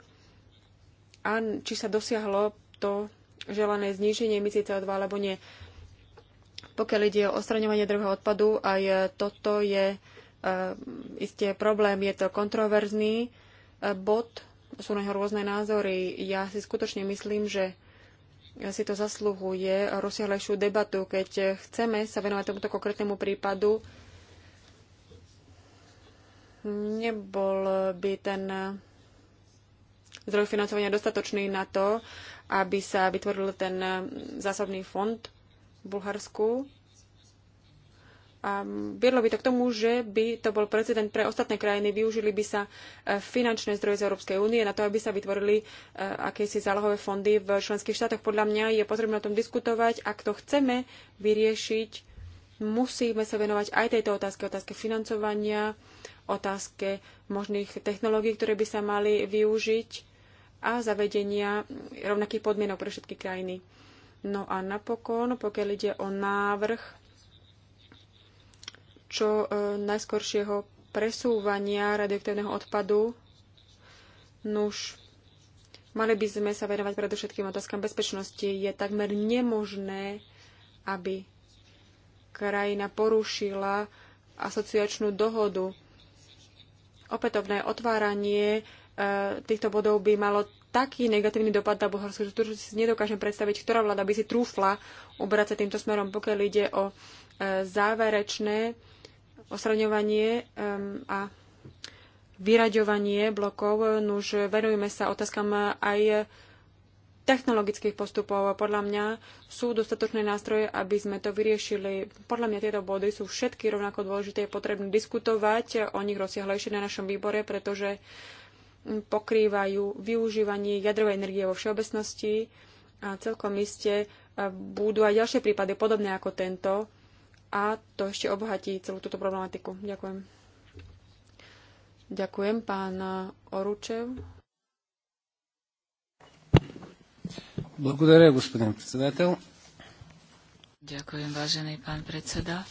a či sa dosiahlo to želané zníženie emisie CO2 alebo nie. Pokiaľ ide o ostraňovanie druhého odpadu, aj e, toto je e, isté problém. Je to kontroverzný e, bod, sú na rôzne názory. Ja si skutočne myslím, že si to zasluhuje rozsiahlejšiu debatu, keď chceme sa venovať tomuto konkrétnemu prípadu. Nebol by ten zdroj financovania dostatočný na to, aby sa vytvoril ten zásobný fond v Bulharsku. A viedlo by to k tomu, že by to bol precedent pre ostatné krajiny. Využili by sa e, finančné zdroje z Európskej únie na to, aby sa vytvorili e, akési zálohové fondy v členských štátoch. Podľa mňa je potrebné o tom diskutovať. Ak to chceme vyriešiť, musíme sa venovať aj tejto otázke, otázke financovania, otázke možných technológií, ktoré by sa mali využiť a zavedenia rovnakých podmienok pre všetky krajiny. No a napokon, pokiaľ ide o návrh čo e, najskoršieho presúvania radioaktívneho odpadu, nuž, mali by sme sa venovať predovšetkým otázkam bezpečnosti. Je takmer nemožné, aby krajina porušila asociačnú dohodu. Opätovné otváranie e, týchto bodov by malo taký negatívny dopad na Bulharsko, že si nedokážem predstaviť, ktorá vláda by si trúfla obrať sa týmto smerom, pokiaľ ide o e, záverečné osraňovanie a vyraďovanie blokov. Nuž verujme sa otázkam aj technologických postupov. Podľa mňa sú dostatočné nástroje, aby sme to vyriešili. Podľa mňa tieto body sú všetky rovnako dôležité. Je potrebné diskutovať o nich rozsiahlejšie na našom výbore, pretože pokrývajú využívanie jadrovej energie vo všeobecnosti a celkom iste e, budú aj ďalšie prípady podobné ako tento a to ešte obohatí celú túto problematiku. Ďakujem. Ďakujem, pán Oručev. Благодаря, господин председател. Ďakujem, vážený pán predseda.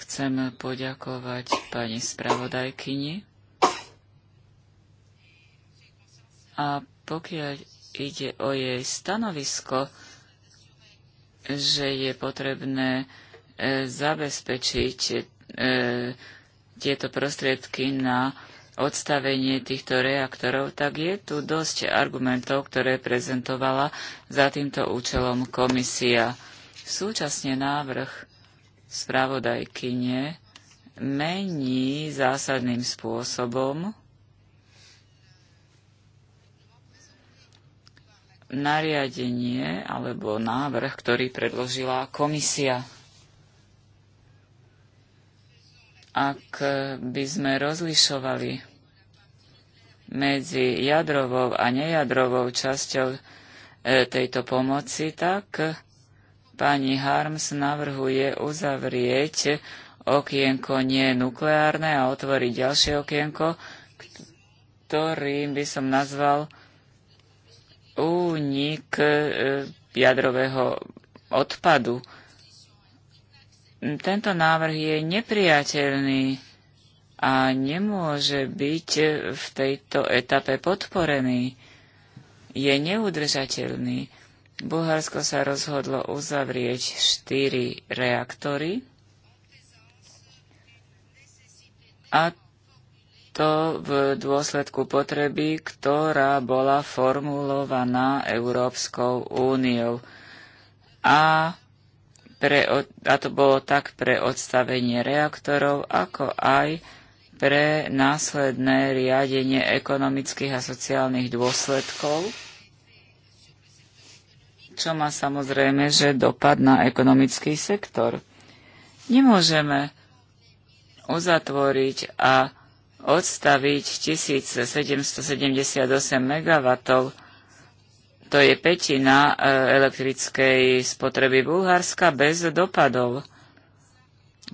Chcem poďakovať pani spravodajkyni. A pokiaľ ide o jej stanovisko, že je potrebné e, zabezpečiť e, tieto prostriedky na odstavenie týchto reaktorov, tak je tu dosť argumentov, ktoré prezentovala za týmto účelom komisia. Súčasne návrh spravodajkyne mení zásadným spôsobom nariadenie alebo návrh, ktorý predložila komisia. Ak by sme rozlišovali medzi jadrovou a nejadrovou časťou e, tejto pomoci, tak Pani Harms navrhuje uzavrieť okienko nie nukleárne a otvoriť ďalšie okienko, ktorým by som nazval únik e, jadrového odpadu. Tento návrh je nepriateľný a nemôže byť v tejto etape podporený. Je neudržateľný Bulharsko sa rozhodlo uzavrieť štyri reaktory a to v dôsledku potreby, ktorá bola formulovaná Európskou úniou. A, pre, a to bolo tak pre odstavenie reaktorov, ako aj pre následné riadenie ekonomických a sociálnych dôsledkov čo má samozrejme, že dopad na ekonomický sektor. Nemôžeme uzatvoriť a odstaviť 1778 MW, to je petina e, elektrickej spotreby Bulharska bez dopadov.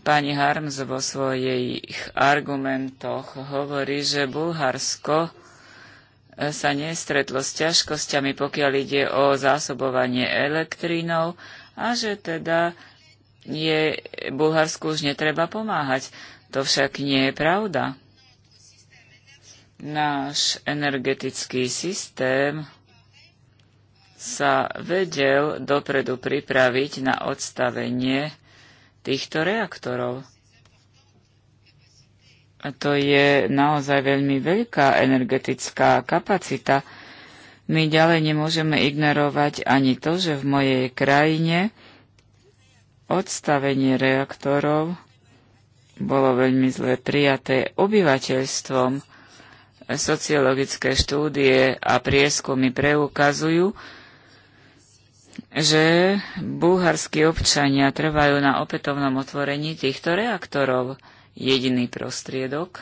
Pani Harms vo svojich argumentoch hovorí, že Bulharsko E, sa nestretlo s ťažkosťami, pokiaľ ide o zásobovanie elektrínou a že teda je Bulharsku už netreba pomáhať. To však nie je pravda. Náš energetický systém sa vedel dopredu pripraviť na odstavenie týchto reaktorov. A to je naozaj veľmi veľká energetická kapacita. My ďalej nemôžeme ignorovať ani to, že v mojej krajine odstavenie reaktorov bolo veľmi zle prijaté obyvateľstvom. Sociologické štúdie a prieskumy preukazujú, že bulharskí občania trvajú na opätovnom otvorení týchto reaktorov jediný prostriedok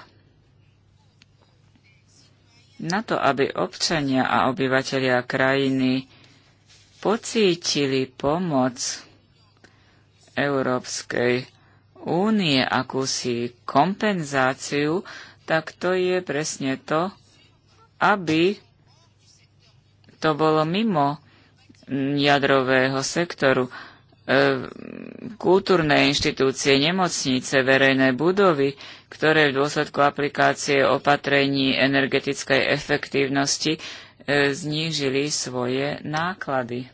na to, aby občania a obyvateľia krajiny pocítili pomoc Európskej únie, akúsi kompenzáciu, tak to je presne to, aby to bolo mimo jadrového sektoru E, kultúrne inštitúcie, nemocnice, verejné budovy, ktoré v dôsledku aplikácie opatrení energetickej efektívnosti e, znížili svoje náklady.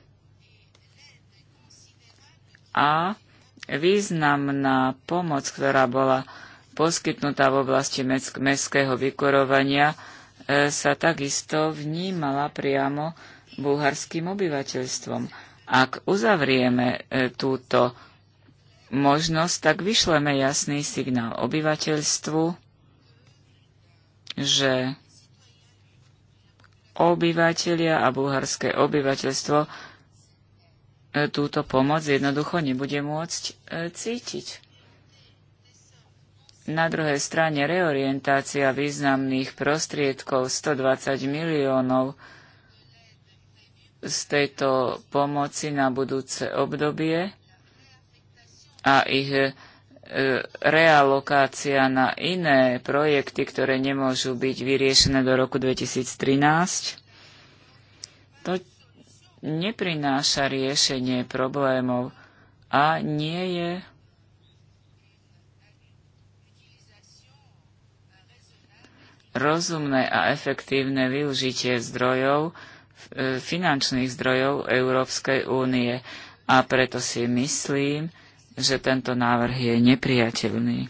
A významná pomoc, ktorá bola poskytnutá v oblasti mestského vykurovania, e, sa takisto vnímala priamo bulharským obyvateľstvom. Ak uzavrieme e, túto možnosť, tak vyšleme jasný signál obyvateľstvu, že obyvateľia a bulharské obyvateľstvo e, túto pomoc jednoducho nebude môcť e, cítiť. Na druhej strane reorientácia významných prostriedkov 120 miliónov z tejto pomoci na budúce obdobie a ich e, realokácia na iné projekty, ktoré nemôžu byť vyriešené do roku 2013, to neprináša riešenie problémov a nie je rozumné a efektívne využitie zdrojov, E, finančných zdrojov Európskej únie a preto si myslím, že tento návrh je nepriateľný.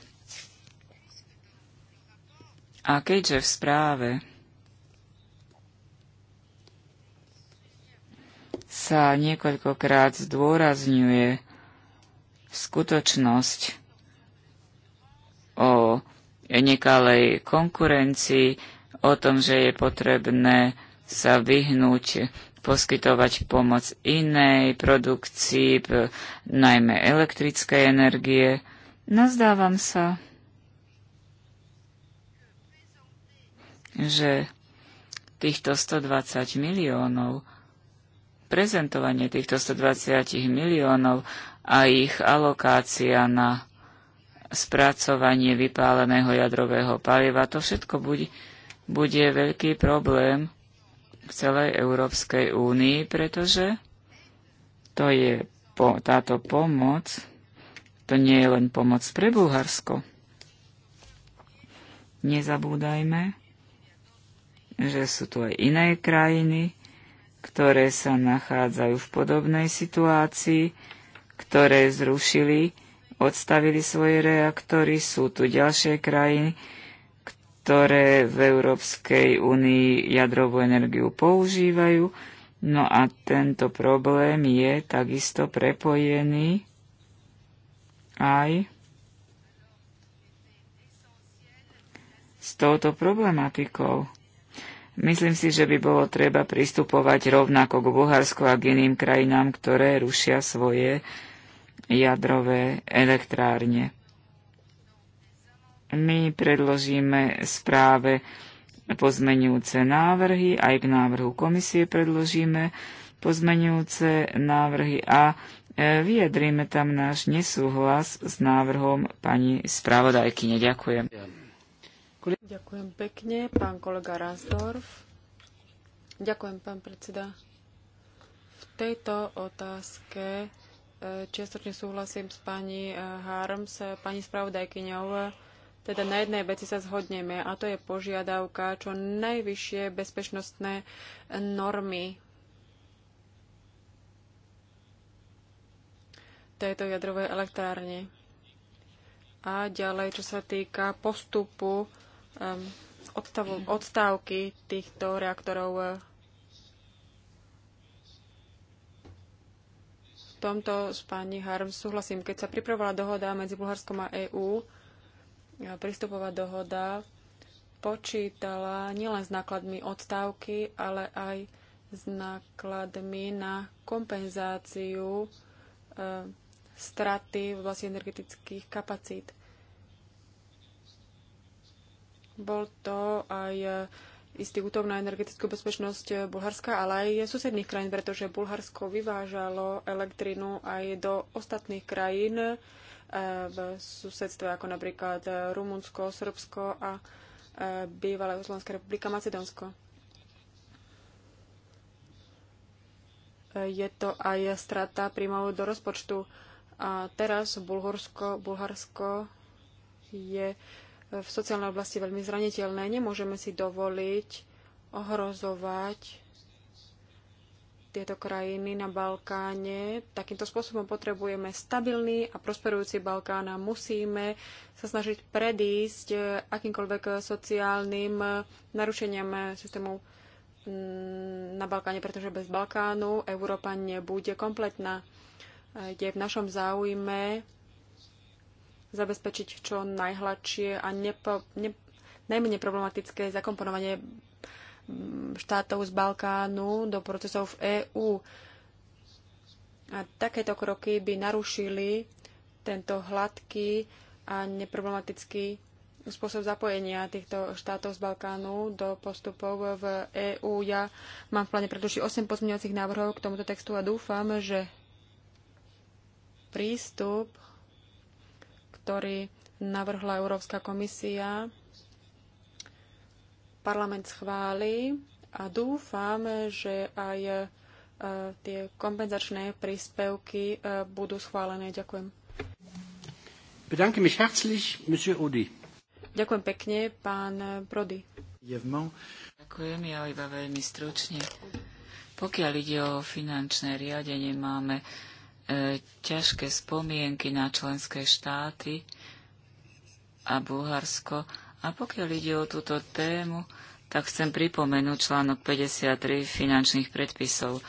A keďže v správe sa niekoľkokrát zdôrazňuje skutočnosť o nekalej konkurencii, o tom, že je potrebné sa vyhnúť poskytovať pomoc inej produkcii, najmä elektrickej energie. Nazdávam sa, že týchto 120 miliónov, prezentovanie týchto 120 miliónov a ich alokácia na spracovanie vypáleného jadrového paliva, to všetko bude, bude veľký problém v celej Európskej únii, pretože to je po, táto pomoc, to nie je len pomoc pre Bulharsko. Nezabúdajme, že sú tu aj iné krajiny, ktoré sa nachádzajú v podobnej situácii, ktoré zrušili, odstavili svoje reaktory, sú tu ďalšie krajiny, ktoré v Európskej únii jadrovú energiu používajú. No a tento problém je takisto prepojený aj s touto problematikou. Myslím si, že by bolo treba pristupovať rovnako k Bulharsku a k iným krajinám, ktoré rušia svoje jadrové elektrárne my predložíme správe pozmenujúce návrhy, aj k návrhu komisie predložíme pozmenujúce návrhy a e, vyjadríme tam náš nesúhlas s návrhom pani spravodajkyne. Ďakujem. Ďakujem pekne, pán kolega Rasdorf. Ďakujem, pán predseda. V tejto otázke e, čiastočne súhlasím s pani e, Harms, pani spravodajkyňou teda na jednej veci sa zhodneme a to je požiadavka čo najvyššie bezpečnostné normy tejto jadrovej elektrárne. A ďalej, čo sa týka postupu um, odstavu, odstávky týchto reaktorov. Eh, v tomto s pani Harm súhlasím. Keď sa pripravovala dohoda medzi Bulharskom a EÚ, prístupová dohoda počítala nielen s nákladmi odstávky, ale aj s nákladmi na kompenzáciu e, straty v oblasti energetických kapacít. Bol to aj e, istý útok na energetickú bezpečnosť Bulharska, ale aj susedných krajín, pretože Bulharsko vyvážalo elektrinu aj do ostatných krajín, v susedstve, ako napríklad eh, Rumunsko, Srbsko a eh, bývalá Jugoslovenská republika Macedónsko. Eh, je to aj strata príjmov do rozpočtu. A teraz Bulhorsko, Bulharsko je v sociálnej oblasti veľmi zraniteľné. Nemôžeme si dovoliť ohrozovať tieto krajiny na Balkáne. Takýmto spôsobom potrebujeme stabilný a prosperujúci Balkán a musíme sa snažiť predísť akýmkoľvek sociálnym narušeniam systému mm, na Balkáne, pretože bez Balkánu Európa nebude kompletná. Je v našom záujme zabezpečiť čo najhladšie a nepo, ne, najmenej problematické zakomponovanie štátov z Balkánu do procesov v EÚ. A takéto kroky by narušili tento hladký a neproblematický spôsob zapojenia týchto štátov z Balkánu do postupov v EÚ. Ja mám v pláne predložiť 8 pozmeňovacích návrhov k tomuto textu a dúfam, že prístup, ktorý navrhla Európska komisia, parlament schváli a dúfam, že aj e, tie kompenzačné príspevky e, budú schválené. Ďakujem. Bedanke mich herzlich, Monsieur Audi. Ďakujem pekne, pán Brody. Ďakujem, ja iba veľmi stručne. Pokiaľ ide o finančné riadenie, máme e, ťažké spomienky na členské štáty a Bulharsko a pokiaľ ide o túto tému, tak chcem pripomenúť článok 53 finančných predpisov.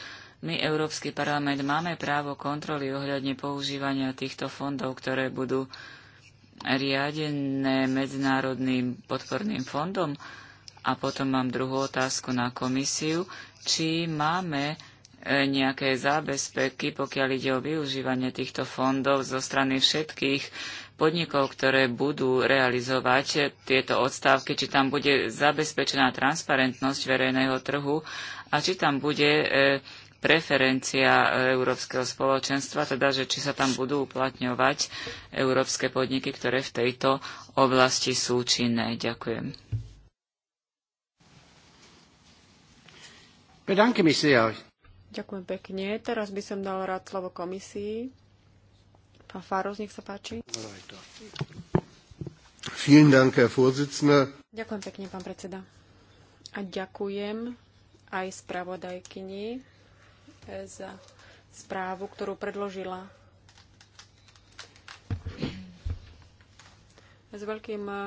My, Európsky parlament, máme právo kontroly ohľadne používania týchto fondov, ktoré budú riadené Medzinárodným podporným fondom. A potom mám druhú otázku na komisiu, či máme nejaké zábezpeky, pokiaľ ide o využívanie týchto fondov zo strany všetkých podnikov, ktoré budú realizovať tieto odstávky, či tam bude zabezpečená transparentnosť verejného trhu a či tam bude e, preferencia e, Európskeho spoločenstva, teda že či sa tam budú uplatňovať európske podniky, ktoré v tejto oblasti sú činné. Ďakujem. Bedanke mich sehr. Ďakujem pekne. Teraz by som dal rád slovo komisii. Pán Fáros, nech sa páči. Ďakujem pekne, pán predseda. A ďakujem aj spravodajkyni eh, za správu, ktorú predložila. S veľkým eh,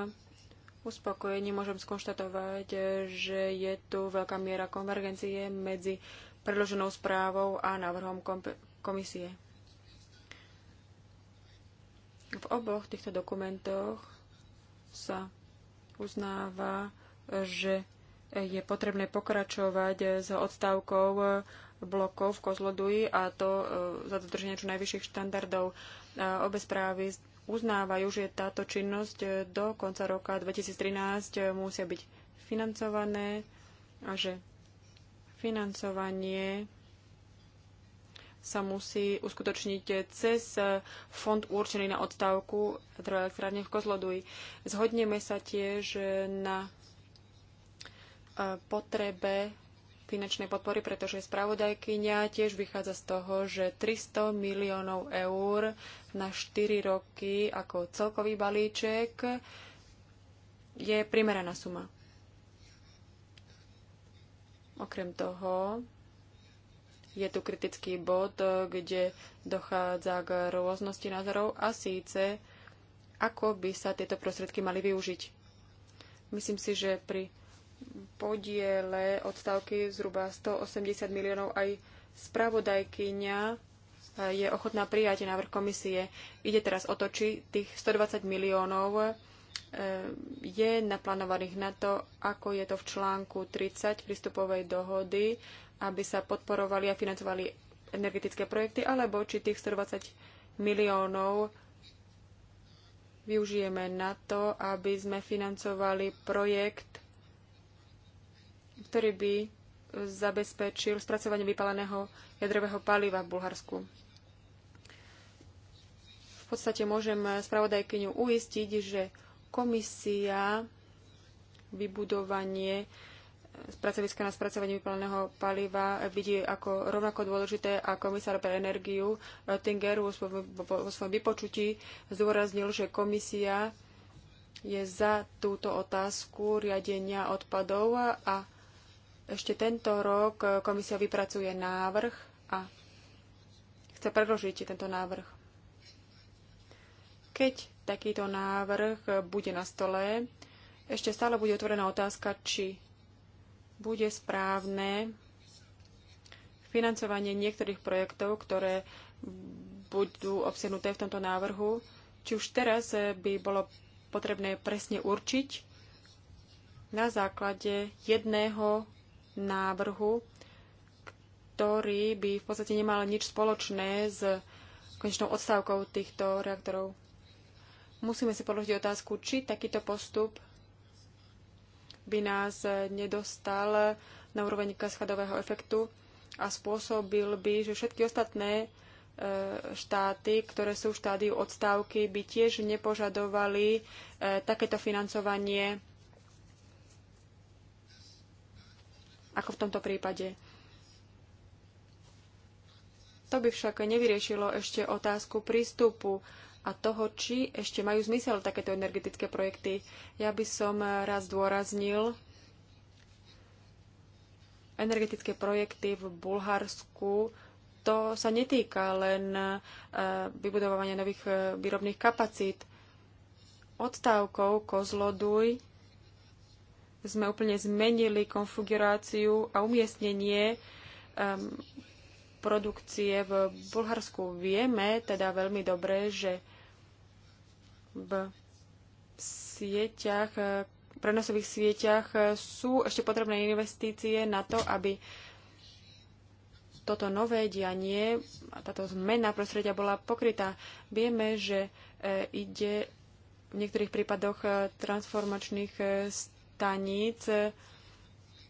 uspokojením môžem skonštatovať, eh, že je tu veľká miera konvergencie medzi predloženou správou a návrhom komisie. V oboch týchto dokumentoch sa uznáva, že je potrebné pokračovať s odstávkou blokov v Kozloduji a to e, za dodrženie čo najvyšších štandardov. E, obe správy uznávajú, že táto činnosť do konca roka 2013 musia byť financované a že Financovanie sa musí uskutočniť cez fond určený na odstávku hydroelektrárne v kozloduji. Zhodneme sa tiež na e, potrebe finančnej podpory, pretože spravodajkyňa tiež vychádza z toho, že 300 miliónov eur na 4 roky ako celkový balíček je primeraná suma. Okrem toho je tu kritický bod, kde dochádza k rôznosti názorov a síce, ako by sa tieto prostriedky mali využiť. Myslím si, že pri podiele odstavky zhruba 180 miliónov aj spravodajkyňa je ochotná prijať návrh komisie. Ide teraz o to, či tých 120 miliónov je naplánovaných na to, ako je to v článku 30 prístupovej dohody, aby sa podporovali a financovali energetické projekty, alebo či tých 120 miliónov využijeme na to, aby sme financovali projekt, ktorý by zabezpečil spracovanie vypáleného jadrového paliva v Bulharsku. V podstate môžem spravodajkyňu uistiť, že Komisia vybudovanie spracoviska e, na spracovanie vypáleného paliva vidí ako rovnako dôležité a komisár pre energiu e, Tinger vo svojom vypočutí zdôraznil, že komisia je za túto otázku riadenia odpadov a ešte tento rok e, komisia vypracuje návrh a chce predložiť tento návrh. Keď takýto návrh bude na stole, ešte stále bude otvorená otázka, či bude správne financovanie niektorých projektov, ktoré budú obsiahnuté v tomto návrhu, či už teraz by bolo potrebné presne určiť na základe jedného návrhu, ktorý by v podstate nemal nič spoločné s konečnou odstávkou týchto reaktorov. Musíme si položiť otázku, či takýto postup by nás nedostal na úroveň kaskadového efektu a spôsobil by, že všetky ostatné e, štáty, ktoré sú v štádiu odstávky, by tiež nepožadovali e, takéto financovanie ako v tomto prípade. To by však nevyriešilo ešte otázku prístupu a toho, či ešte majú zmysel takéto energetické projekty. Ja by som raz dôraznil energetické projekty v Bulharsku. To sa netýka len e, vybudovania nových e, výrobných kapacít. Odstávkou Kozloduj sme úplne zmenili konfiguráciu a umiestnenie produkcie v Bulharsku. Vieme teda veľmi dobre, že v sieťach, e, prenosových sieťach e, sú ešte potrebné investície na to, aby toto nové dianie a táto zmena prostredia bola pokrytá. Vieme, že e, ide v niektorých prípadoch transformačných staníc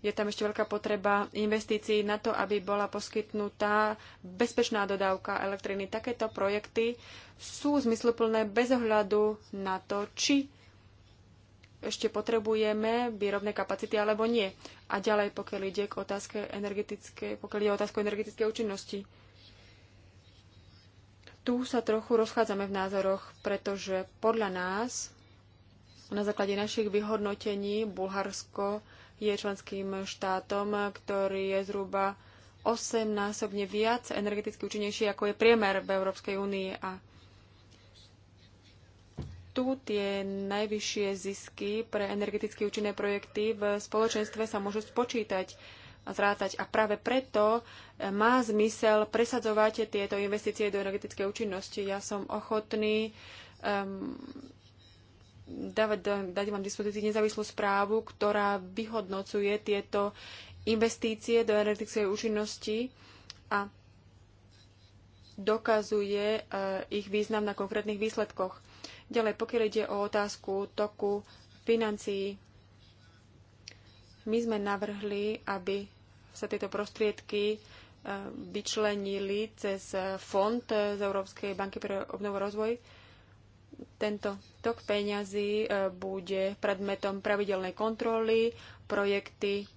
je tam ešte veľká potreba investícií na to, aby bola poskytnutá bezpečná dodávka elektriny. Takéto projekty sú zmysluplné bez ohľadu na to, či ešte potrebujeme výrobné kapacity alebo nie. A ďalej, pokiaľ ide k otázke energetické, pokiaľ ide o otázku energetické účinnosti. Tu sa trochu rozchádzame v názoroch, pretože podľa nás, na základe našich vyhodnotení, Bulharsko je členským štátom, ktorý je zhruba 8-násobne viac energeticky účinnejší, ako je priemer v Európskej únii. A tu tie najvyššie zisky pre energeticky účinné projekty v spoločenstve sa môžu spočítať a zrátať. A práve preto e, má zmysel presadzovať tieto investície do energetickej účinnosti. Ja som ochotný um, dávať, dať vám dispozícii nezávislú správu, ktorá vyhodnocuje tieto investície do energetickej účinnosti a dokazuje e, ich význam na konkrétnych výsledkoch. Ďalej, pokiaľ ide o otázku toku financií, my sme navrhli, aby sa tieto prostriedky e, vyčlenili cez fond z Európskej banky pre obnovu a rozvoj. Tento Tok peňazí e, bude predmetom pravidelnej kontroly, projekty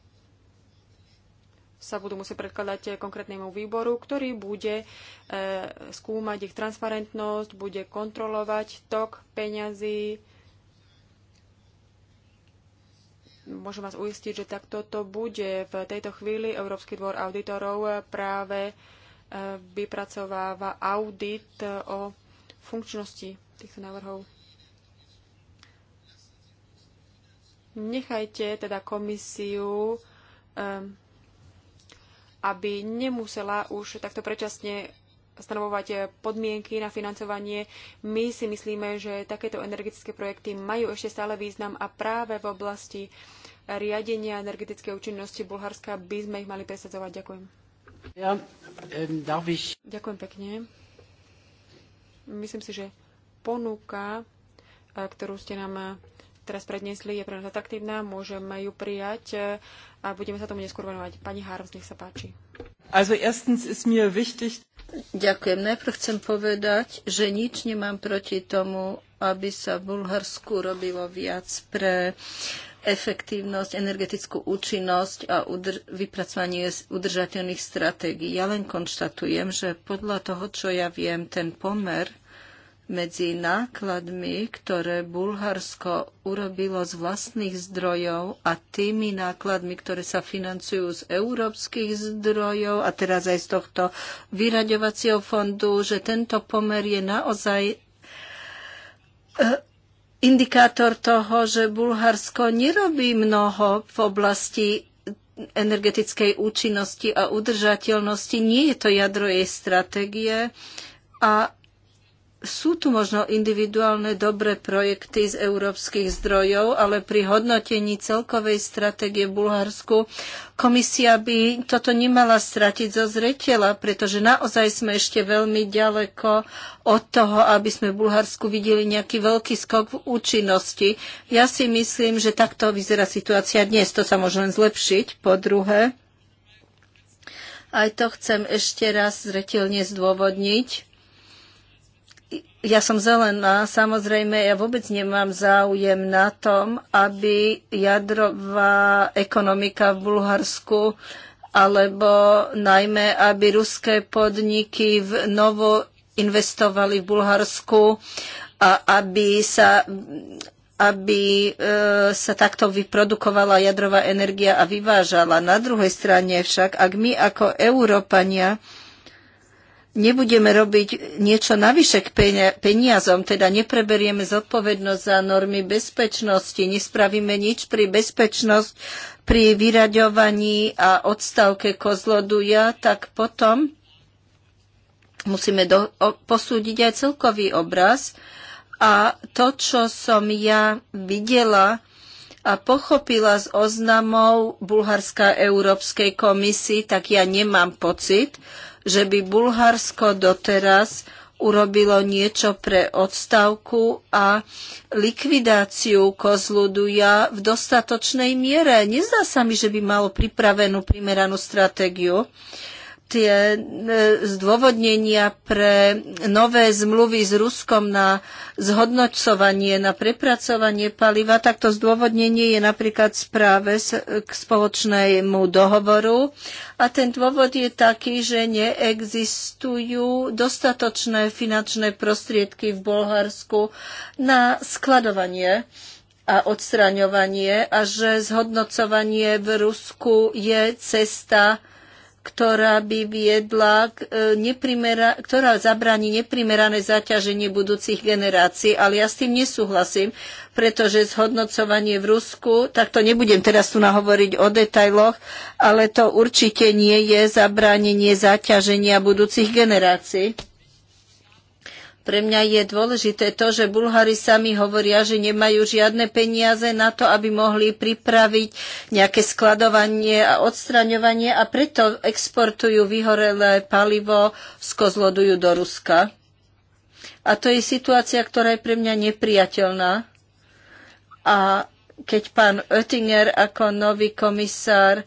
sa budú musieť predkladať konkrétnemu výboru, ktorý bude e, skúmať ich transparentnosť, bude kontrolovať tok peňazí. Môžem vás uistiť, že takto to bude. V tejto chvíli Európsky dvor auditorov práve e, vypracováva audit o funkčnosti týchto návrhov. Nechajte teda komisiu, aby nemusela už takto predčasne stanovovať podmienky na financovanie. My si myslíme, že takéto energetické projekty majú ešte stále význam a práve v oblasti riadenia energetickej účinnosti Bulharska by sme ich mali presadzovať. Ďakujem. Ja, um, darf ich... Ďakujem pekne. Myslím si, že ponuka, eh, ktorú ste nám teraz predniesli, je pre nás atraktívna, môžeme ju prijať eh, a budeme sa tomu neskôr venovať. Pani Harms, nech sa páči. Also erstens ist mir wichtig... Ďakujem. Najprv chcem povedať, že nič nemám proti tomu, aby sa v Bulharsku robilo viac pre efektívnosť, energetickú účinnosť a udr- vypracovanie udržateľných stratégií. Ja len konštatujem, že podľa toho, čo ja viem, ten pomer medzi nákladmi, ktoré Bulharsko urobilo z vlastných zdrojov a tými nákladmi, ktoré sa financujú z európskych zdrojov a teraz aj z tohto vyraďovacieho fondu, že tento pomer je naozaj e, indikátor toho, že Bulharsko nerobí mnoho v oblasti energetickej účinnosti a udržateľnosti. Nie je to jadro jej stratégie a sú tu možno individuálne dobré projekty z európskych zdrojov, ale pri hodnotení celkovej stratégie v Bulharsku komisia by toto nemala stratiť zo zreteľa, pretože naozaj sme ešte veľmi ďaleko od toho, aby sme v Bulharsku videli nejaký veľký skok v účinnosti. Ja si myslím, že takto vyzerá situácia dnes. To sa môže len zlepšiť. Po druhé, aj to chcem ešte raz zretelne zdôvodniť ja som zelená, samozrejme, ja vôbec nemám záujem na tom, aby jadrová ekonomika v Bulharsku alebo najmä, aby ruské podniky v novo investovali v Bulharsku a aby sa, aby e, sa takto vyprodukovala jadrová energia a vyvážala. Na druhej strane však, ak my ako Európania nebudeme robiť niečo navyše k peniazom, teda nepreberieme zodpovednosť za normy bezpečnosti, nespravíme nič pri bezpečnosť, pri vyraďovaní a odstavke kozloduja, tak potom musíme do, o, posúdiť aj celkový obraz. A to, čo som ja videla a pochopila z oznamov Bulharska Európskej komisii, tak ja nemám pocit, že by Bulharsko doteraz urobilo niečo pre odstavku a likvidáciu kozluduja v dostatočnej miere. Nezdá sa mi, že by malo pripravenú primeranú stratégiu tie e, zdôvodnenia pre nové zmluvy s Ruskom na zhodnocovanie, na prepracovanie paliva, tak to zdôvodnenie je napríklad správe k spoločnému dohovoru. A ten dôvod je taký, že neexistujú dostatočné finančné prostriedky v Bulharsku na skladovanie a odstraňovanie a že zhodnocovanie v Rusku je cesta, ktorá by viedla, e, neprimera, ktorá zabráni neprimerané zaťaženie budúcich generácií, ale ja s tým nesúhlasím, pretože zhodnocovanie v Rusku, tak to nebudem teraz tu nahovoriť o detailoch, ale to určite nie je zabránenie zaťaženia budúcich generácií. Pre mňa je dôležité to, že Bulhári sami hovoria, že nemajú žiadne peniaze na to, aby mohli pripraviť nejaké skladovanie a odstraňovanie a preto exportujú vyhorelé palivo, skozlodujú do Ruska. A to je situácia, ktorá je pre mňa nepriateľná. A keď pán Oettinger ako nový komisár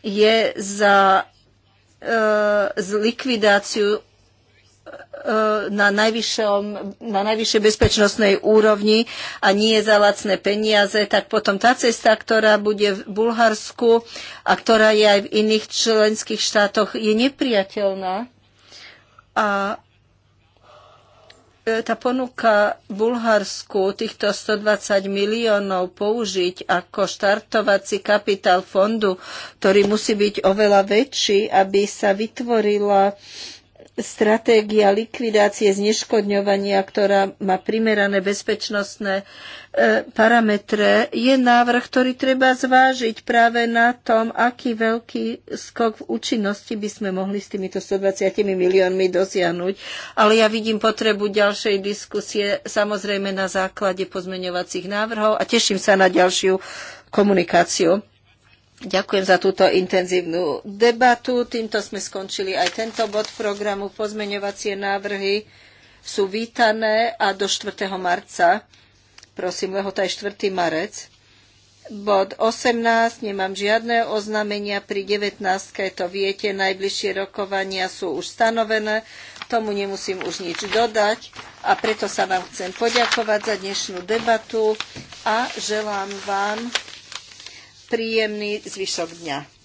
je za e, likvidáciu E, na, na najvyššej bezpečnostnej úrovni a nie za lacné peniaze, tak potom tá cesta, ktorá bude v Bulharsku a ktorá je aj v iných členských štátoch, je nepriateľná. A e, tá ponuka Bulharsku týchto 120 miliónov použiť ako štartovací kapitál fondu, ktorý musí byť oveľa väčší, aby sa vytvorila stratégia likvidácie zneškodňovania, ktorá má primerané bezpečnostné e, parametre, je návrh, ktorý treba zvážiť práve na tom, aký veľký skok v účinnosti by sme mohli s týmito 120 miliónmi dosiahnuť. Ale ja vidím potrebu ďalšej diskusie, samozrejme na základe pozmeňovacích návrhov a teším sa na ďalšiu komunikáciu. Ďakujem za túto intenzívnu debatu. Týmto sme skončili aj tento bod programu. Pozmeňovacie návrhy sú vítané a do 4. marca, prosím, to je 4. marec. Bod 18, nemám žiadne oznámenia, pri 19. to viete, najbližšie rokovania sú už stanovené, tomu nemusím už nič dodať a preto sa vám chcem poďakovať za dnešnú debatu a želám vám príjemný zvyšok dňa.